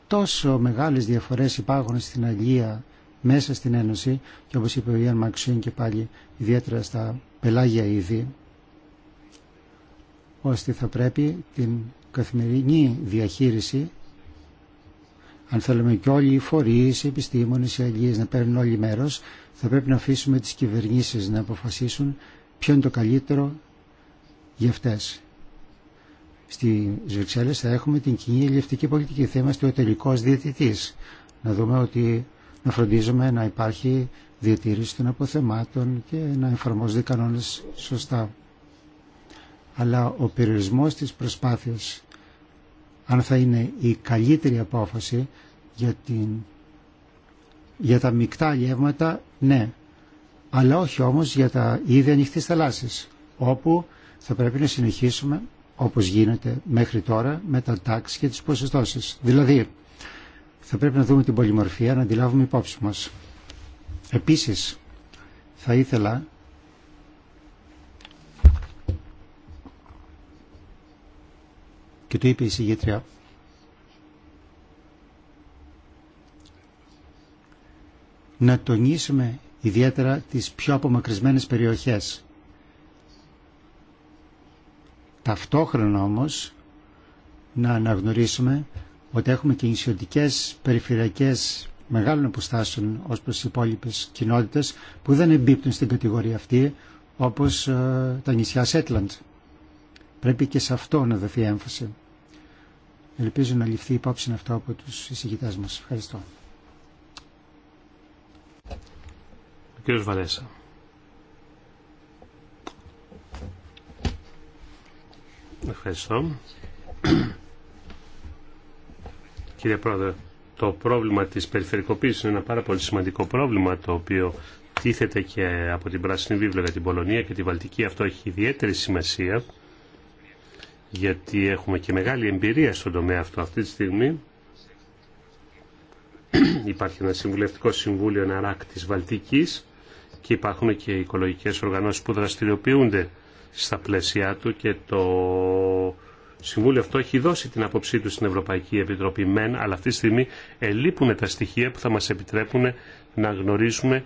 τόσο μεγάλες διαφορές υπάρχουν στην Αγγλία μέσα στην Ένωση και όπως είπε ο Ιαν Μαξίν και πάλι ιδιαίτερα στα πελάγια είδη ώστε θα πρέπει την καθημερινή διαχείριση αν θέλουμε και όλοι οι φορείς, οι επιστήμονες, οι αγγείες να παίρνουν όλοι μέρος, θα πρέπει να αφήσουμε τις κυβερνήσεις να αποφασίσουν ποιο είναι το καλύτερο για αυτές. Στι Βρυξέλλες θα έχουμε την κοινή ελληνική πολιτική. Θα είμαστε ο τελικός διαιτητής. Να δούμε ότι να φροντίζουμε να υπάρχει διατήρηση των αποθεμάτων και να εφαρμόζονται οι κανόνες σωστά αλλά ο περιορισμός της προσπάθειας αν θα είναι η καλύτερη απόφαση για, την, για τα μεικτά αλλιεύματα, ναι. Αλλά όχι όμως για τα ίδια ανοιχτή θαλάσσης, όπου θα πρέπει να συνεχίσουμε, όπως γίνεται μέχρι τώρα, με τα τάξη και τις ποσοστώσεις. Δηλαδή, θα πρέπει να δούμε την πολυμορφία, να αντιλάβουμε υπόψη μας. Επίσης, θα ήθελα και του είπε η συγγήτρια να τονίσουμε ιδιαίτερα τις πιο απομακρυσμένες περιοχές. Ταυτόχρονα όμως να αναγνωρίσουμε ότι έχουμε και νησιωτικές περιφερειακές μεγάλων αποστάσεων ως προς τις υπόλοιπες κοινότητες που δεν εμπίπτουν στην κατηγορία αυτή όπως ε, τα νησιά Σέτλαντ. Πρέπει και σε αυτό να δοθεί έμφαση. Ελπίζω να ληφθεί υπόψη αυτό από του εισηγητές μα. Ευχαριστώ. Ο κύριος Βαλέσα. Ευχαριστώ. Κύριε Πρόεδρε, το πρόβλημα της περιφερικοποίησης είναι ένα πάρα πολύ σημαντικό πρόβλημα το οποίο τίθεται και από την Πράσινη Βίβλο για την Πολωνία και τη Βαλτική. Αυτό έχει ιδιαίτερη σημασία γιατί έχουμε και μεγάλη εμπειρία στον τομέα αυτό αυτή τη στιγμή. Υπάρχει ένα συμβουλευτικό συμβούλιο ΝΑΡΑΚ τη Βαλτικής και υπάρχουν και οικολογικέ οργανώσεις που δραστηριοποιούνται στα πλαίσια του και το Συμβούλιο αυτό έχει δώσει την άποψή του στην Ευρωπαϊκή Επιτροπή ΜΕΝ, αλλά αυτή τη στιγμή ελείπουν τα στοιχεία που θα μα επιτρέπουν να γνωρίσουμε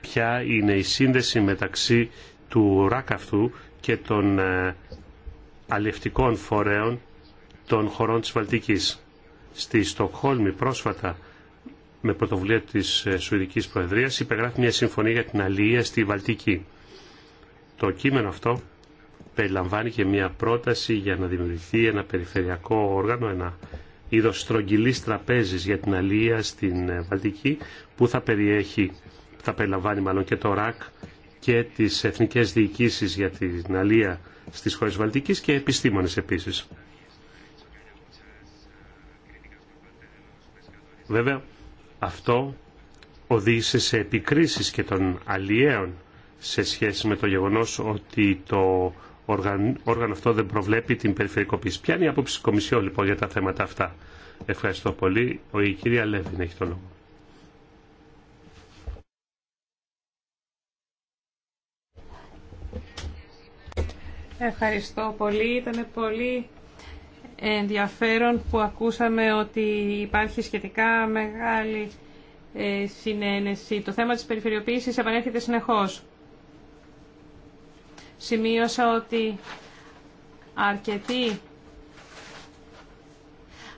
ποια είναι η σύνδεση μεταξύ του ΡΑΚ αυτού και των ε, αλευτικών φορέων των χωρών της Βαλτικής. Στη Στοκχόλμη πρόσφατα με πρωτοβουλία της ε, Σουηδικής Προεδρίας υπεγράφει μια συμφωνία για την αλληλεία στη Βαλτική. Το κείμενο αυτό περιλαμβάνει και μια πρόταση για να δημιουργηθεί ένα περιφερειακό όργανο, ένα είδος στρογγυλής τραπέζης για την αλληλεία στην ε, Βαλτική που θα περιέχει, θα περιλαμβάνει μάλλον και το ΡΑΚ και τις εθνικές διοικήσεις για την αλληλεία στις χώρες Βαλτικής και επιστήμονες επίσης. Βέβαια, αυτό οδήγησε σε επικρίσεις και των αλλιέων σε σχέση με το γεγονός ότι το όργανο αυτό δεν προβλέπει την περιφερικοποίηση. Ποια είναι η άποψη της Κομισιόν λοιπόν για τα θέματα αυτά. Ευχαριστώ πολύ. Ο, η κυρία Λέβιν έχει το λόγο. Ευχαριστώ πολύ. Ήταν πολύ ενδιαφέρον που ακούσαμε ότι υπάρχει σχετικά μεγάλη ε, συνένεση. Το θέμα της περιφερειοποίησης επανέρχεται συνεχώς. Σημείωσα ότι αρκετοί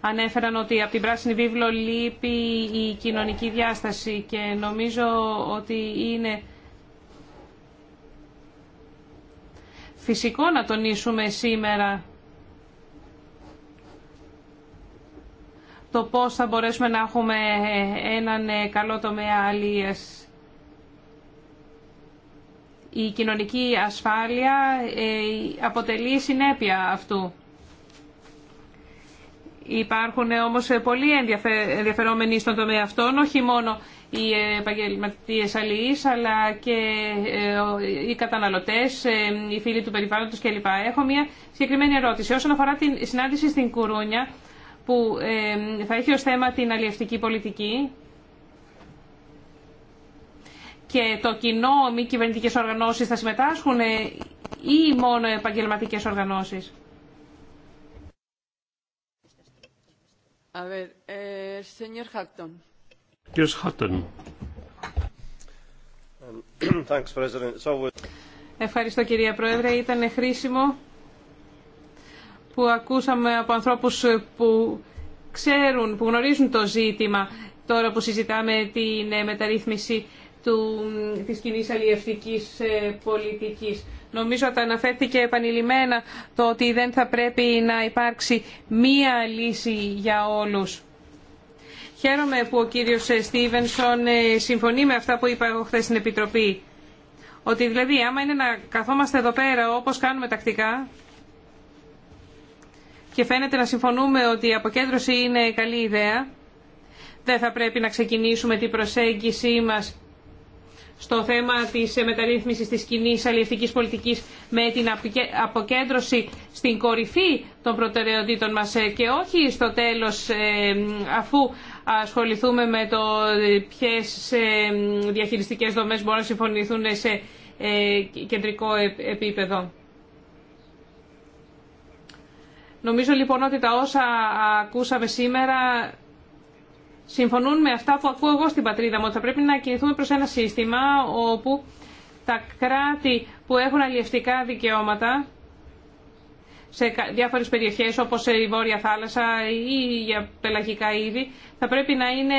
ανέφεραν ότι από την Πράσινη Βίβλο λείπει η κοινωνική διάσταση και νομίζω ότι είναι φυσικό να τονίσουμε σήμερα το πώς θα μπορέσουμε να έχουμε έναν ε, καλό τομέα αλίες. Η κοινωνική ασφάλεια ε, αποτελεί συνέπεια αυτού. Υπάρχουν όμως πολλοί ενδιαφερόμενοι στον τομέα αυτόν, όχι μόνο οι επαγγελματίε αλληλεί, αλλά και ε, οι καταναλωτές, ε, οι φίλοι του περιβάλλοντος κλπ. Έχω μια συγκεκριμένη ερώτηση. Όσον αφορά την συνάντηση στην Κουρούνια, που ε, θα έχει ω θέμα την αλλιευτική πολιτική, και το κοινό, μη κυβερνητικέ οργανώσει θα συμμετάσχουν ή μόνο επαγγελματικέ οργανώσει. Ευχαριστώ κυρία Πρόεδρε. Ήταν χρήσιμο που ακούσαμε από ανθρώπους που ξέρουν, που γνωρίζουν το ζήτημα τώρα που συζητάμε την ε, μεταρρύθμιση του, της κοινή αλλιευτικής ε, πολιτικής. Νομίζω ότι αναφέρθηκε επανειλημμένα το ότι δεν θα πρέπει να υπάρξει μία λύση για όλους. Χαίρομαι που ο κύριος Στίβενσον ε, συμφωνεί με αυτά που είπα εγώ χθες στην Επιτροπή. Ότι δηλαδή άμα είναι να καθόμαστε εδώ πέρα όπως κάνουμε τακτικά και φαίνεται να συμφωνούμε ότι η αποκέντρωση είναι καλή ιδέα, δεν θα πρέπει να ξεκινήσουμε την προσέγγιση μας στο θέμα της μεταρρύθμιση τη κοινή αλληλευτικής πολιτική με την αποκέντρωση στην κορυφή των προτεραιοτήτων μα ε, και όχι στο τέλος ε, αφού ασχοληθούμε με το ε, ποιες διαχειριστικές δομές μπορούν να συμφωνηθούν σε κεντρικό επίπεδο. Νομίζω λοιπόν ότι τα όσα ακούσαμε σήμερα συμφωνούν με αυτά που ακούω εγώ στην πατρίδα μου, ότι θα πρέπει να κινηθούμε προς ένα σύστημα όπου τα κράτη που έχουν αλλιευτικά δικαιώματα σε διάφορες περιοχές όπως η Βόρεια Θάλασσα ή για πελαγικά είδη θα πρέπει να είναι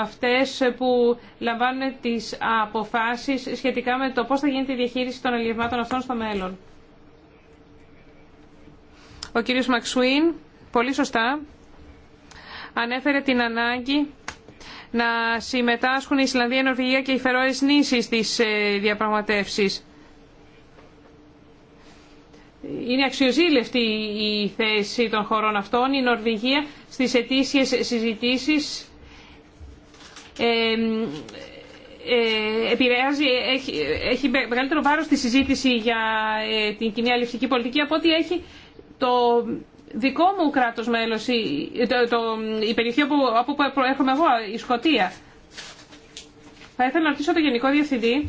αυτές που λαμβάνουν τις αποφάσεις σχετικά με το πώς θα γίνεται η διαχείριση των αλλιευμάτων αυτών στο μέλλον. Ο κύριος Μαξουίν, πολύ σωστά, ανέφερε την ανάγκη να συμμετάσχουν η Ισλανδία, η Νορβηγία και οι Φερόες Νήσεις στις ε, διαπραγματεύσεις. Είναι αξιοζήλευτη η θέση των χωρών αυτών. Η Νορβηγία στις ετήσιες συζητήσεις ε, ε, επηρεάζει, έχει, έχει μεγαλύτερο βάρος στη συζήτηση για την κοινή αλληλευτική πολιτική από ό,τι έχει το δικό μου κράτο μέλο η, το, η περιοχή από, από που έρχομαι εγώ, η Σκωτία. Θα ήθελα να ρωτήσω τον Γενικό Διευθυντή.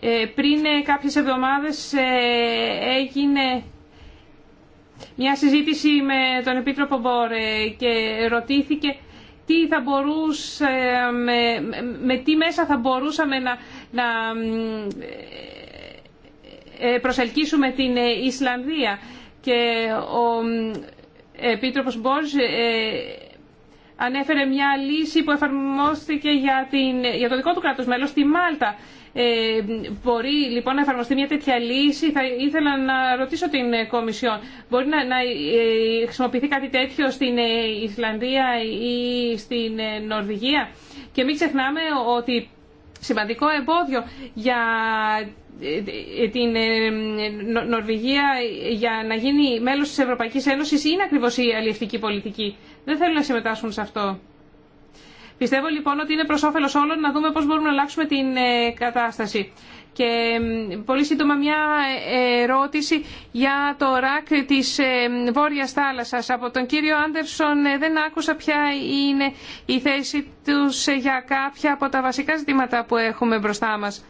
Ε, πριν κάποιες εβδομάδες ε, έγινε μια συζήτηση με τον Επίτροπο Μπόρε και ρωτήθηκε τι θα μπορούσε, ε, με, τι μέσα θα μπορούσαμε να, να ε, προσελκύσουμε την ε, Ισλανδία. Και ο Επίτροπος Μπόζ ε, ανέφερε μια λύση που εφαρμόστηκε για, την, για το δικό του κράτος μέλος τη Μάλτα. Ε, μπορεί λοιπόν να εφαρμοστεί μια τέτοια λύση. Θα ήθελα να ρωτήσω την Κομισιόν. Μπορεί να, να χρησιμοποιηθεί κάτι τέτοιο στην Ισλανδία ή στην Νορβηγία. Και μην ξεχνάμε ότι σημαντικό εμπόδιο για την ε, Νορβηγία για να γίνει μέλος της Ευρωπαϊκής Ένωσης είναι ακριβώς η αλληλευτική πολιτική. Δεν θέλουν να συμμετάσχουν σε αυτό. Πιστεύω λοιπόν ότι είναι προς όφελος όλων να δούμε πώς μπορούμε να αλλάξουμε την ε, κατάσταση. Και πολύ σύντομα μια ε, ερώτηση για το ράκ της Βόρειας Θάλασσας. Από τον κύριο Άντερσον δεν άκουσα ποια είναι η θέση του για κάποια από τα βασικά ζητήματα που έχουμε μπροστά μας.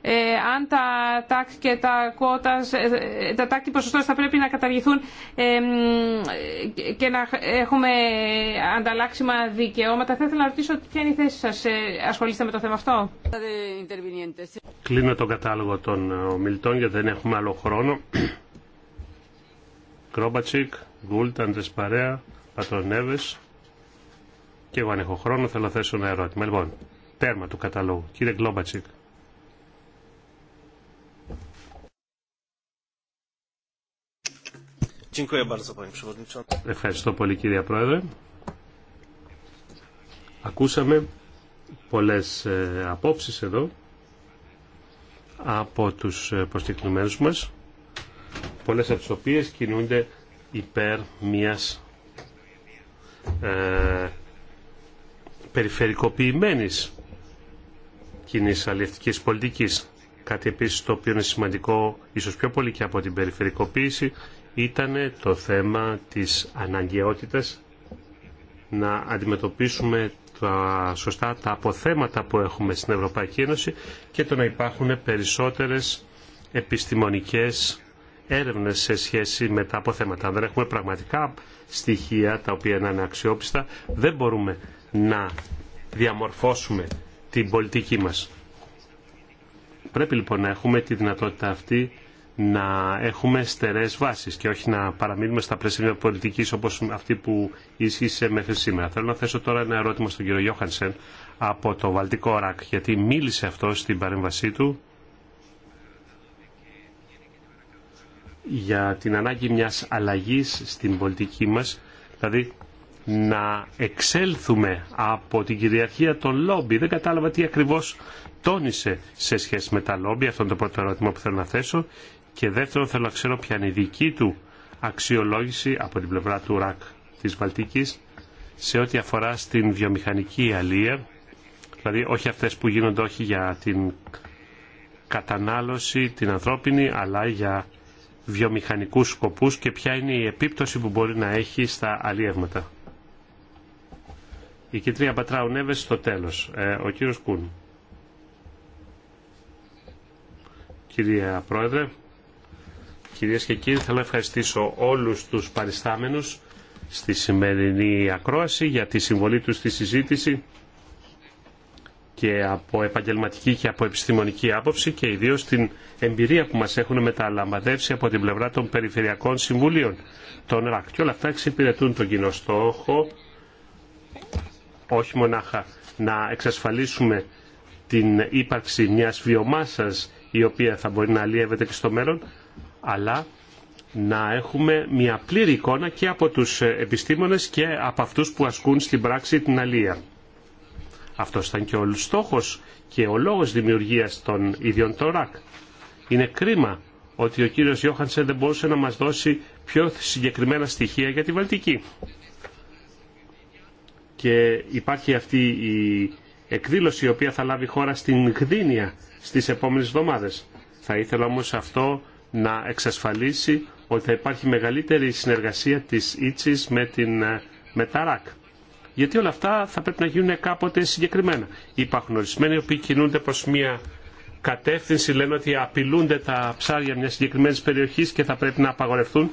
Ε, αν τα τάκ και τα κότας, ε, τα τάκ ποσοστό θα πρέπει να καταργηθούν και να έχουμε ανταλλάξιμα δικαιώματα. Θα ήθελα να ρωτήσω ποια είναι η θέση σας. Ε, ασχολείστε με το θέμα αυτό. Κλείνω τον κατάλογο των ομιλητών γιατί δεν έχουμε άλλο χρόνο. Κρόμπατσικ, Γκούλτ, Αντρεσπαρέα, Πατρονέβες και εγώ αν έχω χρόνο θέλω να θέσω ένα ερώτημα. Λοιπόν, τέρμα του καταλόγου. Κύριε Γκλόμπατσικ. Ευχαριστώ πολύ κύριε Πρόεδρε. Ακούσαμε πολλές ε, απόψεις εδώ από τους ε, προσκεκλημένους μας, πολλές από τις οποίες κινούνται υπέρ μιας ε, περιφερικοποιημένης κοινή αλληλευτικής πολιτικής. Κάτι επίσης το οποίο είναι σημαντικό, ίσως πιο πολύ και από την περιφερικοποίηση, ήταν το θέμα της αναγκαιότητας να αντιμετωπίσουμε τα σωστά τα αποθέματα που έχουμε στην Ευρωπαϊκή Ένωση και το να υπάρχουν περισσότερες επιστημονικές έρευνες σε σχέση με τα αποθέματα. Αν δεν έχουμε πραγματικά στοιχεία τα οποία να είναι αξιόπιστα, δεν μπορούμε να διαμορφώσουμε την πολιτική μας. Πρέπει λοιπόν να έχουμε τη δυνατότητα αυτή να έχουμε στερεές βάσεις και όχι να παραμείνουμε στα πλαίσια πολιτικής όπως αυτή που ισχύσε μέχρι σήμερα. Θέλω να θέσω τώρα ένα ερώτημα στον κύριο Γιώχανσεν από το Βαλτικό ΡΑΚ, γιατί μίλησε αυτό στην παρέμβασή του για την ανάγκη μιας αλλαγής στην πολιτική μας, δηλαδή να εξέλθουμε από την κυριαρχία των λόμπι. Δεν κατάλαβα τι ακριβώς τόνισε σε σχέση με τα λόμπι, αυτό είναι το πρώτο ερώτημα που θέλω να θέσω και δεύτερον θέλω να ξέρω ποια είναι η δική του αξιολόγηση από την πλευρά του ΡΑΚ της Βαλτικής σε ό,τι αφορά στην βιομηχανική αλία, δηλαδή όχι αυτές που γίνονται όχι για την κατανάλωση την ανθρώπινη αλλά για βιομηχανικούς σκοπούς και ποια είναι η επίπτωση που μπορεί να έχει στα αλίευματα. Η κυτρία Πατράου Νέβες στο τέλος. Ε, ο κύριος Κούν. Κυρία Πρόεδρε, Κυρίες και κύριοι, θέλω να ευχαριστήσω όλους τους παριστάμενους στη σημερινή ακρόαση για τη συμβολή τους στη συζήτηση και από επαγγελματική και από επιστημονική άποψη και ιδίως την εμπειρία που μας έχουν μεταλαμβαδεύσει από την πλευρά των Περιφερειακών Συμβουλίων των ΡΑΚ. Και όλα αυτά εξυπηρετούν τον κοινό στόχο, όχι μονάχα να εξασφαλίσουμε την ύπαρξη μιας βιομάσας η οποία θα μπορεί να αλλιεύεται και στο μέλλον, αλλά να έχουμε μια πλήρη εικόνα και από τους επιστήμονες και από αυτούς που ασκούν στην πράξη την αλία. Αυτό ήταν και ο στόχος και ο λόγος δημιουργίας των ίδιων των ΡΑΚ. Είναι κρίμα ότι ο κύριος Γιώχανσεν δεν μπορούσε να μας δώσει πιο συγκεκριμένα στοιχεία για τη Βαλτική. Και υπάρχει αυτή η εκδήλωση η οποία θα λάβει χώρα στην Γδίνια στις επόμενες εβδομάδες. Θα ήθελα όμως αυτό να εξασφαλίσει ότι θα υπάρχει μεγαλύτερη συνεργασία της ΙΤΣΙΣ με, την, ε, τα ΡΑΚ. Γιατί όλα αυτά θα πρέπει να γίνουν κάποτε συγκεκριμένα. Υπάρχουν ορισμένοι οι οποίοι κινούνται προς μια κατεύθυνση, λένε ότι απειλούνται τα ψάρια μιας συγκεκριμένης περιοχής και θα πρέπει να απαγορευτούν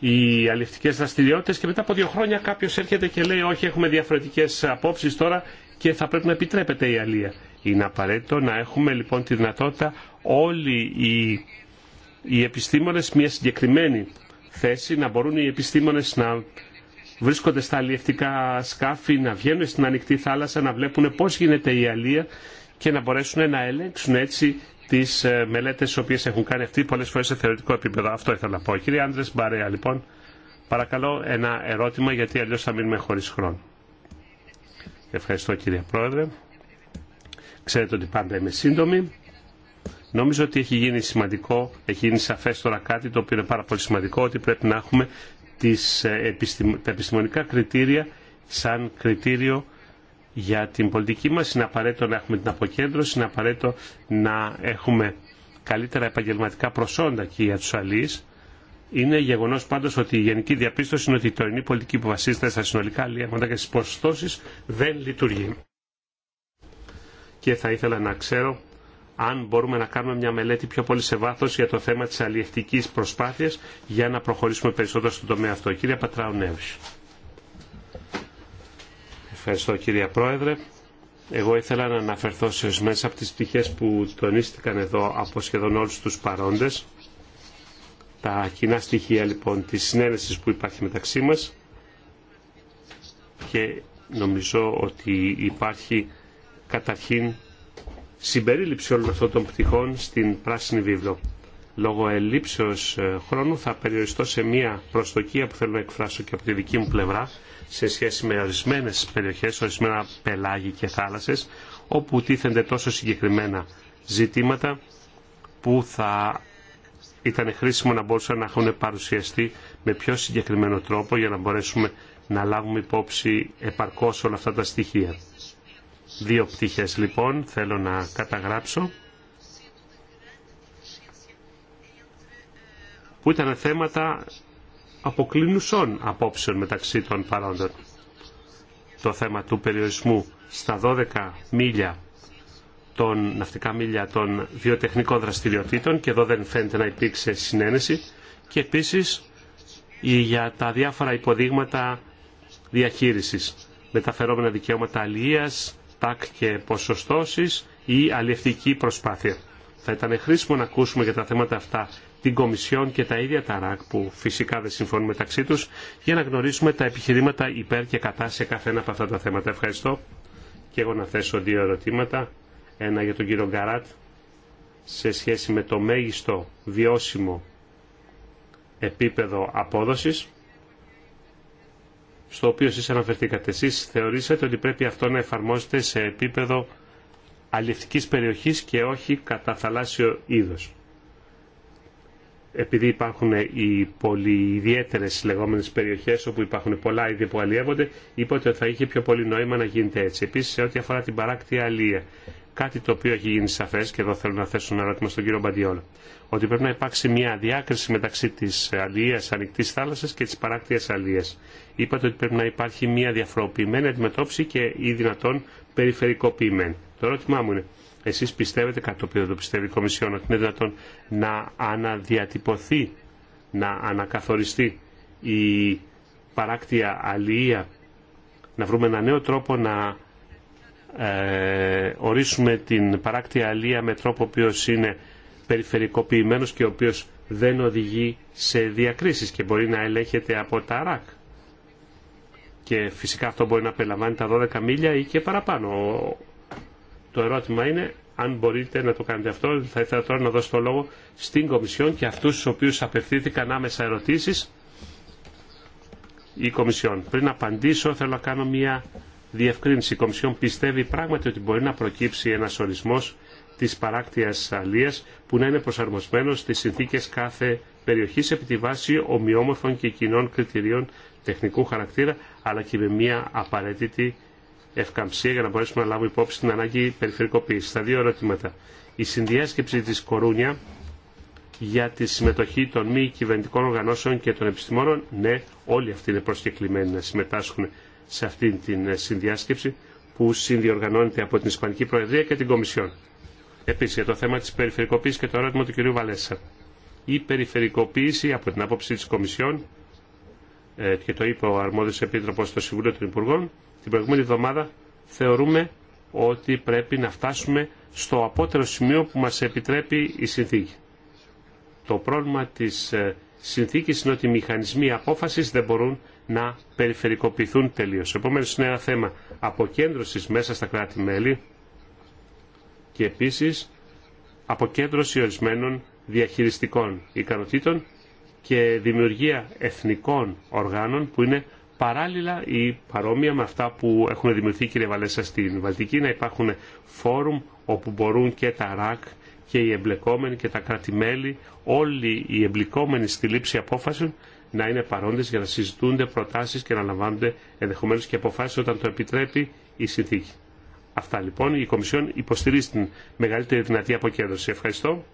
οι αληφτικές δραστηριότητε και μετά από δύο χρόνια κάποιος έρχεται και λέει όχι έχουμε διαφορετικές απόψεις τώρα και θα πρέπει να επιτρέπεται η αλία. Είναι απαραίτητο να έχουμε λοιπόν τη δυνατότητα όλοι οι οι επιστήμονες μια συγκεκριμένη θέση, να μπορούν οι επιστήμονες να βρίσκονται στα αλλιευτικά σκάφη, να βγαίνουν στην ανοιχτή θάλασσα, να βλέπουν πώς γίνεται η αλία και να μπορέσουν να ελέγξουν έτσι τις ε, μελέτες τις οποίες έχουν κάνει αυτοί πολλές φορές σε θεωρητικό επίπεδο. Αυτό ήθελα να πω. Κύριε Άντρες Μπαρέα, λοιπόν, παρακαλώ ένα ερώτημα γιατί αλλιώς θα μείνουμε χωρίς χρόνο. Ευχαριστώ κύριε Πρόεδρε. Ξέρετε ότι πάντα είμαι σύντομη. Νομίζω ότι έχει γίνει σημαντικό, έχει γίνει σαφές τώρα κάτι το οποίο είναι πάρα πολύ σημαντικό, ότι πρέπει να έχουμε τις, ε, τα επιστημονικά κριτήρια σαν κριτήριο για την πολιτική μας. Είναι απαραίτητο να έχουμε την αποκέντρωση, είναι απαραίτητο να έχουμε καλύτερα επαγγελματικά προσόντα και για τους αλείς. Είναι γεγονό πάντω ότι η γενική διαπίστωση είναι ότι η τωρινή πολιτική που βασίζεται στα συνολικά αλλιεύματα και στι ποσοστώσει δεν λειτουργεί. Και θα ήθελα να ξέρω αν μπορούμε να κάνουμε μια μελέτη πιο πολύ σε βάθος για το θέμα της αλλιευτικής προσπάθειας για να προχωρήσουμε περισσότερο στον τομέα αυτό. Κύριε Πατράου Νέου. Ευχαριστώ κύριε Πρόεδρε. Εγώ ήθελα να αναφερθώ σε ορισμένε από τις πτυχές που τονίστηκαν εδώ από σχεδόν όλους τους παρόντες. Τα κοινά στοιχεία λοιπόν της συνένεση που υπάρχει μεταξύ μας και νομίζω ότι υπάρχει καταρχήν συμπερίληψη όλων αυτών των πτυχών στην Πράσινη Βίβλο. Λόγω ελλείψεως ε, χρόνου θα περιοριστώ σε μία προστοκία που θέλω να εκφράσω και από τη δική μου πλευρά σε σχέση με ορισμένες περιοχές, ορισμένα πελάγη και θάλασσες όπου τίθενται τόσο συγκεκριμένα ζητήματα που θα ήταν χρήσιμο να μπορούσαν να έχουν παρουσιαστεί με πιο συγκεκριμένο τρόπο για να μπορέσουμε να λάβουμε υπόψη επαρκώς όλα αυτά τα στοιχεία. Δύο πτυχές λοιπόν θέλω να καταγράψω που ήταν θέματα αποκλίνουσών απόψεων μεταξύ των παρόντων. Το θέμα του περιορισμού στα 12 μίλια των ναυτικά μίλια των βιοτεχνικών δραστηριοτήτων και εδώ δεν φαίνεται να υπήρξε συνένεση και επίσης για τα διάφορα υποδείγματα διαχείρισης μεταφερόμενα δικαιώματα αλληλείας, τάκ και ποσοστώσεις ή αλληλευτική προσπάθεια. Θα ήταν χρήσιμο να ακούσουμε για τα θέματα αυτά την Κομισιόν και τα ίδια τα ΡΑΚ που φυσικά δεν συμφωνούν μεταξύ τους για να γνωρίσουμε τα επιχειρήματα υπέρ και κατά σε κάθε από αυτά τα θέματα. Ευχαριστώ και εγώ να θέσω δύο ερωτήματα. Ένα για τον κύριο Γκαράτ σε σχέση με το μέγιστο βιώσιμο επίπεδο απόδοσης στο οποίο εσείς αναφερθήκατε. Εσείς θεωρήσατε ότι πρέπει αυτό να εφαρμόζεται σε επίπεδο αλληλευτικής περιοχής και όχι κατά θαλάσσιο είδος. Επειδή υπάρχουν οι πολύ ιδιαίτερες λεγόμενες περιοχές όπου υπάρχουν πολλά είδη που αλλιεύονται, είπατε ότι θα είχε πιο πολύ νόημα να γίνεται έτσι. Επίσης, σε ό,τι αφορά την παράκτη αλλήλεια. Κάτι το οποίο έχει γίνει σαφέ και εδώ θέλω να θέσω ένα ερώτημα στον κύριο Μπαντιόλα. Ότι πρέπει να υπάρξει μια διάκριση μεταξύ τη αλληλεία ανοιχτή θάλασσα και τη παράκτεια αλληλεία. Είπατε ότι πρέπει να υπάρχει μια διαφοροποιημένη αντιμετώπιση και ή δυνατόν περιφερικοποιημένη. Το ερώτημά μου είναι, εσεί πιστεύετε, κάτι το οποίο δεν το πιστεύει η Κομισιόν, ότι είναι δυνατόν να αναδιατυπωθεί, να ανακαθοριστεί η παράκτια αλληλεία, να βρούμε ένα νέο τρόπο να ε, ορίσουμε την παράκτη αλία με τρόπο ο οποίο είναι περιφερικοποιημένος και ο οποίος δεν οδηγεί σε διακρίσεις και μπορεί να ελέγχεται από τα ΡΑΚ. Και φυσικά αυτό μπορεί να περιλαμβάνει τα 12 μίλια ή και παραπάνω. Το ερώτημα είναι αν μπορείτε να το κάνετε αυτό. Θα ήθελα τώρα να δώσω το λόγο στην Κομισιόν και αυτούς τους οποίους απευθύνθηκαν άμεσα ερωτήσεις η Κομισιόν. Πριν απαντήσω θέλω να κάνω μια διευκρίνηση. Η Κομισιόν πιστεύει πράγματι ότι μπορεί να προκύψει ένας ορισμός της παράκτειας αλίας που να είναι προσαρμοσμένος στις συνθήκες κάθε περιοχής επί τη βάση ομοιόμορφων και κοινών κριτηρίων τεχνικού χαρακτήρα αλλά και με μια απαραίτητη ευκαμψία για να μπορέσουμε να λάβουμε υπόψη την ανάγκη περιφερικοποίηση. Τα δύο ερωτήματα. Η συνδιάσκεψη της Κορούνια για τη συμμετοχή των μη κυβερνητικών οργανώσεων και των επιστημόνων. Ναι, όλοι αυτοί είναι προσκεκλημένοι να συμμετάσχουν σε αυτήν την ε, συνδιάσκεψη που συνδιοργανώνεται από την Ισπανική Προεδρία και την Κομισιόν. Επίση, για το θέμα τη περιφερικοποίηση και το ερώτημα του κ. Βαλέσσα. Η περιφερικοποίηση, από την άποψη τη Κομισιόν, ε, και το είπε ο αρμόδιο επίτροπο στο Συμβούλιο των Υπουργών, την προηγούμενη εβδομάδα θεωρούμε ότι πρέπει να φτάσουμε στο απότερο σημείο που μας επιτρέπει η συνθήκη. Το πρόβλημα της ε, συνθήκης είναι ότι οι μηχανισμοί απόφασης δεν μπορούν να περιφερικοποιηθούν τελείως. Επόμενο είναι ένα θέμα αποκέντρωσης μέσα στα κράτη-μέλη και επίσης αποκέντρωση ορισμένων διαχειριστικών ικανοτήτων και δημιουργία εθνικών οργάνων που είναι παράλληλα ή παρόμοια με αυτά που έχουν δημιουργηθεί κύριε Βαλέσσα στην Βαλτική να υπάρχουν φόρουμ όπου μπορούν και τα ΡΑΚ και οι εμπλεκόμενοι και τα κράτη-μέλη όλοι οι εμπλεκόμενοι στη λήψη απόφασεων να είναι παρόντε για να συζητούνται προτάσει και να λαμβάνονται ενδεχομένω και αποφάσει όταν το επιτρέπει η συνθήκη. Αυτά λοιπόν. Η Κομισιόν υποστηρίζει την μεγαλύτερη δυνατή αποκέντρωση. Ευχαριστώ.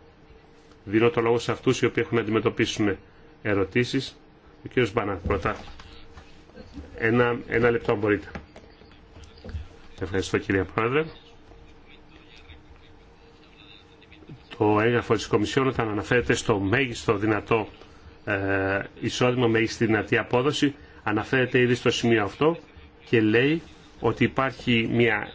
Δίνω το λόγο σε αυτού οι οποίοι έχουν να αντιμετωπίσουν ερωτήσεις. Ο κ. Μπανάρ, πρώτα. Ένα, ένα λεπτό αν μπορείτε. Ευχαριστώ κύριε Πρόεδρε. Το έγγραφο της Κομισιόν όταν αναφέρεται στο μέγιστο δυνατό εισόδημα με στη δυνατή απόδοση αναφέρεται ήδη στο σημείο αυτό και λέει ότι υπάρχει μια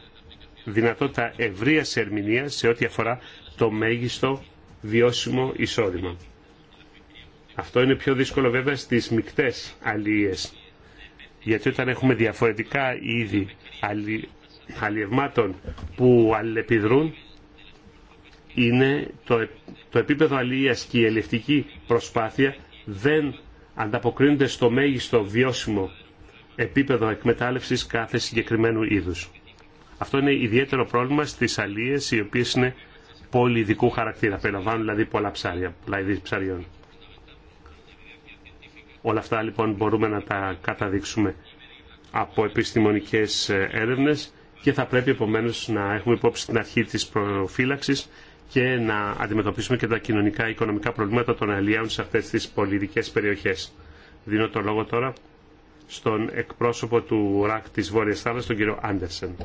δυνατότητα ευρεία ερμηνεία σε ό,τι αφορά το μέγιστο βιώσιμο εισόδημα. Αυτό είναι πιο δύσκολο βέβαια στις μικτές αλίες, Γιατί όταν έχουμε διαφορετικά είδη αλλιευμάτων που αλληλεπιδρούν, είναι το, το επίπεδο αλληλεία και η ελευτική προσπάθεια δεν ανταποκρίνονται στο μέγιστο βιώσιμο επίπεδο εκμετάλλευσης κάθε συγκεκριμένου είδους. Αυτό είναι ιδιαίτερο πρόβλημα στις αλίες οι οποίες είναι πολυειδικού χαρακτήρα, περιλαμβάνουν δηλαδή πολλά ψάρια, πολλά ψαριών. Όλα αυτά λοιπόν μπορούμε να τα καταδείξουμε από επιστημονικές ε, έρευνες και θα πρέπει επομένως να έχουμε υπόψη την αρχή της προφύλαξης και να αντιμετωπίσουμε και τα κοινωνικά οικονομικά προβλήματα των αλλιέων σε αυτές τις πολιτικές περιοχές. Δίνω το λόγο τώρα στον εκπρόσωπο του ΡΑΚ της Βόρειας Θάλασσας, τον κύριο Άντερσεν.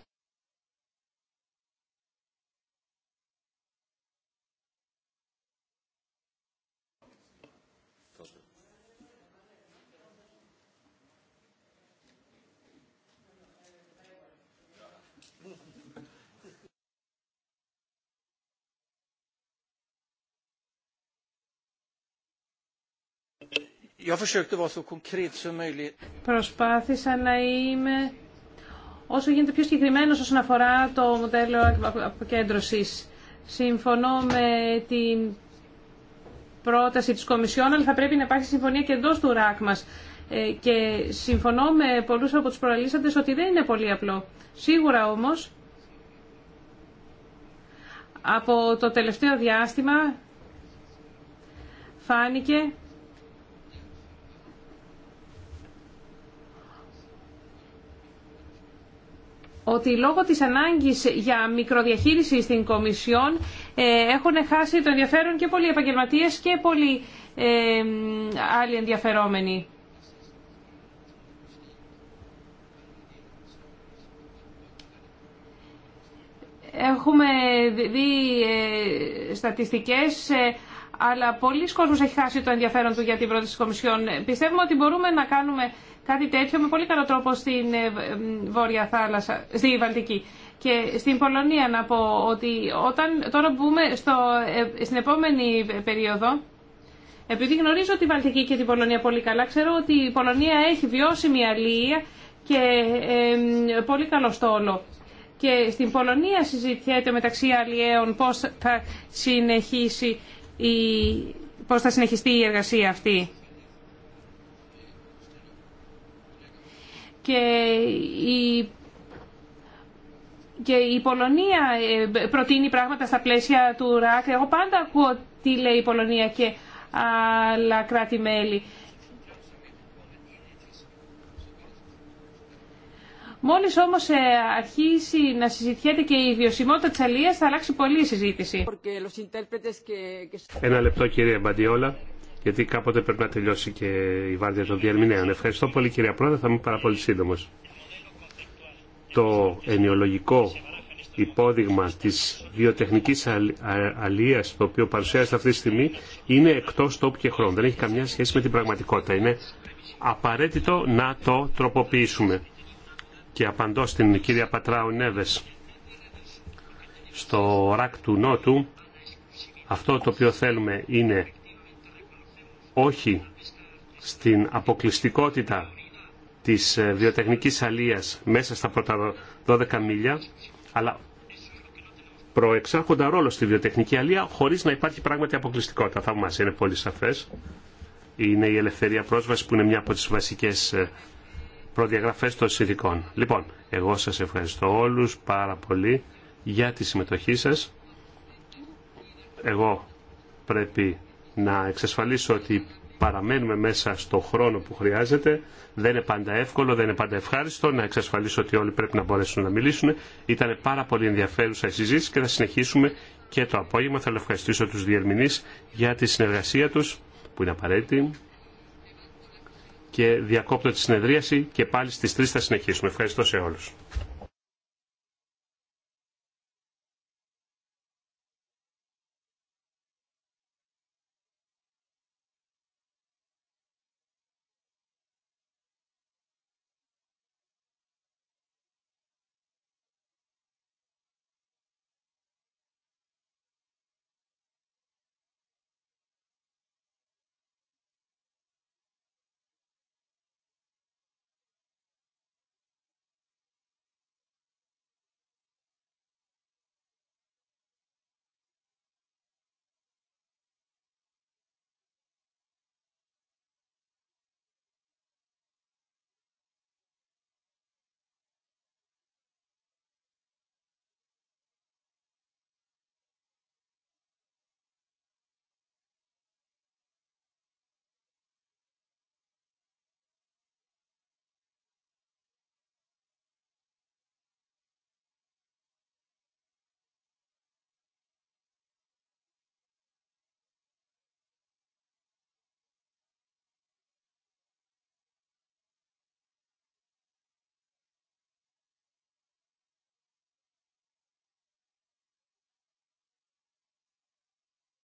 Προσπάθησα να είμαι όσο γίνεται πιο συγκεκριμένο όσον αφορά το μοντέλο αποκέντρωση. Συμφωνώ με την πρόταση της Κομισιόν, αλλά θα πρέπει να υπάρχει συμφωνία και εντός του ΡΑΚ μας. Ε, και συμφωνώ με πολλούς από τους προαλήσαντες ότι δεν είναι πολύ απλό. Σίγουρα όμως, από το τελευταίο διάστημα φάνηκε ότι λόγω της ανάγκης για μικροδιαχείριση στην Κομισιόν ε, έχουν χάσει το ενδιαφέρον και πολλοί επαγγελματίες και πολλοί ε, άλλοι ενδιαφερόμενοι. Έχουμε δει ε, στατιστικές αλλά πολλοί κόσμοι έχει χάσει το ενδιαφέρον του για την πρόταση της Κομισιόν. Πιστεύουμε ότι μπορούμε να κάνουμε κάτι τέτοιο με πολύ καλό τρόπο στην ε, Βόρεια Θάλασσα, στη Βαλτική. Και στην Πολωνία να πω ότι όταν τώρα μπούμε στο, ε, στην επόμενη περίοδο, επειδή γνωρίζω τη Βαλτική και την Πολωνία πολύ καλά, ξέρω ότι η Πολωνία έχει βιώσιμη αλληλεία και ε, πολύ καλό στόλο. Και στην Πολωνία συζητιέται μεταξύ αλλιέων πώς θα συνεχίσει πώς θα συνεχιστεί η εργασία αυτή. Και η και η Πολωνία ε, προτείνει πράγματα στα πλαίσια του ΡΑΚ. Εγώ πάντα ακούω τι λέει η Πολωνία και άλλα κράτη-μέλη. Μόλις όμως ε, αρχίσει να συζητιέται και η βιωσιμότητα τη αλίας θα αλλάξει πολύ η συζήτηση. Ένα λεπτό κύριε Μπαντιόλα, γιατί κάποτε πρέπει να τελειώσει και η βάρδια των διερμηνέων. Ευχαριστώ πολύ κύριε Πρόεδρε, θα είμαι πάρα πολύ σύντομο. Το ενοιολογικό υπόδειγμα της βιοτεχνικής αλίας το οποίο παρουσιάζεται αυτή τη στιγμή είναι εκτός τόπου και χρόνου. Δεν έχει καμιά σχέση με την πραγματικότητα. Είναι απαραίτητο να το τροποποιήσουμε και απαντώ στην κυρία Πατράου Νέβες στο ρακ του Νότου αυτό το οποίο θέλουμε είναι όχι στην αποκλειστικότητα της ε, βιοτεχνικής αλίας μέσα στα πρώτα 12 μίλια αλλά προεξάρχοντα ρόλο στη βιοτεχνική αλία χωρίς να υπάρχει πράγματι αποκλειστικότητα. Θα μας είναι πολύ σαφές. Είναι η ελευθερία πρόσβαση που είναι μια από τις βασικές ε, προδιαγραφές των συνδικών. Λοιπόν, εγώ σας ευχαριστώ όλους πάρα πολύ για τη συμμετοχή σας. Εγώ πρέπει να εξασφαλίσω ότι παραμένουμε μέσα στο χρόνο που χρειάζεται. Δεν είναι πάντα εύκολο, δεν είναι πάντα ευχάριστο να εξασφαλίσω ότι όλοι πρέπει να μπορέσουν να μιλήσουν. Ήταν πάρα πολύ ενδιαφέρουσα η συζήτηση και θα συνεχίσουμε και το απόγευμα. Θέλω να ευχαριστήσω τους διερμηνείς για τη συνεργασία τους που είναι απαραίτητη και διακόπτω τη συνεδρίαση και πάλι στις 3 θα συνεχίσουμε. Ευχαριστώ σε όλους.